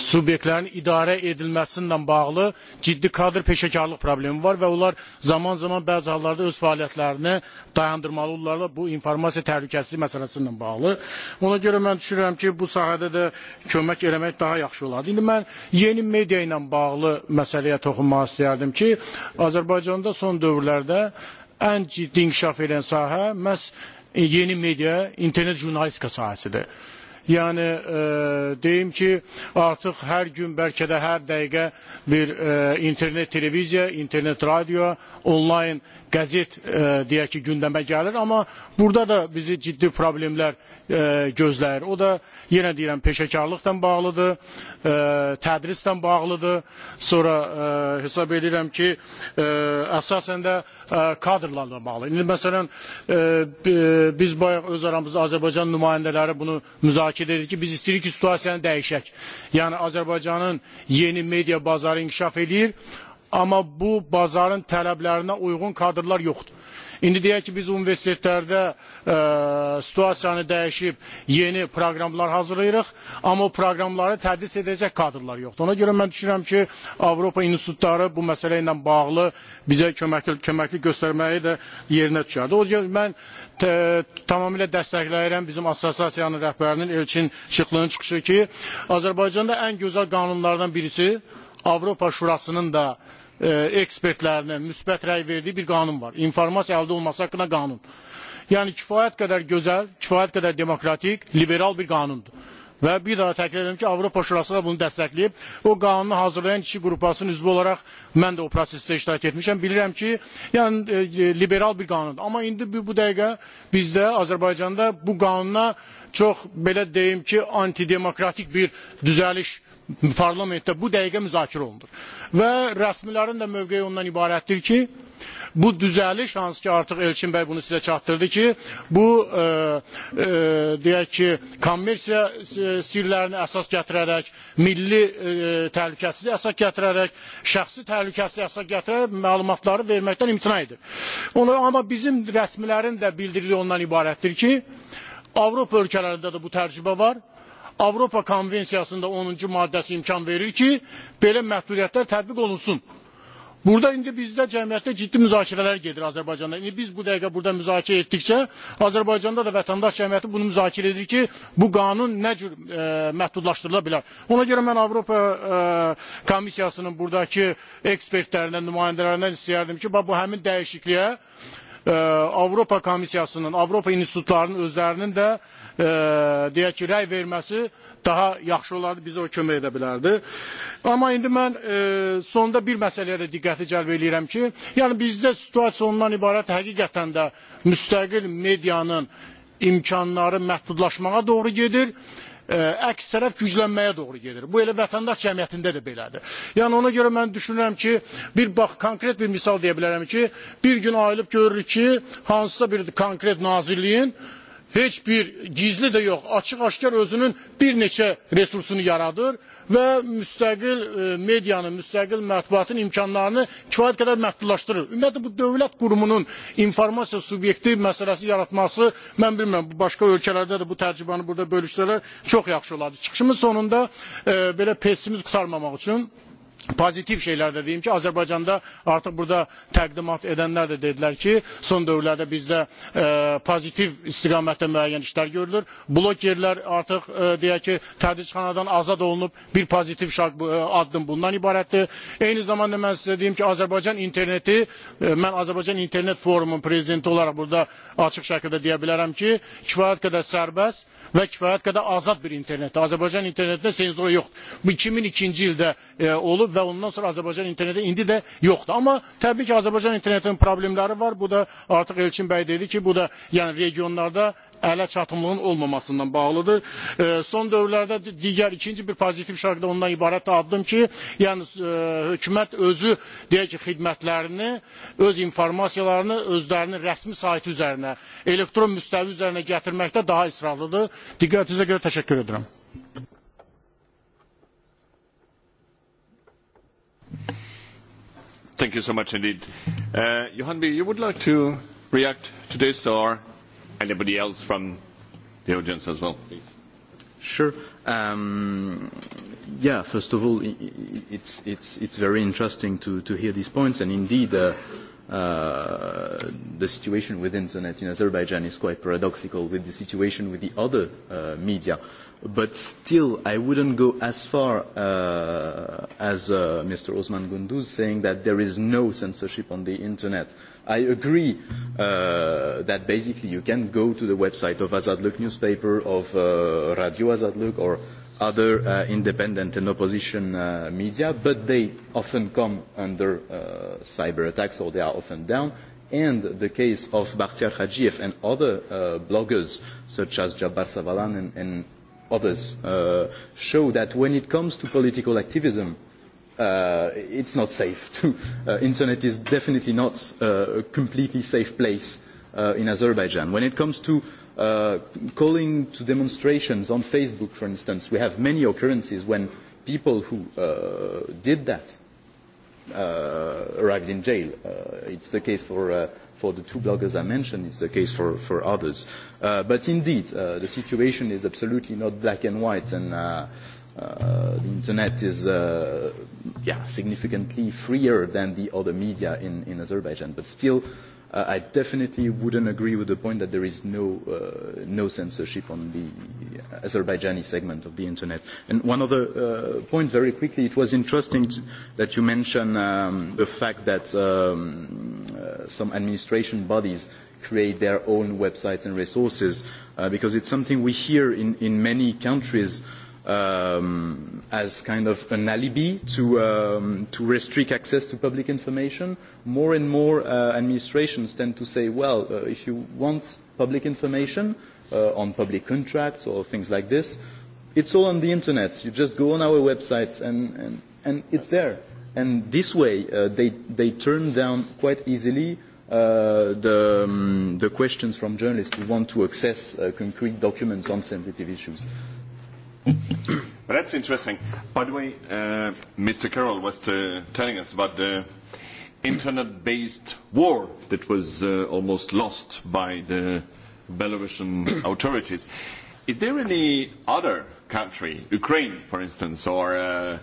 [SPEAKER 20] subyektlərin idarə edilməsi bağlı ciddi kadr peşəkarlıq problemi var və onlar zaman-zaman bəzi hallarda öz fəaliyyətlərini dayandırmalıdırlar bu informasiya təhlükəsizliyi məsələsi ilə bağlı. Ona görə mən düşünürəm ki, bu sahədə də kömək eləmək daha yaxşı olardı. İndi mən yeni media ilə bağlı məsələyə toxunmaq istəyərdim ki, Azərbaycanda son dövrlərdə ən ciddi inkişaf edən sahə məhz E, yeni media, internet jurnalistika sahəsidir. Yəni e, deyim ki, artıq hər gün bəlkə də hər dəqiqə bir e, internet televiziya, internet radio, online qəzet e, deyək ki, gündəmə gəlir, amma burada da bizi ciddi problemlər e, gözləyir. O da yenə deyirəm peşəkarlıqla bağlıdır, e, tədrislə bağlıdır. Sonra e, hesab edirəm ki, e, əsasən də e, kadrlarla bağlı. İndi məsələn e, biz bayaq öz aramızda Azərbaycan nümayəndələri bunu müzakirə edir ki, biz istəyirik ki, situasiyanı dəyişək. Yəni Azərbaycanın yeni media bazarı inkişaf edir. Ama bu bazarın tələblərinə uyğun kadrlar yoxdur. İndi deyək ki, biz universitetlərdə e, situasiyanı dəyişib yeni proqramlar hazırlayırıq, amma o proqramları tədris edəcək kadrlar yoxdur. Ona görə mən düşünürəm ki, Avropa institutları bu məsələ ilə bağlı bizə köməkli, köməkli göstərməyi də yerinə düşərdi. O görə mən tə, tamamilə dəstəkləyirəm bizim assosiasiyanın rəhbərinin Elçin Şıxlının çıxışı ki, Azərbaycanda ən gözəl qanunlardan birisi Avropa Şurasının da E, ekspertlerine müsbət rəy verdiyi bir qanun var. İnformasiya əldə olması haqqında qanun. Yəni kifayət qədər gözəl, kifayət qədər demokratik, liberal bir qanundur. Və bir daha təkrar edirəm ki, Avropa Şurası da bunu dəstəkləyib. O qanunu hazırlayan kişi qrupasının üzvü olaraq mən də o prosesdə iştirak etmişəm. Bilirəm ki, yəni e, e, liberal bir qanundur. Amma indi bu, bu dəqiqə bizdə Azərbaycanda bu qanuna çox belə deyim ki, antidemokratik bir düzəliş parlamentdə bu dəqiqə müzakirə olunur. Və rəsmilərin də mövqeyi ondan ibarətdir ki, bu düzəliş hansı ki artıq Elçin bəy bunu sizə çatdırdı ki, bu e, e, deyək ki, kommersiya sirlərini əsas gətirərək, milli e, təhlükəsizliyi əsas gətirərək, şəxsi təhlükəsizliyi əsas gətirərək məlumatları verməkdən imtina edir. Ona amma bizim rəsmilərin də bildirdiyi ondan ibarətdir ki, Avropa ölkələrində də bu təcrübə var Avrupa Konvensiyasında 10-cu maddəsi imkan verir ki, belə məhdudiyyətlər tətbiq olunsun. Burada indi bizdə cəmiyyətdə ciddi müzakirələr gedir Azərbaycanda. İndi biz bu dəqiqə burada müzakirə etdikcə Azərbaycanda da vətəndaş cəmiyyəti bunu müzakirə edir ki, bu qanun nə cür e, məhdudlaşdırıla bilər. Ona görə mən Avropa e, Komissiyasının buradakı ekspertlərindən, nümayəndələrindən istəyərdim ki, bu həmin dəyişikliyə e, Avropa Komissiyasının, Avropa institutlarının özlərinin də deyək ki, rəy verməsi daha yaxşı olardı, bizə o kömək edə bilərdi. Amma indi mən e, sonda bir məsələyə də diqqəti cəlb eləyirəm ki, yəni bizdə situasiya ondan ibarət həqiqətən də müstəqil medianın imkanları məhdudlaşmağa doğru gedir e, əks tərəf güclənməyə doğru gedir. Bu elə vətəndaş cəmiyyətində də belədir. Yəni ona görə mən düşünürəm ki, bir bax konkret bir misal deyə bilərəm ki, bir gün ayılıb görürük ki, hansısa bir konkret nazirliyin heç bir gizli de yok. Açık aşkar özünün bir neçe resursunu yaradır ve müstəqil e, medyanın, müstakil mətbuatın imkanlarını kifayet kadar məhdudlaşdırır. Ümumiyyətlə bu dövlət qurumunun informasiya subyekti məsələsi yaratması, mən bilmirəm, başqa ölkələrdə də bu təcrübəni burada bölüşsələr çox yaxşı olardı. Çıxışımın sonunda e, belə pesimiz qutarmamaq üçün pozitiv şeyler de diyeyim ki Azerbaycan'da artık burada təqdimat edənlər də dedilər ki, son dövrlərdə bizdə e, pozitiv istiqamətdə müəyyən işlər görülür. Blok yerlər artıq e, deyək ki, tədricxanadan azad olunub bir pozitiv şart e, addım bundan ibarətdir. Eyni zamanda mən sizə deyim ki, Azərbaycan interneti e, mən Azərbaycan internet forumun prezidenti olaraq burada açıq şəkildə deyə bilərəm ki, kifayət qədər sərbəst və kifayət qədər azad bir internetdir. Azərbaycan internetində senzura yoxdur. Bu 2002-ci ildə e, olub yapıldı ondan sonra Azerbaycan interneti indi de yoktu. Ama tabii ki Azerbaycan internetinin problemleri var. Bu da artık Elçin Bey dedi ki bu da yani regionlarda ələ çatımlığın olmamasından bağlıdır. E, son dövrlərdə digər ikinci bir pozitiv şərqdə ondan ibarət addım ki, yəni e, hökumət özü deyək ki, xidmətlərini, öz informasiyalarını özlərinin rəsmi saytı üzərinə, elektron müstəvi üzərinə gətirməkdə daha israrlıdır. Diqqətinizə görə təşəkkür edirəm.
[SPEAKER 6] Thank you so much indeed. Uh, Johan B., you would like to react to this or anybody else from the audience as well, please?
[SPEAKER 9] Sure. Um, yeah, first of all, it's, it's, it's very interesting to, to hear these points, and indeed, uh, uh, the situation with internet in Azerbaijan is quite paradoxical with the situation with the other uh, media. But still, I wouldn't go as far uh, as uh, Mr. Osman Gunduz saying that there is no censorship on the internet. I agree uh, that basically you can go to the website of Azadluk newspaper, of uh, Radio Azadluk, or other uh, independent and opposition uh, media, but they often come under uh, cyber attacks or they are often down. And the case of Bakhtiar Khajiev and other uh, bloggers, such as Jabbar Savalan and, and others, uh, show that when it comes to political activism, uh, it's not safe. To, uh, Internet is definitely not uh, a completely safe place uh, in Azerbaijan. When it comes to uh, uh, calling to demonstrations on Facebook, for instance. We have many occurrences when people who uh, did that uh, arrived in jail. Uh, it's the case for, uh, for the two bloggers I mentioned. It's the case for, for others. Uh, but indeed, uh, the situation is absolutely not black and white, and uh, uh, the internet is uh, yeah, significantly freer than the other media in, in Azerbaijan. But still, I definitely wouldn't agree with the point that there is no, uh, no censorship on the Azerbaijani segment of the internet. And one other uh, point very quickly, it was interesting to, that you mentioned um, the fact that um, uh, some administration bodies create their own websites and resources, uh, because it's something we hear in, in many countries. Mm -hmm um, as kind of an alibi to, um, to restrict access to public information. More and more uh, administrations tend to say, well, uh, if you want public information uh, on public contracts or things like this, it's all on the internet. You just go on our websites and, and, and it's there. And this way, uh, they, they turn down quite easily uh, the, um, the questions from journalists who want to access uh, concrete documents on sensitive issues. That's interesting. By the way, uh, Mr.
[SPEAKER 6] Carroll was uh, telling us about the internet-based war that was uh, almost lost by the Belarusian authorities. Is there any other country, Ukraine, for instance, or uh,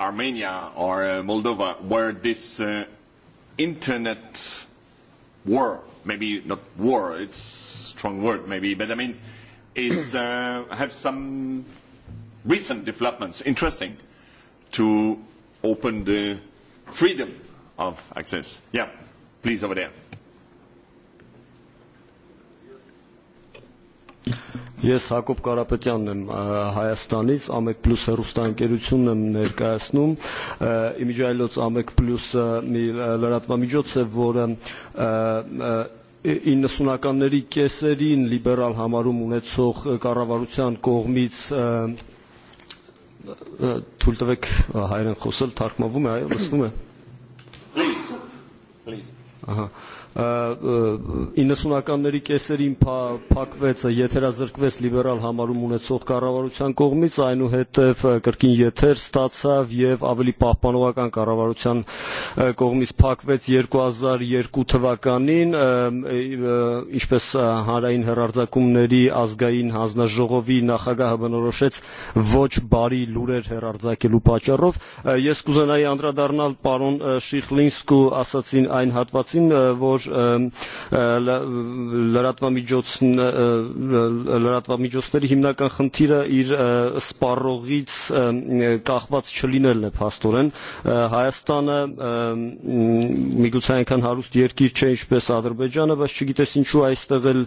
[SPEAKER 6] Armenia or uh, Moldova, where this uh, internet war, maybe not war, it's a strong word maybe, but I mean, is uh, have some recent developments interesting to open the freedom of access. Yeah, please over there.
[SPEAKER 7] Ես Հակոբ Կարապետյանն եմ Հայաստանից, Ամեկ Պլյուս հեռուստաընկերությունն եմ ներկայացնում։ Իմիջայլոց Ամեկ Պլյուսը մի լրատվամիջոց է, որը 90-ականների կեսերին լիբերալ համարում ունեցող կառավարության կողմից Tultavek uh, hayran qo'sil tarqmavume, bizmi?
[SPEAKER 11] Please. Please.
[SPEAKER 7] Aha. 90-ականների կեսերին փակվեց, եթերազրկվեց լիբերալ համարում ունեցող կառավարության կողմից, այնուհետև կրկին եթեր ստացավ եւ ավելի պահպանողական կառավարության կողմից փակվեց 2002 թվականին, ինչպես հանրային հերարձակումների ազգային հանձնաժողովի նախագահը բնորոշեց ոչ բարի լուրեր հերարձակելու պատճառով, ես կուզենայի անդրադառնալ պարոն Շիխլինսկու ասացին այն հատվածին, որ լրատվամիջոցների հիմնական խնդիրը իր սպառողից կախված չլինելն է փաստորեն Հայաստանը միգուցե այնքան հարուստ երկիր չէ ինչպես Ադրբեջանը բայց չգիտես ինչու այստեղ էլ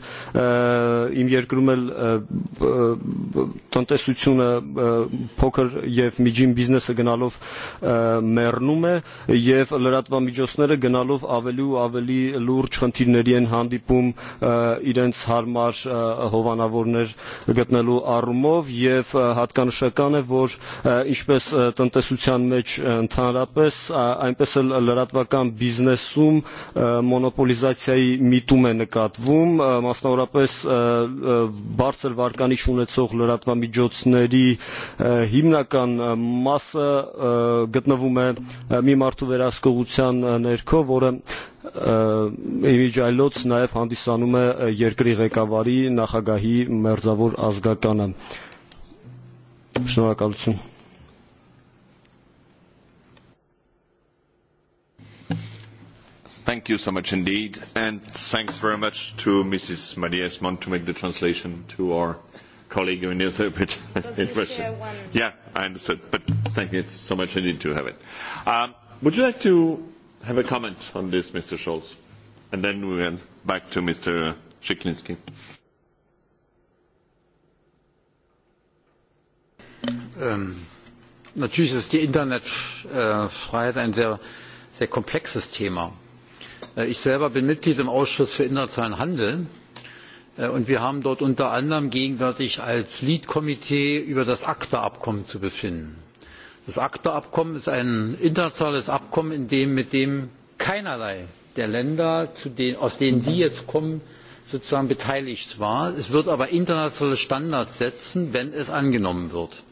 [SPEAKER 7] իմ երկրում էլ տնտեսությունը փոքր եւ միջին բիզնեսը գնալով մեռնում է եւ լրատվամիջոցները գնալով ավելի ու ավելի լուրջ խնդիրների են հանդիպում իրենց հարմար հովանավորներ գտնելու առումով եւ հատկանշական է որ ինչպես տնտեսության մեջ ընդհանրապես այնպես էլ լրատվական բիզնեսում մոնոպոլիզացիայի միտում է նկատվում մասնավորապես բարձր վարկանիշ ունեցող լրատվամիջոցների հիմնական մասը գտնվում է մի մարդու վերահսկողության ներքո, որը Եվիջ ջայլոց նաև հանդիսանում է երկրի ղեկավարի նախագահի մերձավոր ազգականը։ Շնորհակալություն։
[SPEAKER 6] Thank you so much indeed, and thanks very much to Mrs. Maria Esmond to make the translation to our colleague in knows bit in Russian. Yeah, I understood, but thank you so much indeed to have it. Um, would you like to have a comment on this, Mr. Scholz, and then we will back to Mr. Szyklinski.
[SPEAKER 10] Ähm, natürlich ist die Internetfreiheit ein sehr, sehr komplexes Thema. Äh, ich selber bin Mitglied im Ausschuss für internationalen Handel äh, und wir haben dort unter anderem gegenwärtig als Lead-Komitee über das ACTA-Abkommen zu befinden. Das ACTA-Abkommen ist ein internationales Abkommen, in dem, mit dem keinerlei der Länder, den, aus denen Sie jetzt kommen, sozusagen beteiligt war. Es wird aber internationale Standards setzen, wenn es angenommen wird.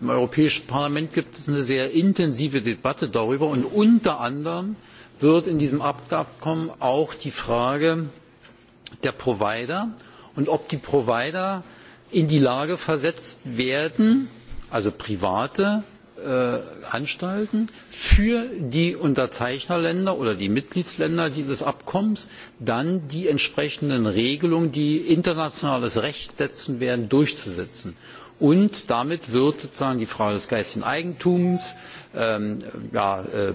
[SPEAKER 10] Im Europäischen Parlament gibt es eine sehr intensive Debatte darüber und unter anderem wird in diesem Abkommen auch die Frage der Provider und ob die Provider in die Lage versetzt werden, also private veranstalten äh, für die Unterzeichnerländer oder die Mitgliedsländer dieses Abkommens dann die entsprechenden Regelungen, die internationales Recht setzen werden, durchzusetzen. Und damit wird sozusagen die Frage des geistigen Eigentums, ähm, ja, äh,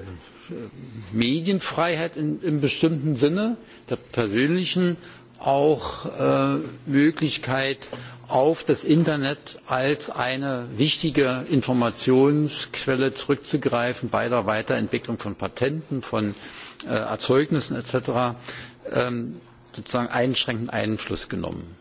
[SPEAKER 10] Medienfreiheit in, im bestimmten Sinne, der persönlichen auch äh, Möglichkeit auf das Internet als eine wichtige Informationsquelle zurückzugreifen bei der Weiterentwicklung von Patenten, von äh, Erzeugnissen etc. Ähm, sozusagen einschränkend Einfluss genommen.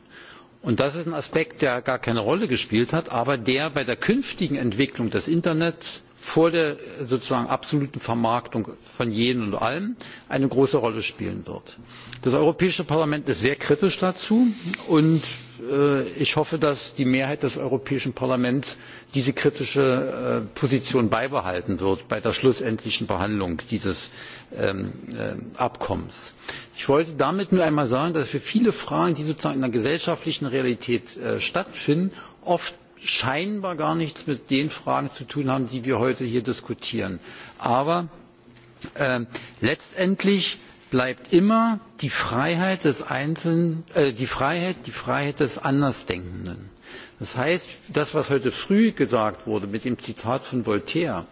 [SPEAKER 10] Und das ist ein Aspekt, der gar keine Rolle gespielt hat, aber der bei der künftigen Entwicklung des Internets vor der äh, sozusagen absoluten Vermarktung von jedem und allem eine große Rolle spielen wird. Das Europäische Parlament ist sehr kritisch dazu und Äh, ich hoffe, dass die Mehrheit des Europäischen Parlaments diese kritische äh, Position beibehalten wird bei der schlussendlichen Behandlung dieses ähm, äh, Abkommens. Ich wollte damit nur einmal sagen, dass wir viele Fragen, die sozusagen in der gesellschaftlichen Realität stattfinden, oft scheinbar gar nichts mit den Fragen zu tun haben, die wir heute hier diskutieren. Aber äh, letztendlich bleibt immer die Freiheit des Einzelnen, äh, die Freiheit, die Freiheit des Andersdenkenden. Das heißt, das, was heute früh gesagt wurde mit dem Zitat von Voltaire,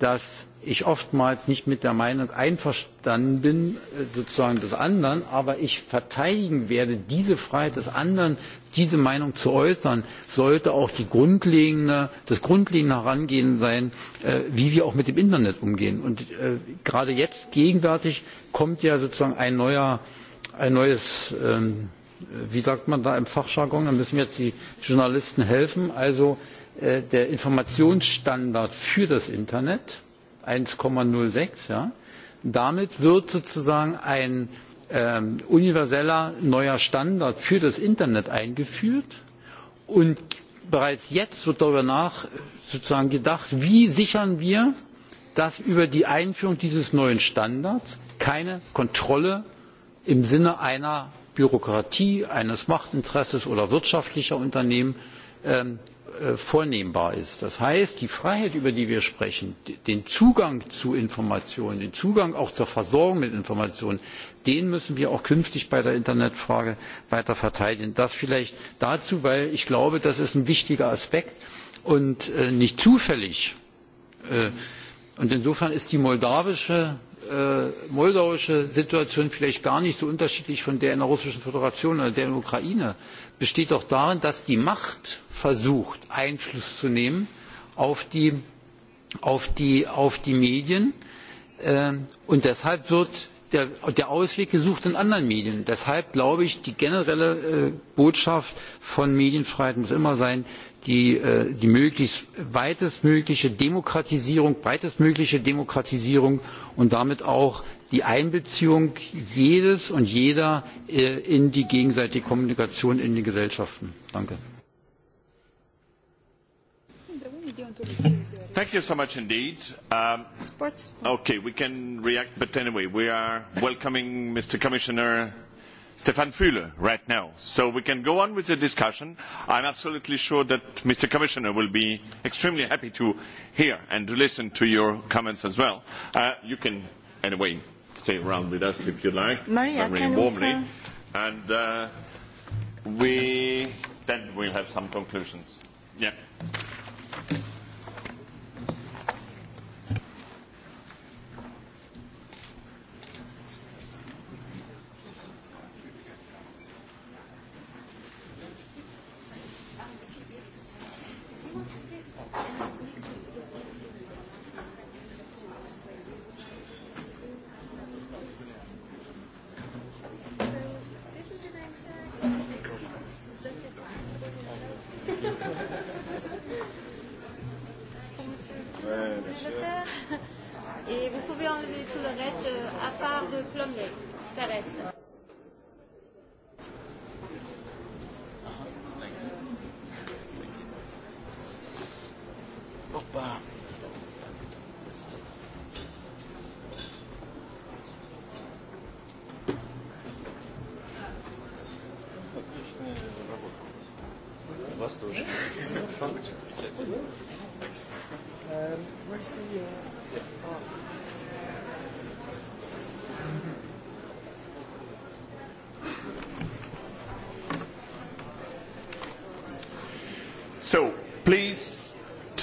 [SPEAKER 10] dass ich oftmals nicht mit der Meinung einverstanden bin, äh, sozusagen des anderen, aber ich verteidigen werde diese Freiheit des anderen, diese Meinung zu äußern, sollte auch die grundlegende, das grundlegende Herangehen sein, äh, wie wir auch mit dem Internet umgehen. Und äh, gerade jetzt, gegenwärtig, kommt ja sozusagen ein neuer, ein neues, ähm, wie sagt man da im Fachjargon, da müssen jetzt die Journalisten helfen, also der Informationsstandard für das Internet, 1,06. Ja? Damit wird sozusagen ein ähm, universeller neuer Standard für das Internet eingeführt und bereits jetzt wird darüber nach sozusagen gedacht, wie sichern wir, dass über die Einführung dieses neuen Standards keine Kontrolle im Sinne einer Bürokratie, eines Machtinteresses oder wirtschaftlicher Unternehmen ähm, Äh, vornehmbar ist. Das heißt, die Freiheit, über die wir sprechen, den Zugang zu Informationen, den Zugang auch zur Versorgung mit Informationen, den müssen wir auch künftig bei der Internetfrage weiter verteidigen. Das vielleicht dazu, weil ich glaube, das ist ein wichtiger Aspekt und äh, nicht zufällig. Äh, und insofern ist die moldawische äh, moldauische Situation vielleicht gar nicht so unterschiedlich von der in der Russischen Föderation oder der in der Ukraine besteht doch darin, dass die Macht versucht, Einfluss zu nehmen auf die, auf die, auf die Medien. Äh, und deshalb wird der, der Ausweg gesucht in anderen Medien. Deshalb glaube ich, die generelle äh, Botschaft von Medienfreiheit muss immer sein, die, äh, die möglichst weitestmögliche Demokratisierung, breitestmögliche Demokratisierung und damit auch die Einbeziehung jedes und jeder äh, in die gegenseitige Kommunikation in den Gesellschaften. Danke. Thank you so much indeed. Um,
[SPEAKER 6] okay, we can react, but anyway, we are welcoming Mr. Commissioner Stefan Fühle right now. So we can go on with the discussion. I am absolutely sure that Mr. Commissioner will be extremely happy to hear and to listen to your comments as well. Uh, you can, anyway, stay around with us if you like, Maria, very warmly. We and uh, we, then we'll have some conclusions. Yeah.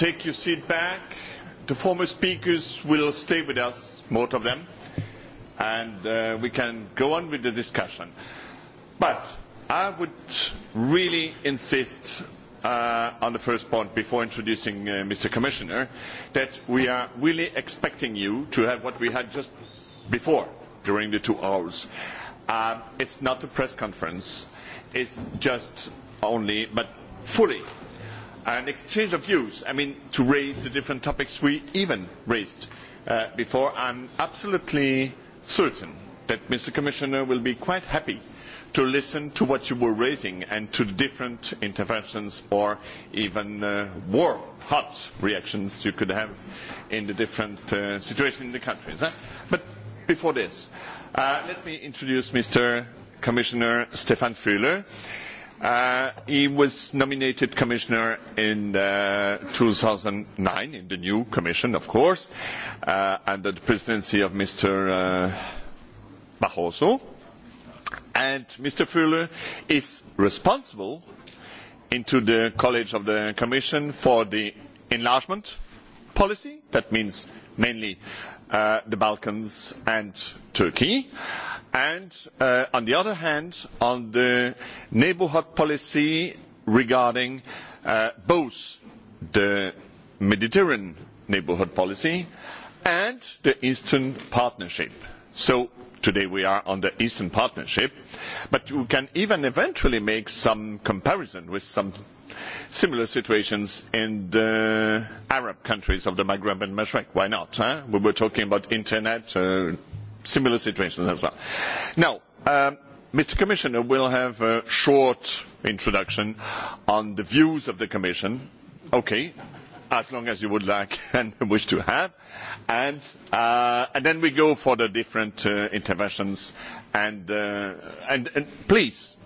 [SPEAKER 6] take your seat back. The former speakers will stay with us, most of them, and uh, we can go on with the discussion. But I would really insist uh, on the first point before introducing uh, Mr. Commissioner that we are really expecting you to have what we had just before during the two hours. Uh, it's not a press conference. It's just only, but fully an exchange of views, I mean, to raise the different topics we even raised uh, before. I'm absolutely certain that Mr. Commissioner will be quite happy to listen to what you were raising and to the different interventions or even uh, war hot reactions you could have in the different uh, situations in the countries. Huh? But before this, uh, let me introduce Mr. Commissioner Stefan Fühler. Uh, he was nominated commissioner in uh, 2009 in the new commission, of course, uh, under the presidency of Mr. Uh, Barroso. And Mr. Fuller is responsible into the College of the Commission for the enlargement policy. That means mainly uh, the Balkans and Turkey. And uh, on the other hand, on the neighbourhood policy regarding uh, both the Mediterranean neighbourhood policy and the Eastern Partnership. So today we are on the Eastern Partnership, but you can even eventually make some comparison with some similar situations in the Arab countries of the Maghreb and Mashrek. Why not? Huh? We were talking about internet, uh, similar situations as well. Now, um, Mr. Commissioner will have a short introduction on the views of the Commission. Okay, as long as you would like and wish to have. And, uh, and then we go for the different uh, interventions. And, uh, and, and please,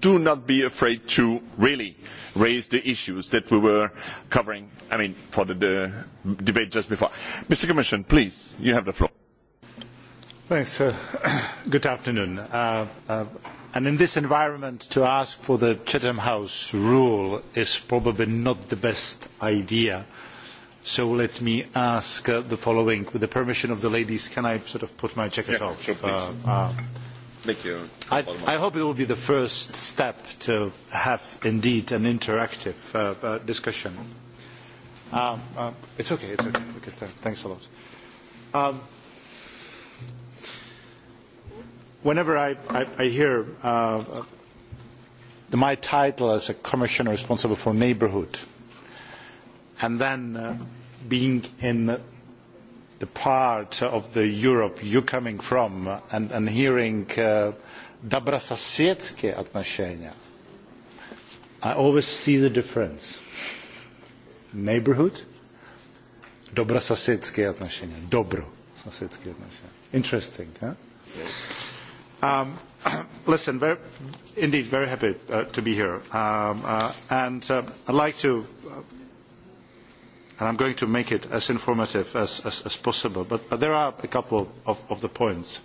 [SPEAKER 6] do not be afraid to really raise the issues that we were covering, I mean, for the, the debate just before. Mr. Commissioner, please, you have the floor.
[SPEAKER 21] Thanks. Uh,
[SPEAKER 6] good afternoon.
[SPEAKER 21] Uh, uh, and in this environment, to ask for the Chatham House rule is probably not the best idea. So let me ask uh, the following. With the permission of the ladies, can I sort of put my jacket yeah, off? Sure, please. Uh, uh, I, hope it will be the first step to have indeed an interactive uh, uh, discussion. Um, uh, it's okay, it's okay. okay th thanks a lot. Um, whenever I, I, I hear uh, my title as a commissioner responsible for neighborhood, and then uh, being in the part of the Europe you're coming from and, and hearing uh, добрососедские отношения, I always see the difference. Neighborhood, добрососедские отношения, добрососедские Interesting, huh? Um, listen, very, indeed, very happy uh, to be here. Um, uh, and uh, I'd like to and am going to make it as informative as, as, possible. But, there are a couple of, the points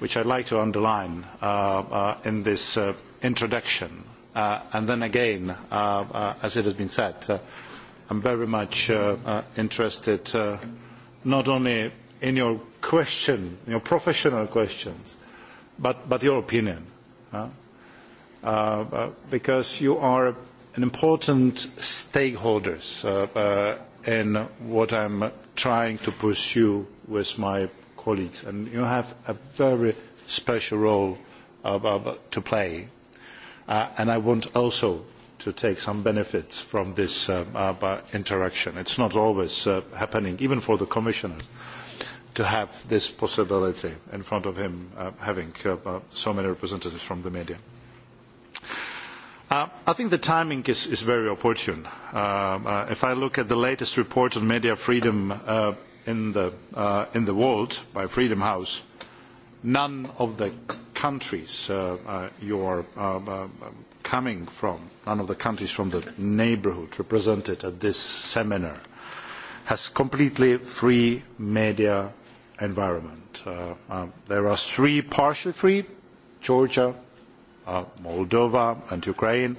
[SPEAKER 21] which I would like to underline uh, uh, in this uh, introduction. and then again, as it has been said, I am very much interested not only in your question, your professional questions, but, but your opinion. because you are an important stakeholders uh, uh, in what I am trying to pursue with my colleagues. And you have a very special role to play. Uh, and I want also to take some benefits from this interaction. It is not always happening, even for the commissioners to have this possibility in front of him, uh, having uh, so many representatives from the media. Uh, I think the timing is, is very opportune. Uh, uh, if I look at the latest report on media freedom uh, in, the, uh, in the world by Freedom House, none of the countries uh, uh, you are uh, uh, coming from, none of the countries from the neighborhood represented at this seminar, has completely free media environment. Uh, uh there are three partially free, Georgia, Uh, Moldova and Ukraine,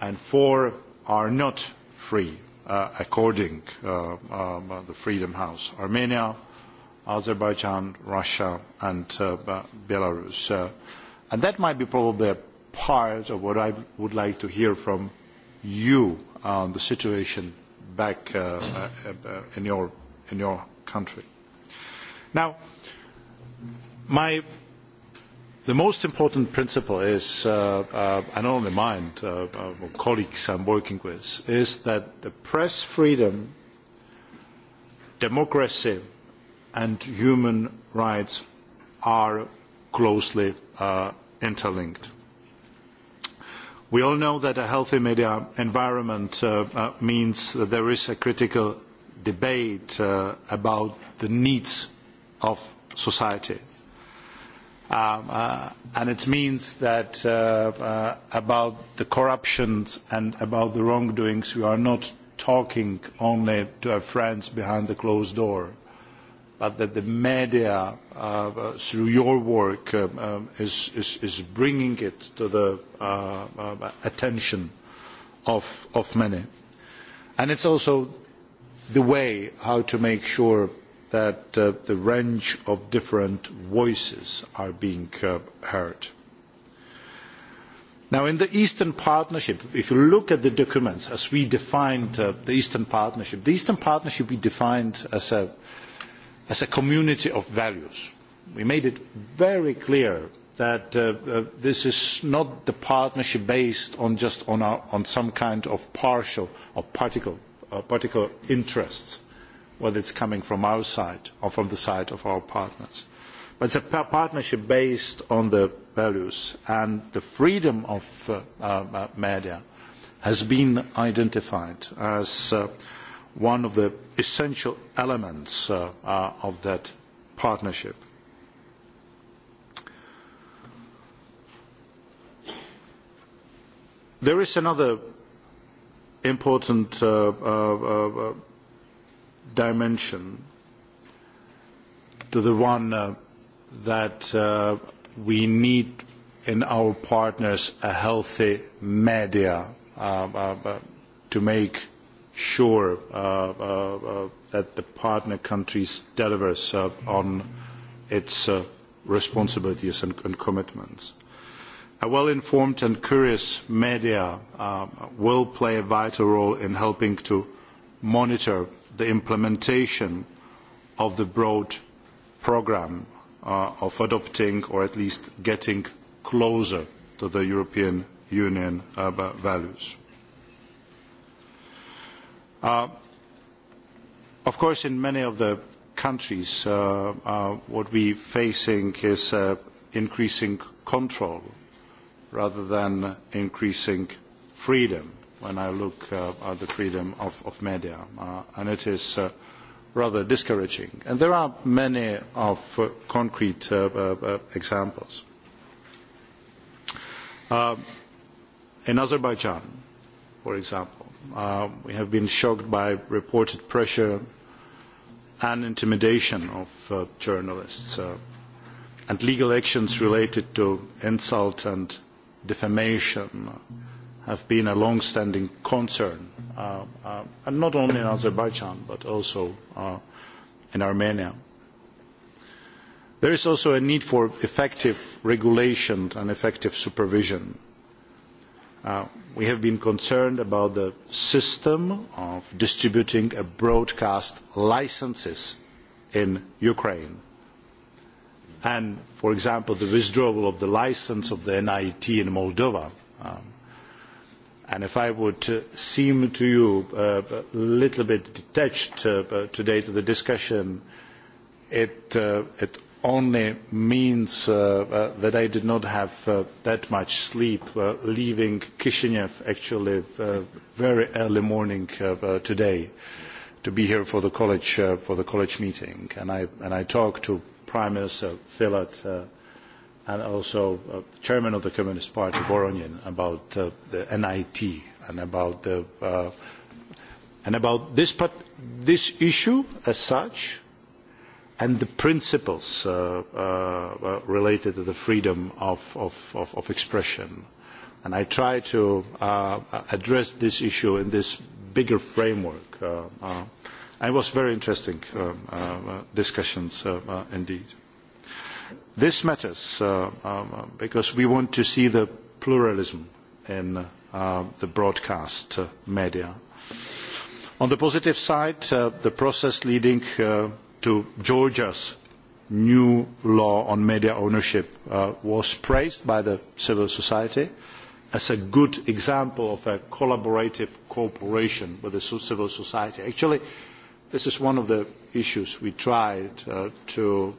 [SPEAKER 21] and four are not free, uh, according to uh, um, uh, the Freedom House Armenia, Azerbaijan, Russia, and Belarus. and that might be probably a part of what I would like to hear from you on the situation back in, your, in your country. Now, my The most important principle is, uh, uh, and only mine, uh, uh, colleagues I'm working with, is that the press freedom, democracy, and human rights are closely uh, interlinked. We all know that a healthy media environment uh, uh, means that there is a critical debate uh, about the needs of society Um, uh, and it means that uh, uh, about the corruptions and about the wrongdoings, we are not talking only to our friends behind the closed door, but that the media, uh, through your work, uh, um, is, is, is bringing it to the uh, uh, attention of, of many. And it's also the way how to make sure that uh, the range of different voices are being uh, heard. Now, in the Eastern Partnership, if you look at the documents as we defined uh, the Eastern Partnership, the Eastern Partnership we defined as a, as a community of values. We made it very clear that uh, uh, this is not the partnership based on just on, our, on some kind of partial or particular uh, interests whether is coming from our side or from the side of our partners. But it is a partnership based on the values and the freedom of uh, uh, uh, media has been identified as uh, one of the essential elements uh, uh, of that partnership. There is another important uh, uh, uh dimension to the one uh, that uh, we need in our partners a healthy media uh, uh, uh to make sure uh, that the partner countries deliver on its responsibilities and, and commitments. A well-informed and curious media will play a vital role in helping to monitor the implementation of the broad programme uh, of adopting or at least getting closer to the European Union uh, values. Uh, of course, in many of the countries, uh, uh, what we are facing is uh, increasing control rather than increasing freedom when I look uh, at the freedom of, of media, uh, and it is uh, rather discouraging. And there are many of uh, concrete uh, uh, uh examples. Uh, in Azerbaijan, for example, uh, we have been shocked by reported pressure and intimidation of uh, journalists uh, and legal actions related to insult and defamation. Uh, have been a long-standing concern, uh, uh, and not only in Azerbaijan, but also uh, in Armenia. There is also a need for effective regulation and effective supervision. Uh, we have been concerned about the system of distributing broadcast licences in Ukraine. And, for example, the withdrawal of the licence of the NIT in Moldova. Um, And if I would uh, seem to you uh, a little bit detached uh, today to the discussion, it, it only means that I did not have that much sleep, leaving Chisinau actually very early morning today to be here for the college, for the college meeting. And I, and I talked to Prime Minister Filat and also uh, chairman of the Communist Party, Boronin, about uh, the NIT and about, the, uh, and about this, part, this issue as such and the principles uh, uh, uh, related to the freedom of, of, of, of expression. And I try to uh, address this issue in this bigger framework. Uh, uh, and it was very interesting um, uh, uh, discussions uh, uh, indeed. This matters uh, um, because we want to see the pluralism in uh, the broadcast uh, media. On the positive side, the process leading to Georgia's new law on media ownership was praised by civil society as a good example of a collaborative cooperation with civil society. Actually, this is one of the issues we tried to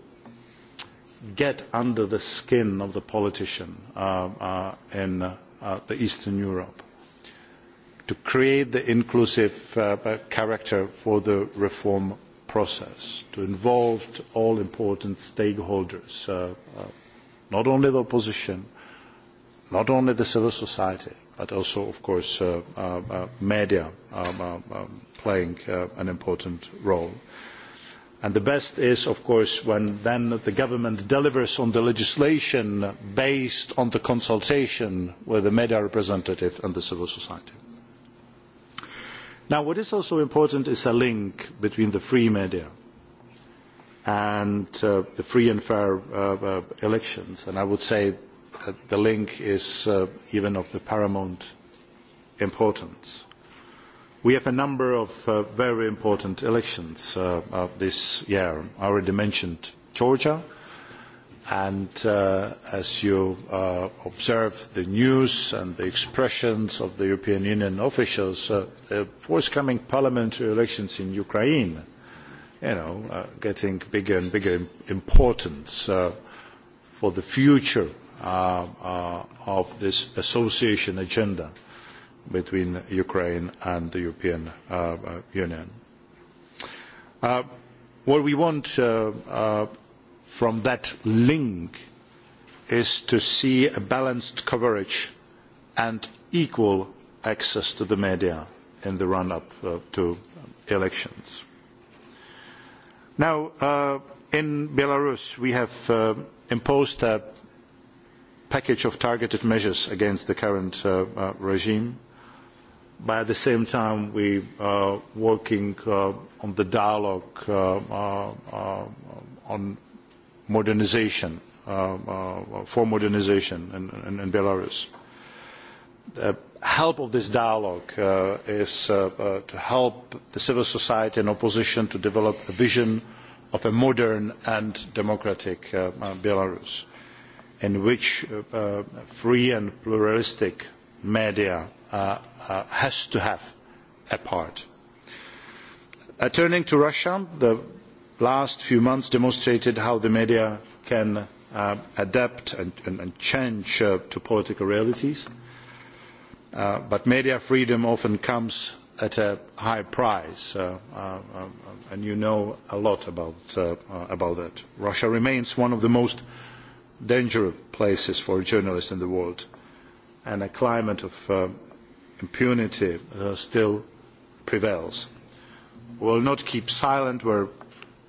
[SPEAKER 21] get under the skin of the politician uh, uh, in uh, the Eastern Europe to create the inclusive uh, character for the reform process, to involve all important stakeholders, uh, uh, not only the opposition, not only the civil society, but also, of course, media um, um, um playing an important role. And the best is, of course, when then the government delivers on the legislation based on the consultation with the media representative and the civil society. Now, what is also important is a link between the free media and uh, the free and fair uh, uh elections. And I would say that the link is uh, even of the paramount importance We have a number of uh, very important elections uh, uh, this year. I already mentioned Georgia, and uh, as you uh, observe the news and the expressions of the European Union officials, uh, the forthcoming parliamentary elections in Ukraine, you know, uh, getting bigger and bigger importance for the future of this association agenda between Ukraine and the European uh, uh, Union. Uh, what we want uh, uh, from that link is to see a balanced coverage and equal access to the media in the run-up uh, to elections. Now, uh, in Belarus, we have uh, imposed a package of targeted measures against the current uh, uh, regime but at the same time we are working uh, on the dialogue uh, uh, uh, on modernization, uh, uh, for modernization in, in, in Belarus. The help of this dialogue uh, is uh, uh, to help the civil society and opposition to develop a vision of a modern and democratic uh, uh, Belarus in which uh, uh, free and pluralistic media uh, uh, has to have a part. Uh, turning to Russia, the last few months demonstrated how the media can uh, adapt and, and, and change uh, to political realities. Uh, but media freedom often comes at a high price, uh, uh, uh and you know a lot about, uh, uh, about that. Russia remains one of the most dangerous places for journalists in the world and a climate of uh, impunity uh, still prevails. We will not keep silent where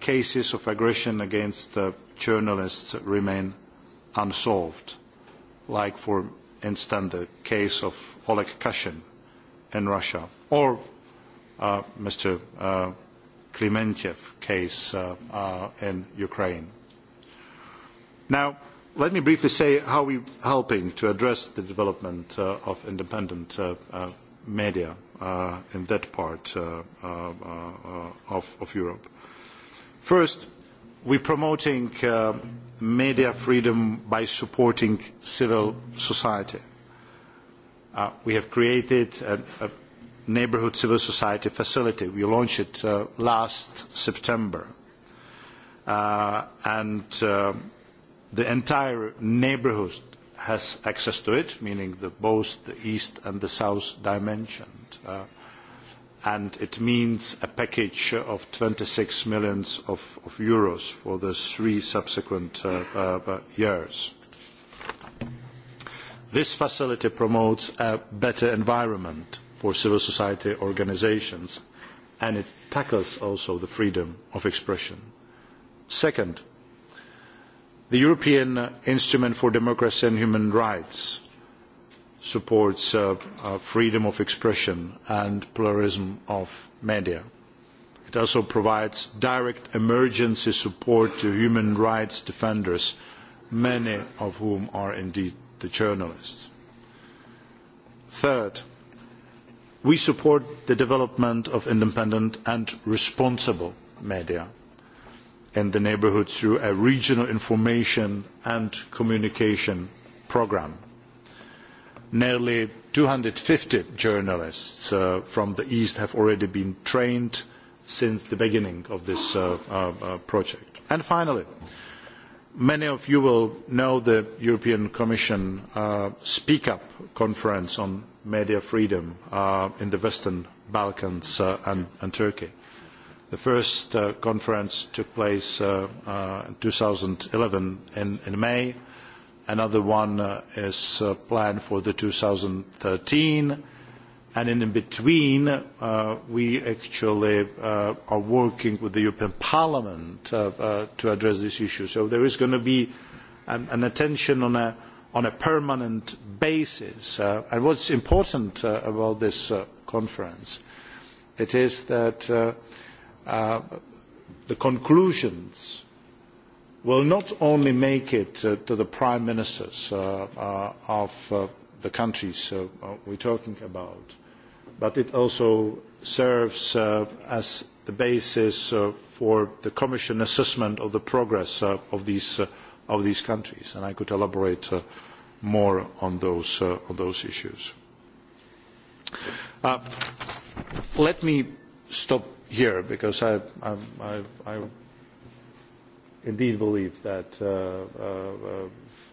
[SPEAKER 21] cases of aggression against uh, journalists remain unsolved, like for instance the case of Oleg Kashin in Russia, or uh, Mr. Uh, Klimentyev case uh, uh, in Ukraine. Now, let me briefly say how we are helping to address the development uh, of independent uh, uh, media uh, in that part uh, uh, of, of, Europe. First, we are promoting media freedom by supporting civil society. we have created a, a neighbourhood civil society facility. We launched it last September. and the entire neighbourhood has access to it, meaning the, both the east and the south dimensions. Uh, and it means a package of 26 million of, of euros for the three subsequent uh, uh, uh, years. This facility promotes a better environment for civil society organisations and it tackles also the freedom of expression. Second, The European Instrument for Democracy and Human Rights supports uh, uh, freedom of expression and pluralism of media. It also provides direct emergency support to human rights defenders, many of whom are indeed the journalists. Third, we support the development of independent and responsible media in the neighbourhood through a regional information and communication programme. Nearly two hundred and fifty journalists uh, from the East have already been trained since the beginning of this uh, uh, uh project. And finally, many of you will know the European Commission uh, Speak Up conference on media freedom uh, in the Western Balkans and, and Turkey The first uh, conference took place uh, uh, in 2011 in, in May. Another one uh, is uh, planned for the 2013. And in between, uh, we actually uh, are working with the European Parliament uh, uh, to address this issue. So there is going to be an, an attention on a, on a permanent basis. Uh, and what's important uh, about this uh, conference, it is that uh, Uh, the conclusions will not only make it uh, to the prime ministers uh, uh, of uh, the countries uh, uh, we're talking about, but it also serves uh, as the basis uh, for the Commission assessment of the progress uh, of, these, uh, of these countries. And I could elaborate uh, more on those, uh, on those issues. Uh, let me stop here because I, I, I, I indeed believe that uh, uh, uh,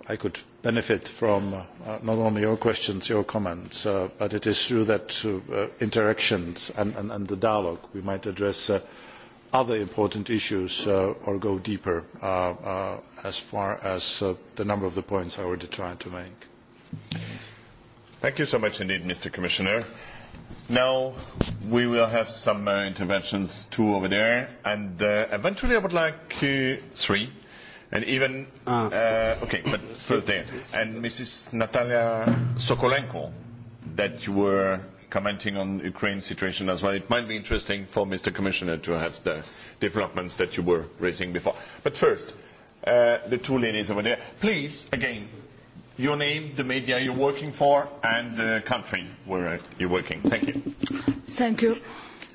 [SPEAKER 21] I could benefit from uh, not only your questions, your comments, uh, but it is through that uh, uh, interactions and, and, and the dialogue we might address uh, other important issues uh, or go deeper uh, uh, as far as uh, the number of the points I already tried to make.
[SPEAKER 6] Thank you so much indeed, Mr. Commissioner. Now we will have some uh, interventions, two over there, and uh, eventually I would like uh, three, and even ah. uh, okay, but first there. And Mrs. Natalia Sokolenko, that you were commenting on Ukraine situation as well. It might be interesting for Mr. Commissioner to have the developments that you were raising before. But first, uh, the two ladies over there, please again your name, the media you're working for, and the country where you're working. Thank you.
[SPEAKER 22] Thank you.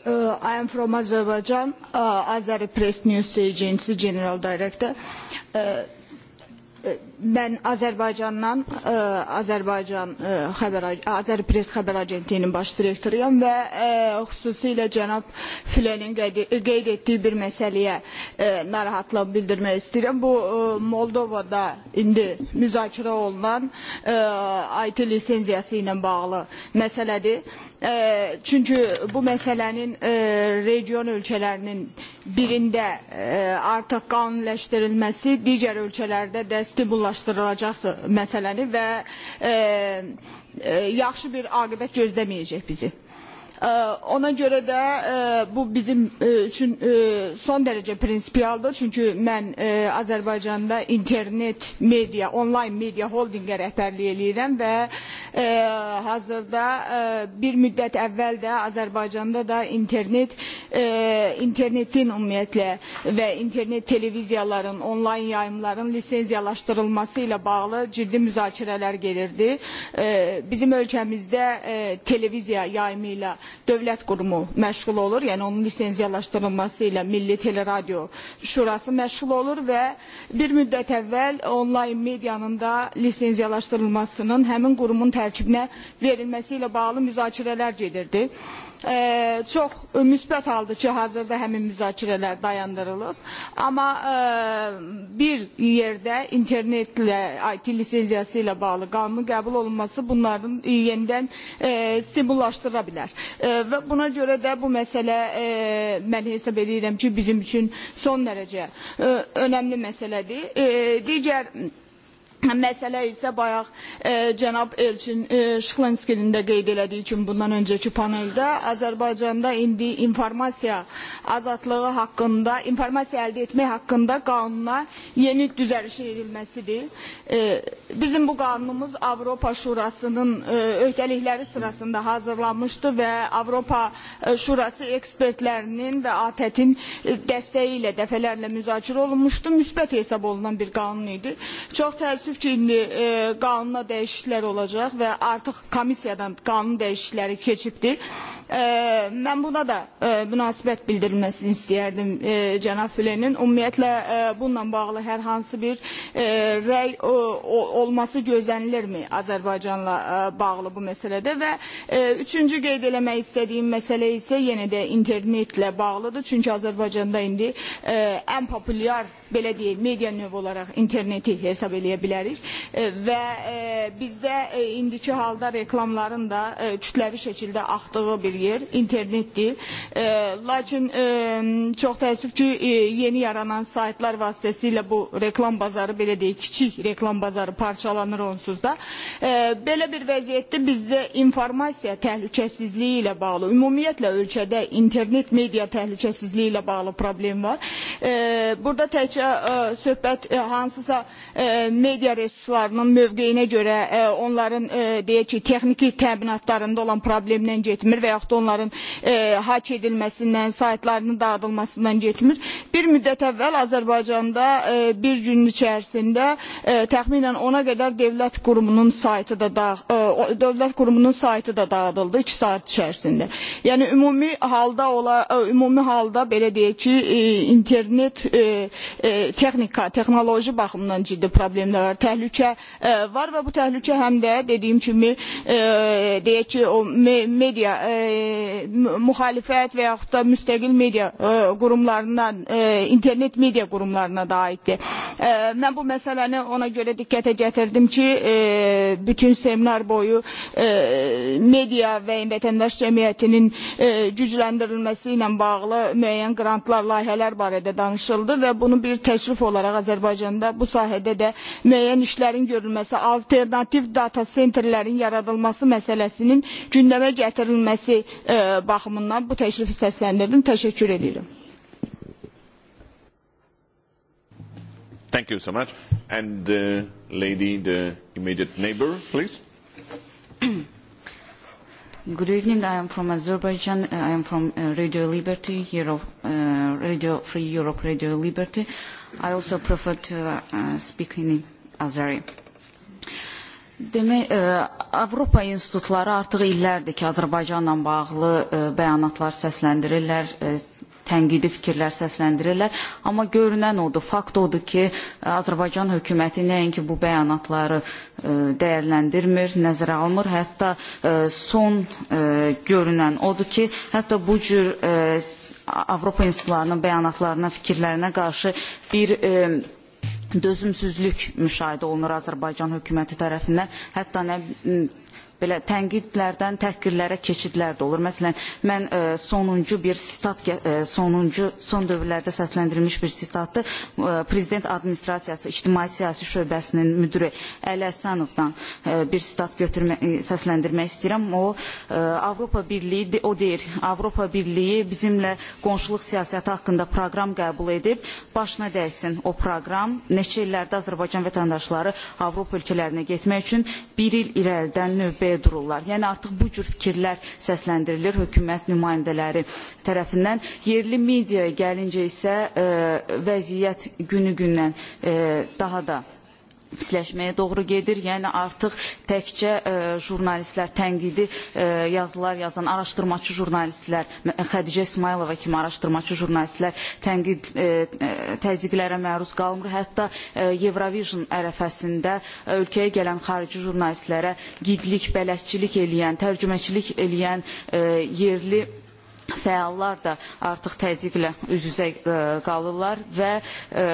[SPEAKER 22] Uh, I am from Azerbaijan, uh, Azeri Press News Agency General Director. Uh, ben Azerbaycandan e, Azerbaycan e, xəbər Azərpress xəbər agentliyinin baş direktoruyam və e, xüsusilə cənab Filenin qeyd, etdiyi bir məsələyə e, narahatlıq bildirmək istəyirəm. Bu e, Moldovada indi müzakirə olunan e, IT lisenziyası ilə bağlı məsələdir. çünki bu məsələnin region ölkələrinin birində artıq qanunləşdirilməsi digər ölkələrdə də ulaşdırılacaq məsələni və e, e, yaxşı bir aqibət gözləməyəcək bizi. Ona görə də e, bu bizim e, üçün e, son dərəcə prinsipialdır. Çünki mən Azərbaycanda internet media, onlayn media holdingə rəhbərlik eləyirəm və hazırda bir müddət əvvəl də Azərbaycanda da internet internetin ümumiyyətlə və internet televiziyaların, onlayn yayımların lisenziyalaşdırılması ilə bağlı ciddi müzakirələr gedirdi. Bizim ölkəmizdə televiziya yayımı ilə dövlət qurumu məşğul olur. Yəni onun lisenziyalaşdırılması ilə Milli Teleradyo Şurası məşğul olur və bir müddət əvvəl onlayn medianın da lisenziyalaşdırılmasının həmin qurumun tərkibinə verilməsi ilə bağlı müzakirələr gedirdi e, çox müsbət halda ki, hazırda həmin müzakirələr dayandırılıb. Amma bir yerdə internetlə, IT lisenziyası ilə bağlı qanunun qəbul olunması bunların yenidən e, stimullaşdıra bilər. E, və buna görə də bu məsələ mən e, hesab edirəm ki, bizim üçün son dərəcə önəmli məsələdir. digər mesele ise bayağı e, Cenab Elçin e, Şıklenski'nin de qeyd elədiyi kimi bundan önceki paneldə Azərbaycanda indi informasiya azadlığı haqqında, informasiya əldə etmək haqqında qanuna yeni düzəliş edilməsidir. E, bizim bu qanunumuz Avropa Şurasının e, öhdəlikləri sırasında hazırlanmışdı və Avropa e, Şurası ekspertlərinin və ATƏT-in e, dəstəyi ilə dəfələrlə müzakirə olunmuşdu. Müsbət hesab olunan bir qanun idi. Çox təəssüf çirkinli e, kanuna değişiklikler olacak ve artık komisyadan kanun değişiklikleri geçipti. E, buna da e, münasibət bildirilməsini istəyərdim e, cənab Fülenin. Ümumiyyətlə e, bundan bağlı hər hansı bir e, rəy o, o, olması gözlənilirmi Azərbaycanla e, bağlı bu məsələdə və üçüncü qeyd eləmək istədiyim məsələ isə yenə də internetlə bağlıdır. Çünki Azərbaycanda indi ən populyar belə deyək media növ olaraq interneti hesab eləyə bilərik və bizdə indiki halda reklamların da kütləvi şəkildə axdığı bir yer, internetdir. E, lakin e, çox təəssüf ki, e, yeni yaranan saytlar vasitəsilə bu reklam bazarı belə deyək, kiçik reklam bazarı parçalanır onsuz da. E, belə bir vəziyyətdə bizdə informasiya təhlükəsizliyi ilə bağlı, ümumiyyətlə ölkədə internet media təhlükəsizliyi ilə bağlı problem var. E, burada təkcə e, söhbət e, hansısa e, media resurslarının mövqeyinə görə e, onların e, deyək ki, texniki təminatlarında olan problemdən getmir və yaxud vaxt onların e, haç edilməsindən, saytlarının dağıdılmasından geçmir. Bir müddət əvvəl Azərbaycanda e, bir gün içərisində e, təxminən ona qədər dövlət qurumunun saytı da dağ, e, dövlət qurumunun saytı da dağıdıldı 2 saat içərisində. Yəni ümumi halda ola e, ümumi halda belə deyək ki, e, internet e, e, texnika, texnoloji baxımından ciddi problemlər var, təhlükə e, var və bu təhlükə həm də dediyim kimi e, deyək ki, o me media e, e, muhalefet veyahut da müstakil medya e, kurumlarına, e, internet medya kurumlarına da aitti. E, ben bu meseleni ona göre dikkate getirdim ki e, bütün seminer boyu e, medya ve vatandaş cemiyetinin e, bağlı müeyyen grantlar, layihələr barədə danışıldı ve bunu bir təklif olarak Azerbaycan'da bu sahədə də müeyyen işlerin görülmesi, alternatif data centerlerin yaradılması meselesinin gündeme getirilmesi təklifi e, baxımından bu təklifi səsləndirdim. Təşəkkür edirəm.
[SPEAKER 6] Thank you so much. And the uh, lady, the immediate neighbor, please.
[SPEAKER 18] Good evening. I am from Azerbaijan. I am from uh, Radio Liberty, Europe, uh, Radio Free Europe, Radio Liberty. I also prefer to uh, speak in Azeri. Demi, e, Avropa institutları artıq illərdir ki, Azərbaycanla bağlı e, bəyanatlar səsləndirirlər, e, tənqidi fikirlər səsləndirirlər. Amma görünən odur, fakt odur ki, Azərbaycan hökuməti nəinki bu bəyanatları dəyərləndirmir, nəzərə almır. Hətta son görünən odur ki, hətta bu cür Avropa institutlarının bəyanatlarına, fikirlərinə qarşı bir dözümsüzlük müşahidə olunur Azərbaycan hökuməti tərəfindən. Hətta nə belə tənqidlərdən təhqirlərə keçidlər də olur. Məsələn, mən ə, e, sonuncu bir sitat ə, e, sonuncu son dövrlərdə səsləndirilmiş bir sitatı ə, e, prezident administrasiyası ictimai siyasi şöbəsinin müdiri Əli Əsənovdan ə, bir sitat götürmə səsləndirmək istəyirəm. O ə, Avropa Birliyi o deyir, Avropa Birliyi bizimlə qonşuluq siyasəti haqqında proqram qəbul edib, başına dəysin o proqram. Neçə illərdə Azərbaycan vətəndaşları Avropa ölkələrinə getmək üçün bir il irəlidən növbə araya dururlar. Yəni artıq bu cür fikirlər səsləndirilir hökumət nümayəndələri tərəfindən. Yerli mediaya gəlincə isə ə, e, vəziyyət günü-gündən e, daha da pisləşməyə doğru gedir. Yəni artıq təkcə e, jurnalistlər tənqidi e, yazılar yazan araşdırmaçı jurnalistlər, Xədicə İsmailova kimi araşdırmaçı jurnalistlər tənqid e, e, təzyiqlərə məruz qalmır. Hətta e, Eurovision ərəfəsində e, ölkəyə gələn xarici jurnalistlərə gidlik, bələdçilik eləyən, tərcüməçilik eləyən e, yerli fəallar da artıq təzyiqlə üz-üzə e, qalırlar və e,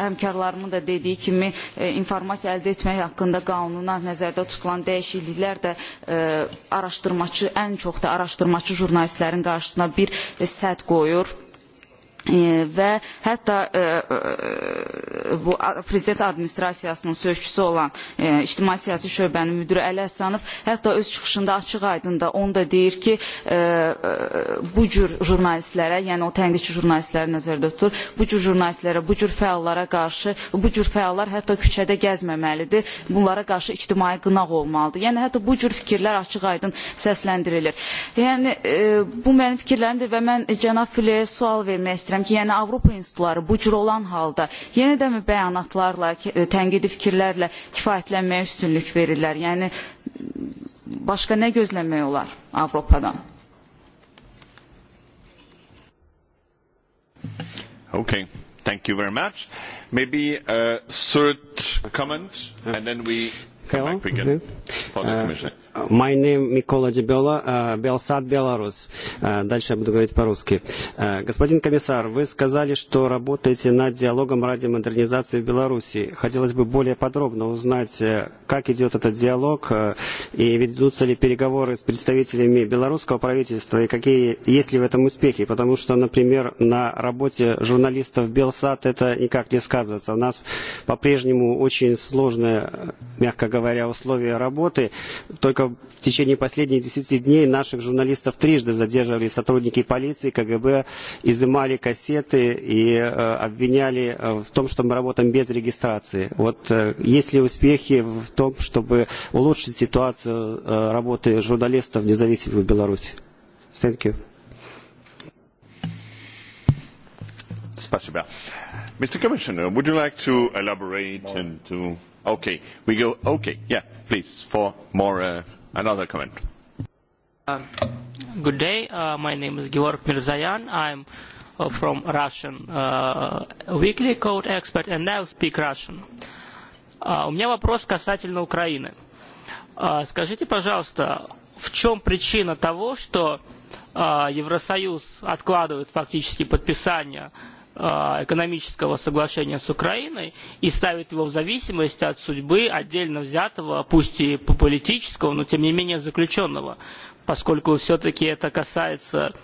[SPEAKER 18] həmkarlarımın da dediyi kimi e, informasiya əldə etmək haqqında qanuna nəzərdə tutulan dəyişikliklər də araşdırmaçı ən çox da araşdırmaçı jurnalistlərin qarşısına bir sədd qoyur ve hatta e, e, bu prezident administrasiyasının sözçüsü olan e, ictimai siyasi şöbənin müdürü Əli Həsənov hətta öz çıxışında açıq aydında onu da deyir ki bu cür jurnalistlərə, yəni o tənqidçi jurnalistləri nəzərdə tutur, bu cür jurnalistlərə, bu cür fəallara qarşı, bu cür fəallar hətta küçədə gəzməməlidir, bunlara qarşı ictimai qınaq olmalıdır. Yəni hətta bu cür fikirlər açıq aydın səsləndirilir. Yəni bu mənim fikirlərimdir və mən cənab Füleyə sual vermək istəyirəm istəyirəm ki, yəni Avropa institutları bu cür olan halda yenə də mi bəyanatlarla, e, tənqidi fikirlərlə kifayətlənməyə üstünlük verirlər? Yəni başqa nə gözləmək olar Avropadan?
[SPEAKER 6] Okay. Thank you very much. Maybe a third comment, and then we come back again
[SPEAKER 4] for the uh, commissioner. My name Микола Дебела, Белсад, Беларусь. Дальше я буду говорить по-русски. Господин комиссар, вы сказали, что работаете над диалогом ради модернизации в Беларуси. Хотелось бы более подробно узнать, э, как идет этот диалог э, и ведутся ли переговоры с представителями белорусского правительства и какие есть ли в этом успехи. Потому что, например, на работе журналистов Белсад это никак не сказывается. У нас по-прежнему очень сложные, мягко говоря, условия работы. Только только в течение последних 10 дней наших журналистов трижды задерживали сотрудники полиции, КГБ, изымали кассеты и э, обвиняли э, в том, что мы работаем без регистрации. Вот э, есть ли успехи в том, чтобы улучшить ситуацию работы журналистов независимых в Беларуси? Thank you.
[SPEAKER 6] Спасибо. Mr. Commissioner, would you like to elaborate and to Okay, we go. Okay, yeah, please for more uh, another comment.
[SPEAKER 15] Uh, good day. Uh, my name is Georg Mirzayan. I'm uh, from Russian uh, weekly code expert, and I speak Russian. Uh, у меня вопрос касательно Украины. Uh, скажите, пожалуйста, в чем причина того, что uh, Евросоюз откладывает фактически подписание uh, Э, экономического соглашения с Украиной и ставит его в зависимость от судьбы отдельно взятого, пусть и политического, но тем не менее заключенного, поскольку все-таки это касается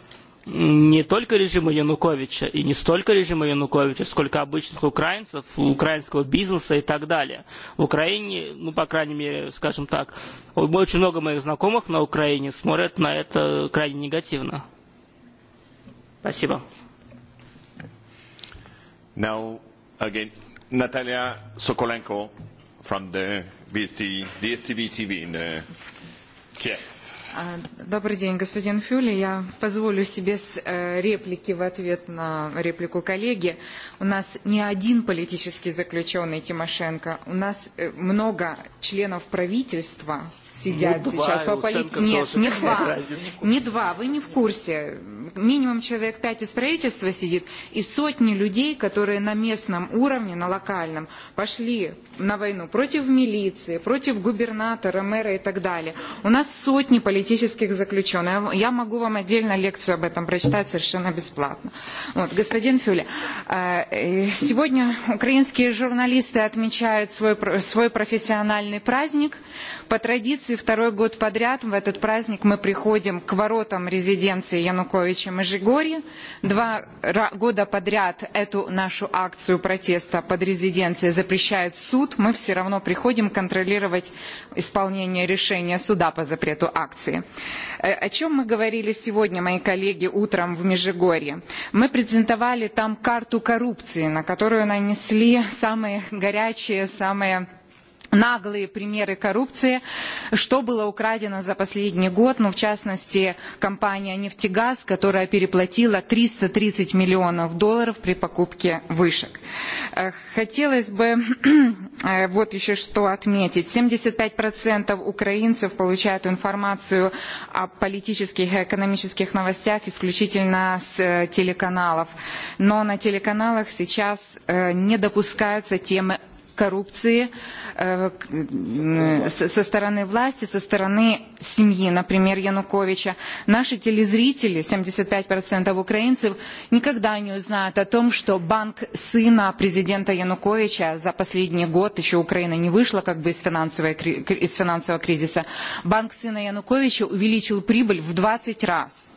[SPEAKER 15] не только режима Януковича и не столько режима Януковича, сколько обычных украинцев, украинского бизнеса и так далее. В Украине, ну, по крайней мере, скажем так, очень много моих знакомых на Украине смотрят на это крайне негативно. Спасибо.
[SPEAKER 6] Now, again, Natalia Sokolenko from the BT, DSTV TV in uh, Kiev.
[SPEAKER 14] Добрый день, господин Фюли. Я позволю себе с э, реплики в ответ на реплику коллеги. У нас не один политический заключенный Тимошенко, у нас э, много членов правительства, сидят не сейчас два, по политике. Нет, не два. Не два, вы не в курсе. Минимум человек пять из правительства сидит, и сотни людей, которые на местном уровне, на локальном, пошли на войну против милиции, против губернатора, мэра и так далее. У нас сотни политических заключенных. Я могу вам отдельно лекцию об этом прочитать совершенно бесплатно. Вот, господин Фюля, э, э, сегодня украинские журналисты отмечают свой, свой профессиональный праздник. По традиции второй год подряд в этот праздник мы приходим к воротам резиденции Януковича Межигорье. Два года подряд эту нашу акцию протеста под резиденцией запрещает суд. Мы все равно приходим контролировать исполнение решения суда по запрету акции. Э, о чем мы говорили сегодня, мои коллеги, утром в Межигорье? Мы презентовали там карту коррупции, на которую нанесли самые горячие, самые наглые примеры коррупции, что было украдено за последний год, ну, в частности, компания «Нефтегаз», которая переплатила 330 миллионов долларов при покупке вышек. Э, хотелось бы э, вот еще что отметить. 75% украинцев получают информацию о политических и экономических новостях исключительно с э, телеканалов. Но на телеканалах сейчас не допускаются темы коррупции э, со стороны власти, со стороны семьи, например, Януковича. Наши телезрители, 75% украинцев, никогда не узнают о том, что банк сына президента Януковича за последний год, еще Украина не вышла как бы из, финансовой, из финансового кризиса, банк сына Януковича увеличил прибыль в 20 раз.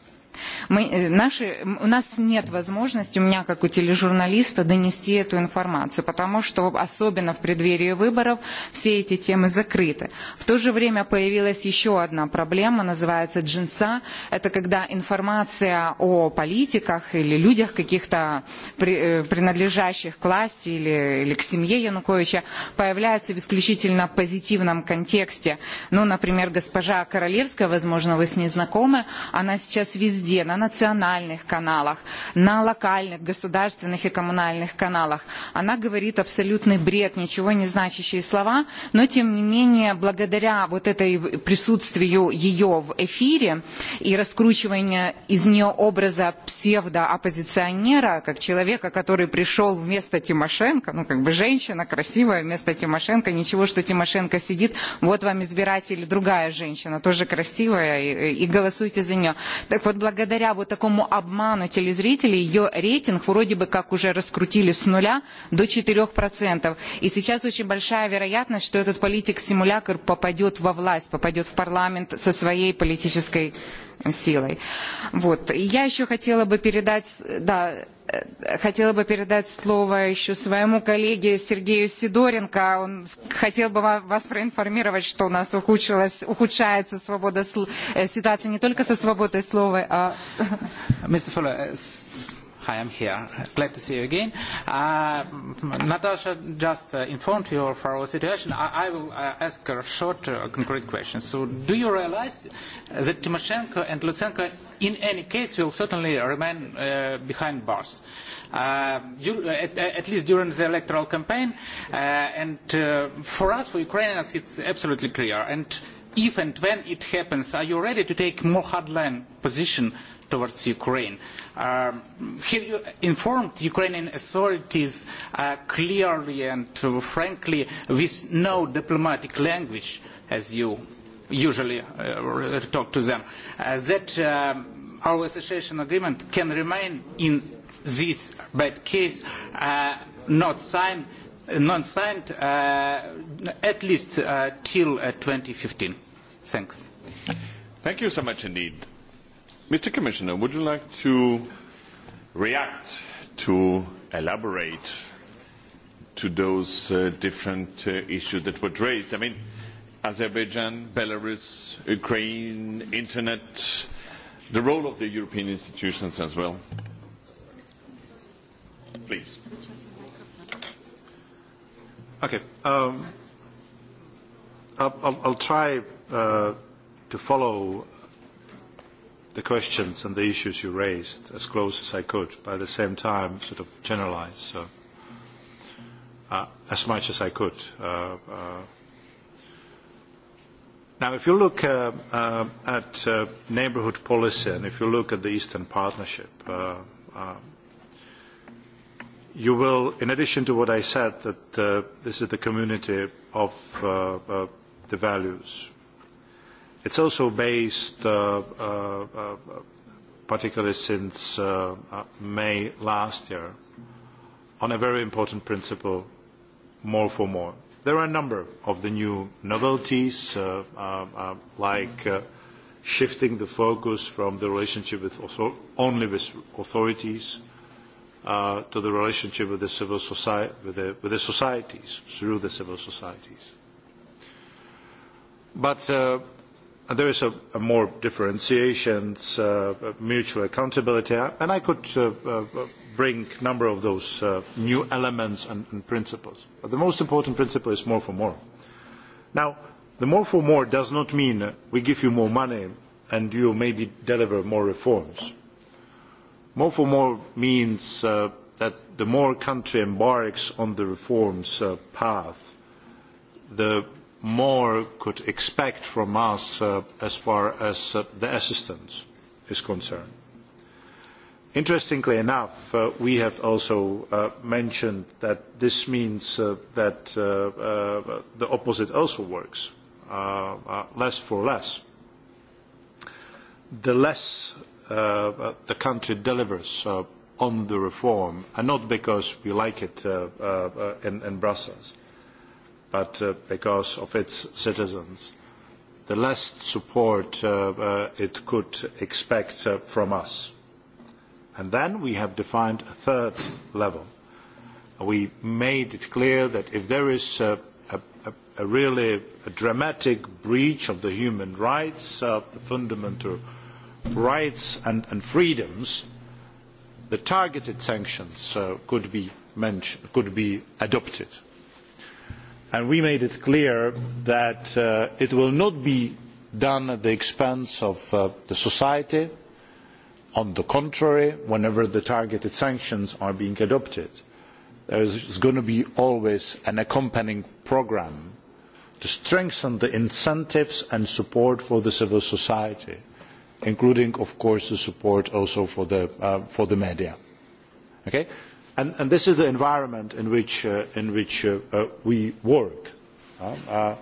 [SPEAKER 14] Мы, э, наши, у нас нет возможности, у меня как у тележурналиста, донести эту информацию, потому что особенно в преддверии выборов все эти темы закрыты. В то же время появилась еще одна проблема, называется джинса. Это когда информация о политиках или людях каких-то э, принадлежащих к власти или, или к семье Януковича появляется в исключительно позитивном контексте. Ну, например, госпожа Королевская, возможно, вы с ней знакомы, она сейчас везде везде, на национальных каналах, на локальных, государственных и коммунальных каналах. Она говорит абсолютный бред, ничего не значащие слова, но тем не менее, благодаря вот этой присутствию ее в эфире и раскручиванию из нее образа псевдо оппозиционера, как человека, который пришел вместо Тимошенко, ну как бы женщина красивая вместо Тимошенко, ничего, что Тимошенко сидит, вот вам избиратель, другая женщина, тоже красивая, и, и голосуйте за нее. Так вот, благодаря благодаря вот такому обману телезрителей ее рейтинг вроде бы как уже раскрутили с нуля до 4%. И сейчас очень большая вероятность, что этот политик-симулякр попадет во власть, попадет в парламент со своей политической силой. Вот. И я еще хотела бы передать... Да, Э, хотела бы передать слово еще своему коллеге Сергею Сидоренко. Он хотел бы вас проинформировать, что у нас ухудшилась, ухудшается свобода, э, ситуация не только со свободой слова, а...
[SPEAKER 9] Mr. I am here. Glad to see you again. Uh, Natasha just uh, informed you of our situation. I, I will uh, ask her a short, uh, concrete question. So do you realize that Timoshenko and Lutsenko in any case will certainly remain uh, behind bars? uh, uh at, at least during the electoral campaign. Uh, and uh, for us, for Ukrainians, it's absolutely clear. And if and when it happens, are you ready to take more hardline position towards Ukraine. Uh, um, have you informed Ukrainian authorities uh, clearly and uh, frankly with no diplomatic language, as you usually uh, talk to them, uh, that uh, our association agreement can remain in this bad case uh, not signed, non signed uh, at least uh, till uh, 2015.
[SPEAKER 6] Thanks. Thank you so much indeed. Mr. Commissioner, would you like to react, to elaborate to those uh, different uh, issues that were raised? I mean, Azerbaijan, Belarus, Ukraine, Internet, the role of the European institutions as well. Please.
[SPEAKER 21] Okay. Um, I'll, I'll, I'll try uh, to follow the questions and the issues you raised as close as I could, but at the same time sort of generalize so, uh, as much as I could. Uh, uh. Now, if you look uh, uh, at uh, neighborhood policy and if you look at the Eastern Partnership, uh, uh, you will, in addition to what I said, that uh, this is the community of uh, uh, the values It's also based, uh, uh, uh, particularly since May last year, on a very important principle, more for more. There are a number of the new novelties, like shifting the focus from the relationship with only with authorities uh, to the relationship with the civil society, with the, with the societies, through the civil societies. But uh, Uh, there is a, a more differentiation, uh, mutual accountability, uh, and I could uh, uh, bring a number of those uh, new elements and, and principles. But the most important principle is more for more. Now, the more for more does not mean we give you more money and you maybe deliver more reforms. More for more means uh, that the more country embarks on the reforms uh, path, the more could expect from us uh, as far as uh, the assistance is concerned. Interestingly enough, uh, we have also uh, mentioned that this means uh, that uh, the opposite also works, less for less. The less the country delivers on the reform, and not because we like it in, in Brussels, but uh, because of its citizens, the less support uh, uh, it could expect uh, from us. And then we have defined a third level. We made it clear that if there is a, a, a really a dramatic breach of the human rights, uh, the fundamental rights and, and freedoms, the targeted sanctions uh, could, be could be adopted and we made it clear that uh, it will not be done at the expense of uh, the society. On the contrary, whenever the targeted sanctions are being adopted, there is going to be always an accompanying programme to strengthen the incentives and support for the civil society, including, of course, the support also for the, uh, for the media. Okay? And, this is the environment in which, uh, in which uh, uh, we work. Uh, uh,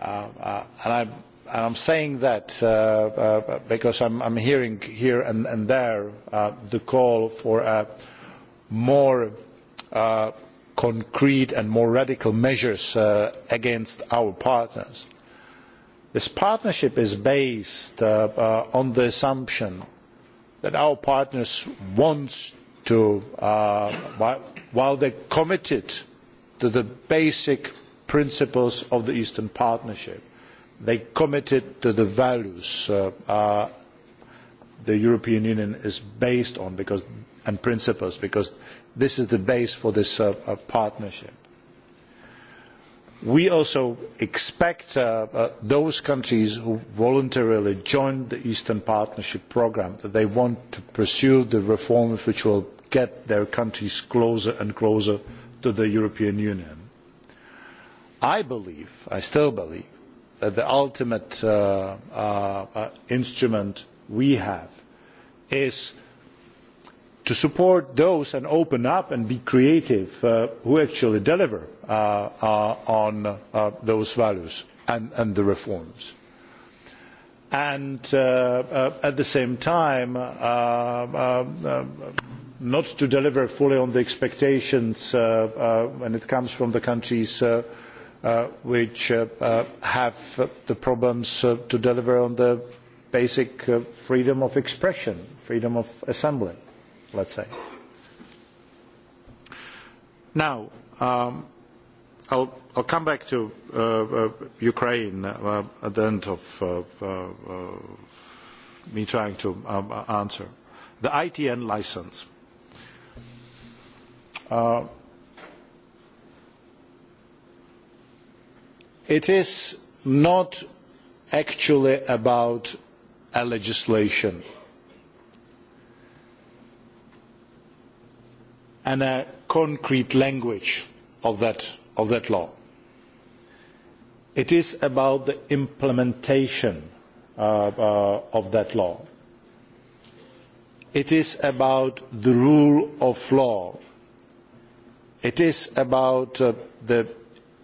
[SPEAKER 21] uh, uh, and I'm, and I'm saying that uh, uh, because I'm, I'm hearing here and, and there uh, the call for a more uh, concrete and more radical measures uh, against our partners. This partnership is based uh, uh, on the assumption that our partners want to, uh, while they committed to the basic principles of the Eastern Partnership, they committed to the values uh, uh, the European Union is based on because, and principles, because this is the base for this uh, uh partnership. We also expect uh, uh, those countries who voluntarily join the Eastern Partnership Programme that they want to pursue the reforms which will get their countries closer and closer to the European Union. I believe, I still believe, that the ultimate uh, uh, uh, instrument we have is to support those and open up and be creative uh, who actually deliver uh, uh, on uh, those values and, and, the reforms. And uh, at the same time, not to deliver fully on the expectations uh, uh, when it comes from the countries uh, which have the problems to deliver on the basic freedom of expression, freedom of assembly, let us say. Now, um, I'll, I'll come back to uh, uh, Ukraine uh, at the end of uh, uh, me trying to um, answer. The ITN license. Uh, it is not actually about a legislation and a concrete language of that, of that law. It is about the implementation uh, uh, of that law. It is about the rule of law It is about uh, the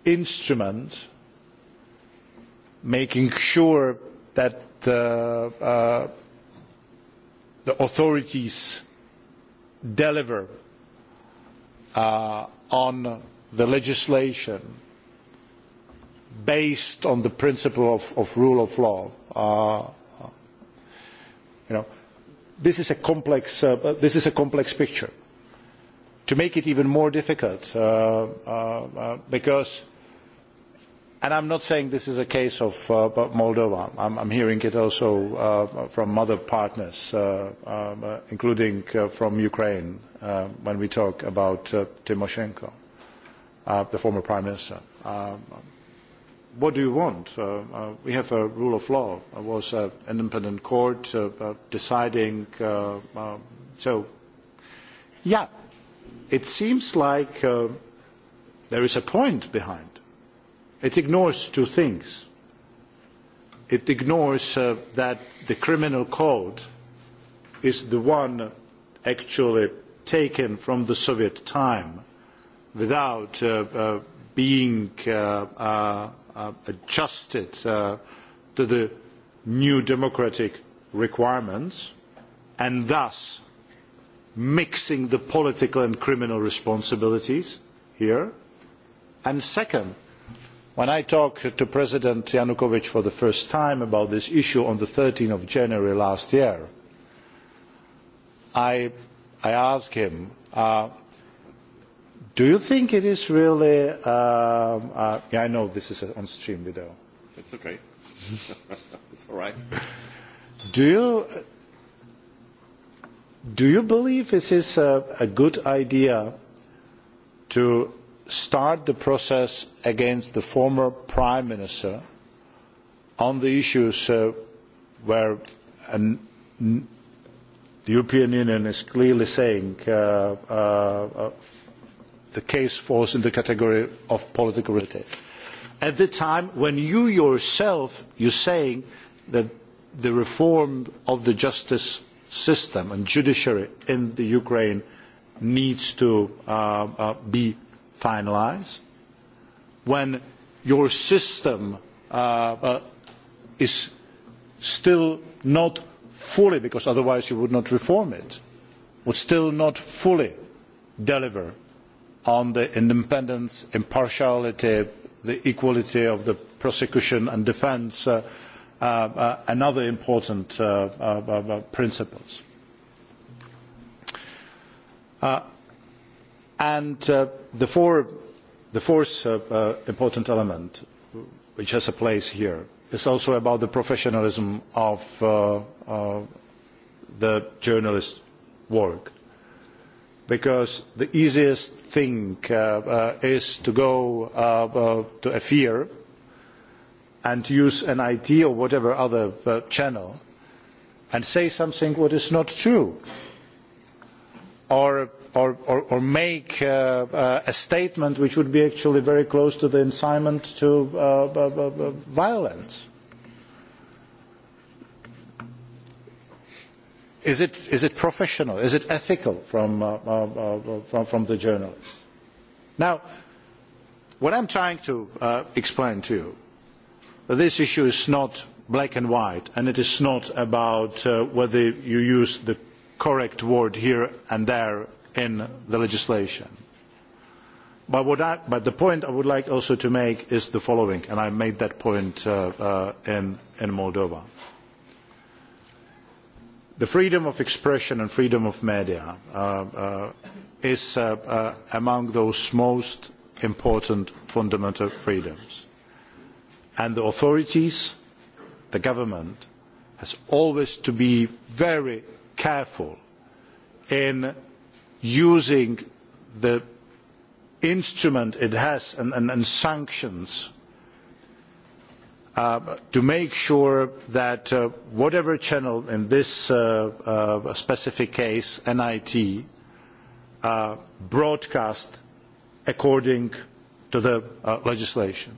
[SPEAKER 21] instrument making sure that uh, uh, the authorities deliver on the legislation based on the principle of, rule of law. this is a complex, this is a complex picture to make it even more difficult uh, uh, uh, because and I'm not saying this is a case of uh, Moldova. I'm, I'm hearing it also uh, from other partners, uh, um, uh, including uh, from Ukraine, uh, when we talk about uh, Tymoshenko, uh, the former prime minister. Um, what do you want? Uh, uh, we have a rule of law. It was uh, an independent court uh, uh, deciding. Uh, uh, so, yeah, it seems like uh, there is a point behind. It ignores two things. It ignores uh, that the criminal code is the one actually taken from the Soviet time without uh, uh, being uh, uh, uh adjusted uh, to the new democratic requirements and thus mixing the political and criminal responsibilities here. And second, when I talked to President Yanukovych for the first time about this issue on the of January last year, I, I asked him, uh, do you think it is really, uh, uh, yeah, I know this is on-stream video.
[SPEAKER 6] It's okay. it's all right.
[SPEAKER 21] Do you, Do you believe this is a, a good idea to start the process against the former Prime Minister on the issues uh, where an, the European Union is clearly saying uh, uh, uh, the case falls in the category of political reality. At the time when you yourself, are saying that the reform of the justice system and judiciary in Ukraine needs to uh, uh, be finalised, when your system uh, uh, is still not fully, because otherwise you would not reform it, would still not fully deliver on the independence, impartiality, the equality of the prosecution and defence uh, uh, uh and other important uh, uh, uh, principles. Uh, and uh, the, four, the fourth uh, uh, important element, which has a place here, is also about the professionalism of uh, uh, the journalist work because the easiest thing uh, uh, is to go uh, uh to a fear and use an ID or whatever other uh, channel and say something that is not true or, or, or, or make uh, uh, a statement which would be actually very close to the incitement to uh, uh, uh, violence. Is it, is it professional? Is it ethical from, from, from the journalist? Now, what I am trying to explain to you this issue is not black and white and it is not about uh, whether you use the correct word here and there in the legislation. But, the point I would like also to make is the following, and I made that point uh, uh, in, Moldova. The freedom of expression and freedom of media is among those most important fundamental freedoms and the authorities, the government, has always to be very careful in using the instrument it has and, and, and sanctions uh, to make sure that uh, whatever channel in this uh, uh specific case, NIT, uh, broadcast according to the uh, legislation.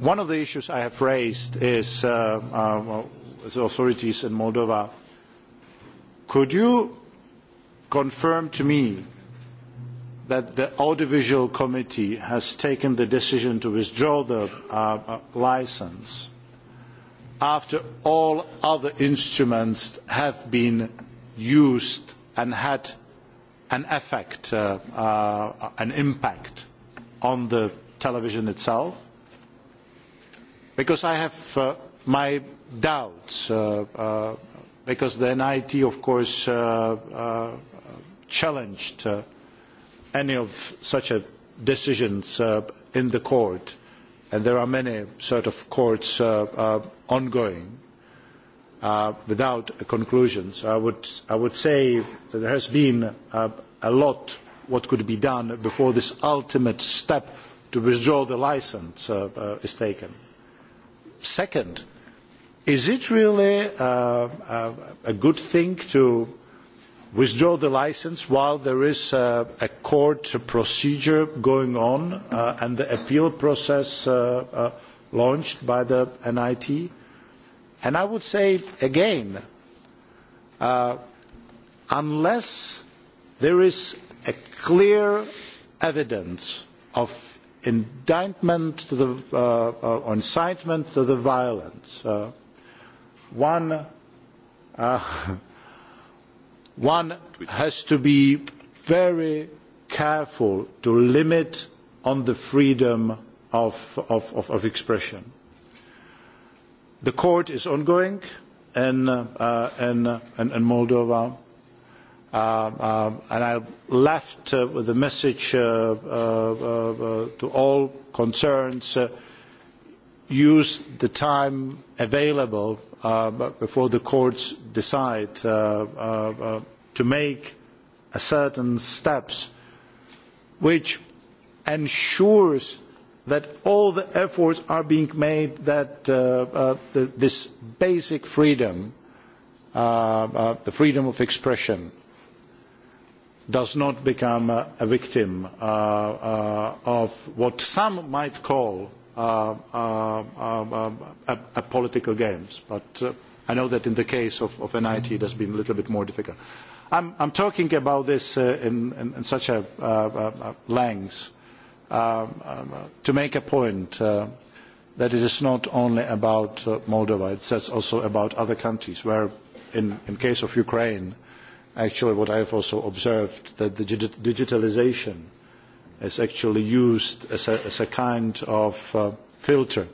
[SPEAKER 21] One of the issues I have raised is uh, uh, the authorities in Moldova. Could you confirm to me that the audiovisual committee has taken the decision to withdraw the uh, uh licence after all other instruments have been used and had an effect, uh, uh, an impact on the television itself? because I have uh, my doubts, uh, uh, because the NIT, of course, uh, uh, challenged uh, any of such a decisions uh, in the court, and there are many sort of courts uh, uh, ongoing uh, without a conclusion. So I would, I would say that there has been uh, a lot what could be done before this ultimate step to withdraw the license uh, uh, is taken. Second, is it really uh, uh, a good thing to withdraw the license while there is uh, a court procedure going on uh, and the appeal process uh, uh launched by the NIT. And I would say again, unless there is a clear evidence of indictment to the, uh, or uh, incitement to the violence. Uh, one, uh, one has to be very careful to limit on the freedom of, of, of, of expression. The court is ongoing in, uh, in, in, in Moldova Um, um, and I left uh, with a message uh, uh, uh, uh to all concerns. Uh, use the time available before the courts decide to make certain steps which ensures that all the efforts are being made that the, this basic freedom, the freedom of expression, does not become a victim uh, uh, of what some might call uh, a, political games. But I know that in the case of, of NIT it has been a little bit more difficult. I'm, I'm talking about this in, in, in such a, length um, um, to make a point that it is not only about Moldova, it is also about other countries where in, in case of Ukraine, actually what I have also observed, that the digitalisation is actually used as a, as a kind of uh, filter.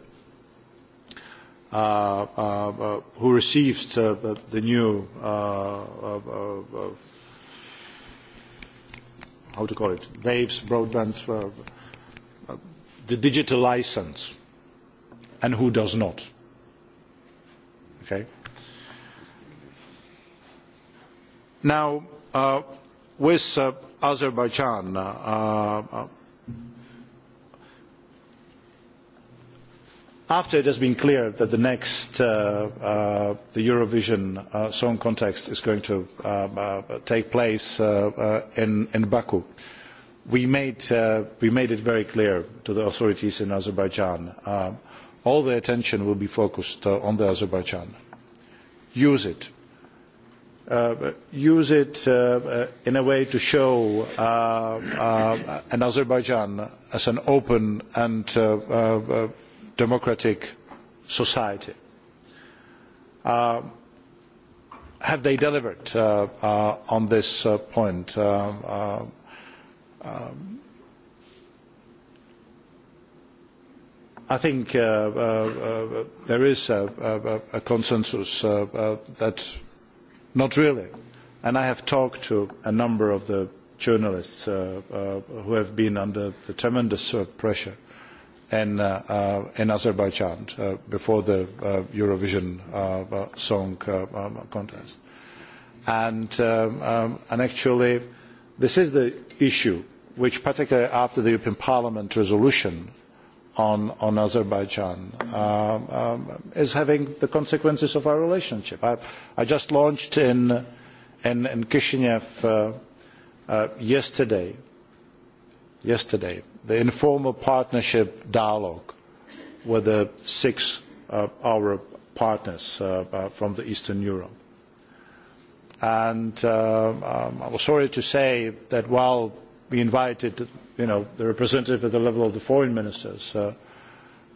[SPEAKER 21] Uh, uh, uh who receives the new, uh, uh, how to call it, waves, broadband, the digital license, and who does not. Okay? Now, uh, with uh, Azerbaijan, uh, uh, after it has been clear that the next uh, uh, the Eurovision Song Contest is going to take place in, in, Baku, we made, we made, it very clear to the authorities in Azerbaijan uh, all the attention will be focused on Azerbaijan. Use it uh, use it uh, in a way to show uh, uh, an Azerbaijan as an open and uh, uh, democratic society. Uh, have they delivered uh, uh, on this uh, point? Uh, uh, um, I think uh, uh, uh, there is a, a, a consensus uh, uh, that Not really. And I have talked to a number of the journalists uh, uh, who have been under the tremendous uh, pressure in, uh, uh in Azerbaijan uh, before the uh, Eurovision uh, uh, song uh, um, contest. And, um, um, and actually, this is the issue which particularly after the European Parliament resolution on, on Azerbaijan uh, um, is having the consequences of our relationship. I, I just launched in, in, in Kishinev uh, uh, yesterday, yesterday the informal partnership dialogue with the six of uh, our partners uh, uh, from the Eastern Europe. And uh, um, I was sorry to say that while we invited you know, the representative at the level of the foreign ministers. Uh,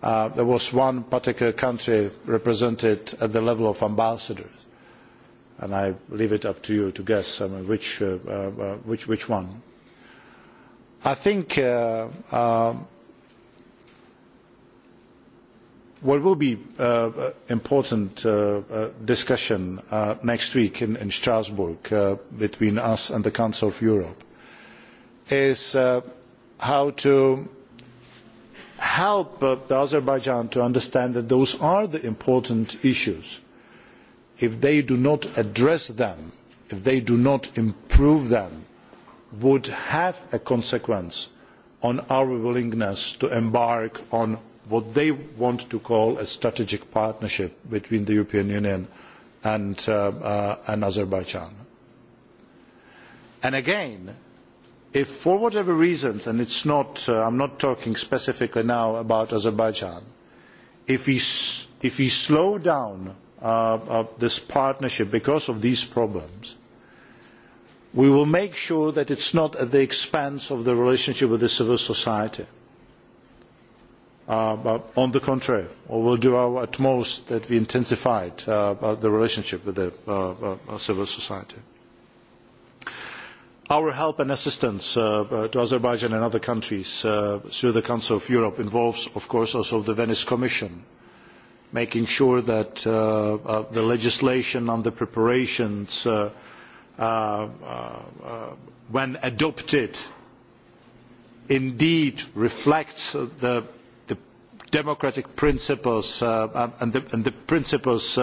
[SPEAKER 21] uh, there was one particular country represented at the level of ambassadors, and I leave it up to you to guess I mean, which, uh, uh, uh which, which one. I think uh, uh, what will be uh, uh, important uh, uh, discussion uh, next week in, in Strasbourg uh, between us and the Council of Europe is uh, how to help uh, Azerbaijan to understand that those are the important issues. If they do not address them, if they do not improve them, would have a consequence on our willingness to embark on what they want to call a strategic partnership between the European Union and, uh, uh, and Azerbaijan. And again, if for whatever reasons, and it's not, uh, I'm not talking specifically now about Azerbaijan, if we, if we slow down uh, uh, this partnership because of these problems, we will make sure that it is not at the expense of the relationship with the civil society. Uh, on the contrary, we will do our utmost that we intensified uh, uh, the relationship with the uh, uh, uh civil society. Our help and assistance uh, uh, to Azerbaijan and other countries uh, through the Council of Europe involves, of course, also the Venice Commission, making sure that uh, uh the legislation and the preparations, uh, when adopted, indeed reflects the, the democratic principles and the, and, the, principles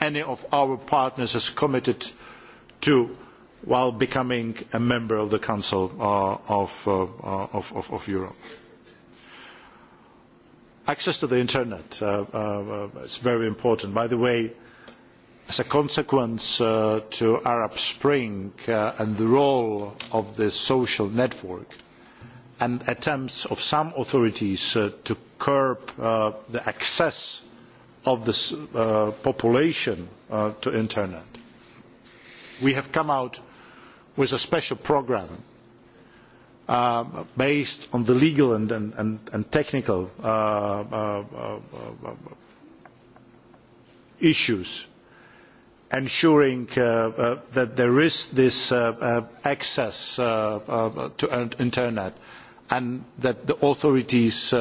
[SPEAKER 21] any of our partners has committed to while becoming a member of the Council uh, of, uh, uh, of, of, of Europe. Access to the Internet uh, uh, uh is very important. By the way, as a consequence uh, to Arab Spring uh, and the role of the social network and attempts of some authorities uh, to curb uh, the access of the uh, population uh, to Internet, we have come out with a special programme uh, based on the legal and, and, and, and technical uh, uh, uh issues, ensuring uh, uh, that there is this access to internet and that the authorities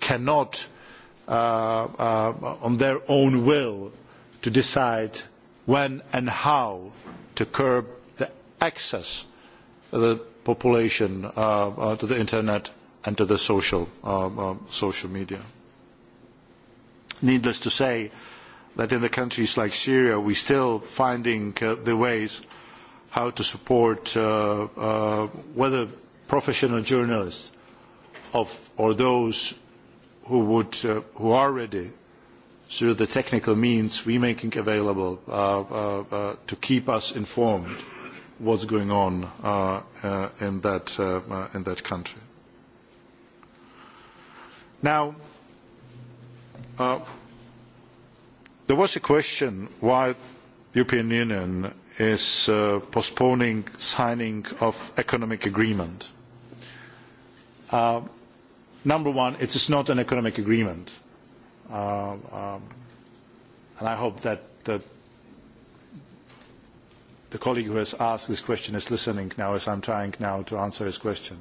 [SPEAKER 21] cannot, on their own will, to decide when and how to curb access the population uh, uh, to the internet and to the social, uh, uh social media. Needless to say that in the countries like Syria, we are still finding uh, the ways how to support uh, whether professional journalists of, or those who, would, who are ready through the technical means we are making available to keep us informed what's going on uh, uh, in, that, uh, uh, in that country. Now, uh, there was a question why the European Union is uh, postponing signing of economic agreement. Uh, number one, it is not an economic agreement. Uh, um, and I hope that, that the colleague who has asked this question is listening now as I'm trying now to answer his question.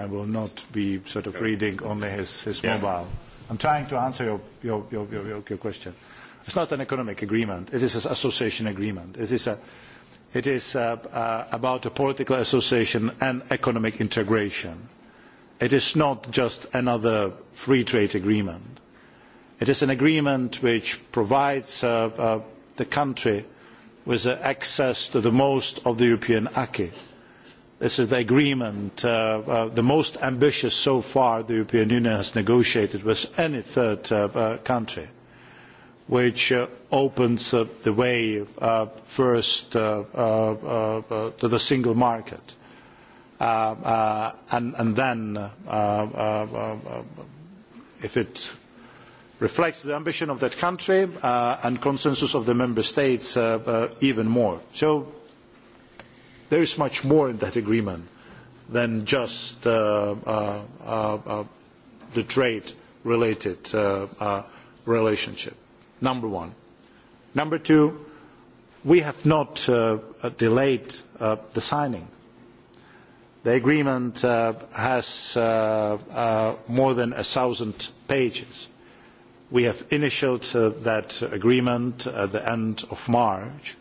[SPEAKER 21] I will not be sort of reading only his, his yeah. mobile. I'm trying to answer your, your, your, your, your question. It's not an economic agreement. It is an association agreement. It is, a, it is a, uh, uh, about a political association and economic integration. It is not just another free trade agreement. It is an agreement which provides uh, uh, the country with access to the most of the European acquis. This is the agreement, uh, uh, the most ambitious so far the European Union has negotiated with any third uh, uh country, which uh, opens the way uh, first to the single market and, and, then, if it reflects the ambition of that country uh, and consensus of the member states uh, uh, even more. So there is much more in that agreement than just uh, uh, uh, the trade-related relationship, number one. Number two, we have not delayed the signing. The agreement has more than a thousand pages we have initialled uh, that agreement at the end of March,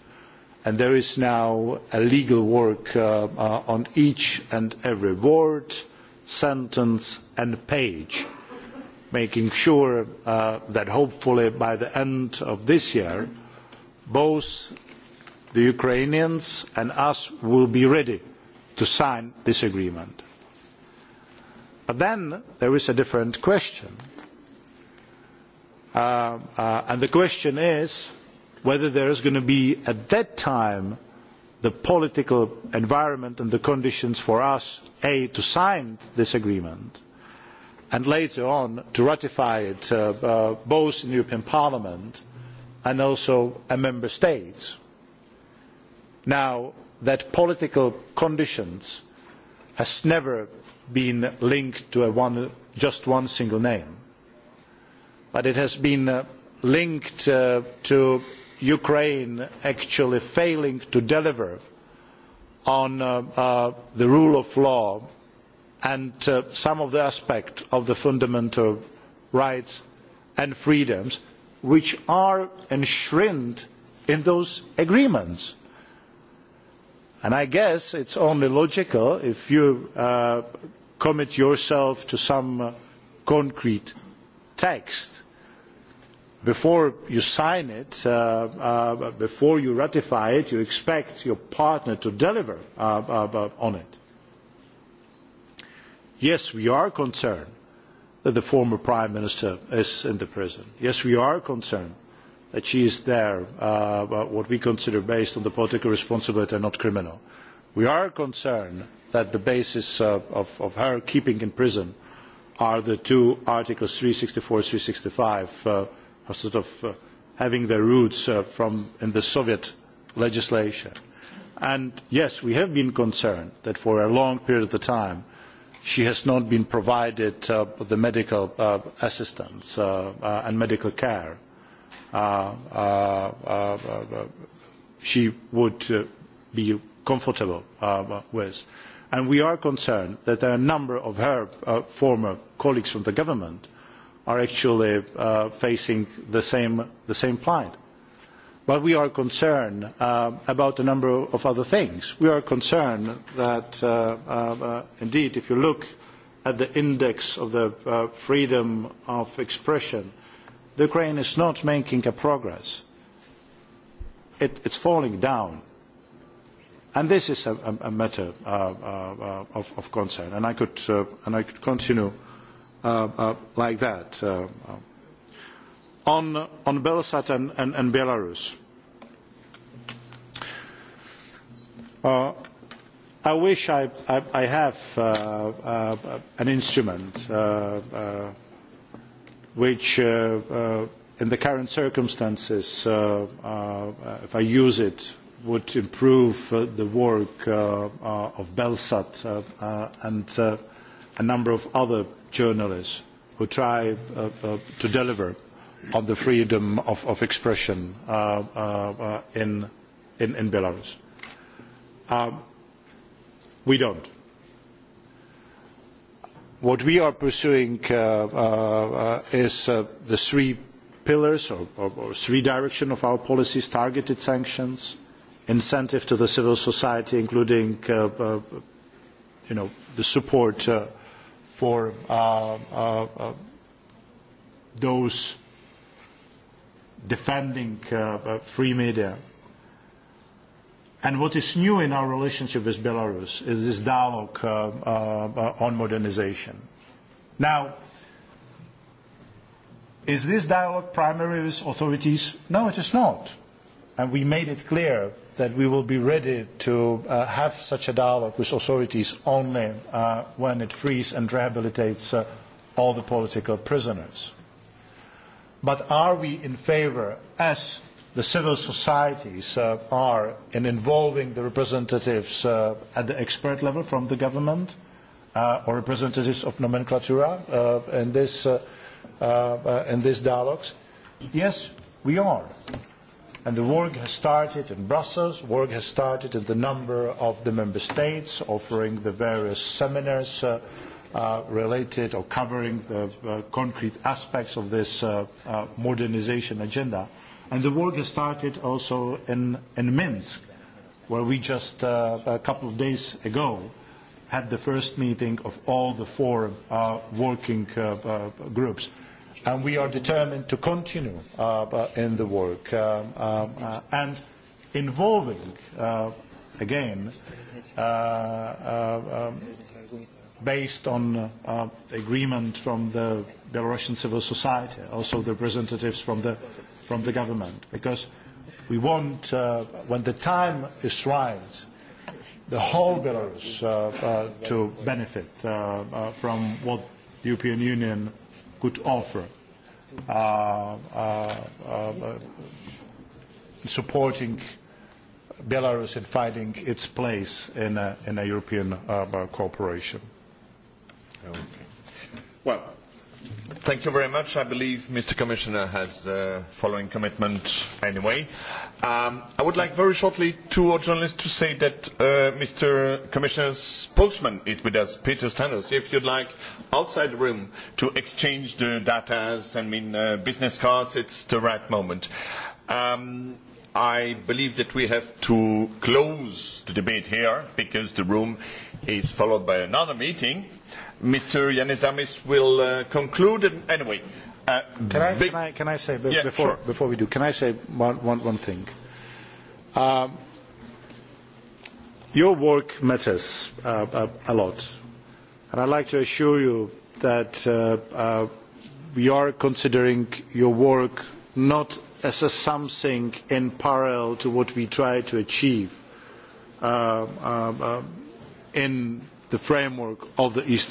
[SPEAKER 21] and there is now a legal work uh, uh, on each and every word, sentence, and page, making sure that hopefully by the end of this year, both the Ukrainians and us will be ready to sign this agreement. But then there is a different question Uh, uh, and the question is whether there is going to be at that time the political environment and the conditions for us, to sign this agreement, and later on to ratify it uh, both in the European Parliament and also in member states. Now, that political conditions has never been linked to one, just one single name but it has been uh, linked uh, to Ukraine actually failing to deliver on uh, the rule of law and some of the aspects of the fundamental rights and freedoms which are enshrined in those agreements. And I guess it is only logical if you uh, commit yourself to some concrete text before you sign it, uh, uh, before you ratify it, you expect your partner to deliver uh, uh, uh, on it. Yes, we are concerned that the former Prime Minister is in the prison. Yes, we are concerned that she is there, uh, what we consider based on the political responsibility and not criminal. We are concerned that the basis of, of, her keeping in prison are the two Articles three hundred and sixty four and three hundred and sixty five are sort of uh, having their roots uh, from in the Soviet legislation. And yes, we have been concerned that for a long period of time she has not been provided uh, the medical uh, assistance uh, uh, and medical care. Uh, uh, uh, uh, she would uh, be comfortable uh, with. And we are concerned that there are a number of her uh, former colleagues from the government are actually uh, facing the same, the same plight. But we are concerned uh, about a number of other things. We are concerned that, uh, uh, uh, indeed, if you look at the index of the uh, freedom of expression, the Ukraine is not making a progress. It, it's falling down. And this is a, a, a matter uh, uh, uh of, of concern. And I could, uh, and I could continue uh, uh, like that. Uh, uh, on, on Belsat and, and, and Belarus, uh, I wish I, I, I have uh, uh, an instrument uh, uh, which, uh, uh, in the current circumstances, uh, uh, if I use it, would improve uh, the work uh, uh, of Belsat uh, uh, and uh, a number of other journalists who try uh, uh, to deliver on the freedom of, of expression uh, uh, uh, in, in, in Belarus. Um, we don't. What we are pursuing uh, uh, is uh, the three pillars or, or, or three directions of our policies, targeted sanctions, incentive to the civil society, including uh, uh, you know, the support uh, for uh, uh, uh, those defending uh, uh, free media. And what is new in our relationship with Belarus is this dialogue uh, uh, uh on modernization. Now, is this dialogue primary with authorities? No, it is not and we made it clear that we will be ready to uh, have such a dialogue with authorities only uh, when it frees and rehabilitates uh, all the political prisoners. But are we in favor, as the civil societies uh, are, in involving the representatives uh, at the expert level from the government uh, or representatives of nomenclatura uh, in, this, uh, uh, uh in these dialogues? Yes, we are. And the work has started in Brussels, work has started in the number of the member states offering the various seminars uh, uh, related or covering the uh, concrete aspects of this uh, uh, modernization agenda. And the work has started also in, in Minsk, where we just uh, a couple of days ago had the first meeting of all the four uh, working uh, uh, groups and we are determined to continue uh, uh, in the work um, um, uh, and involving uh, again uh, uh, um, based on uh, agreement from the Belarusian civil society also the representatives from the from the government because we want uh, when the time is right the whole Belarus uh, uh, to benefit uh, uh, from what the European Union could offer uh, uh, uh, supporting Belarus in finding its place in a, in a European uh, uh cooperation.
[SPEAKER 6] Okay. Well, Thank you very much. I believe Mr. Commissioner has the uh, following commitment anyway. Um, I would like very shortly to our journalists to say that uh, Mr. Commissioner's postman is with us, Peter Stanos. If you'd like outside the room to exchange the data and mean uh, business cards, it's the right moment. Um, I believe that we have to close the debate here because the room is followed by another meeting. Mr. Yanizamis will uh, conclude. And anyway, uh, can, I, can, I, can I say yeah, before sure.
[SPEAKER 21] before we do? Can I say one, one, one thing? Um, your work matters uh, uh, a lot, and I'd like to assure you that uh, uh, we are considering your work not as a something in parallel to what we try to achieve uh, uh, uh, in the framework of the
[SPEAKER 5] Eastern.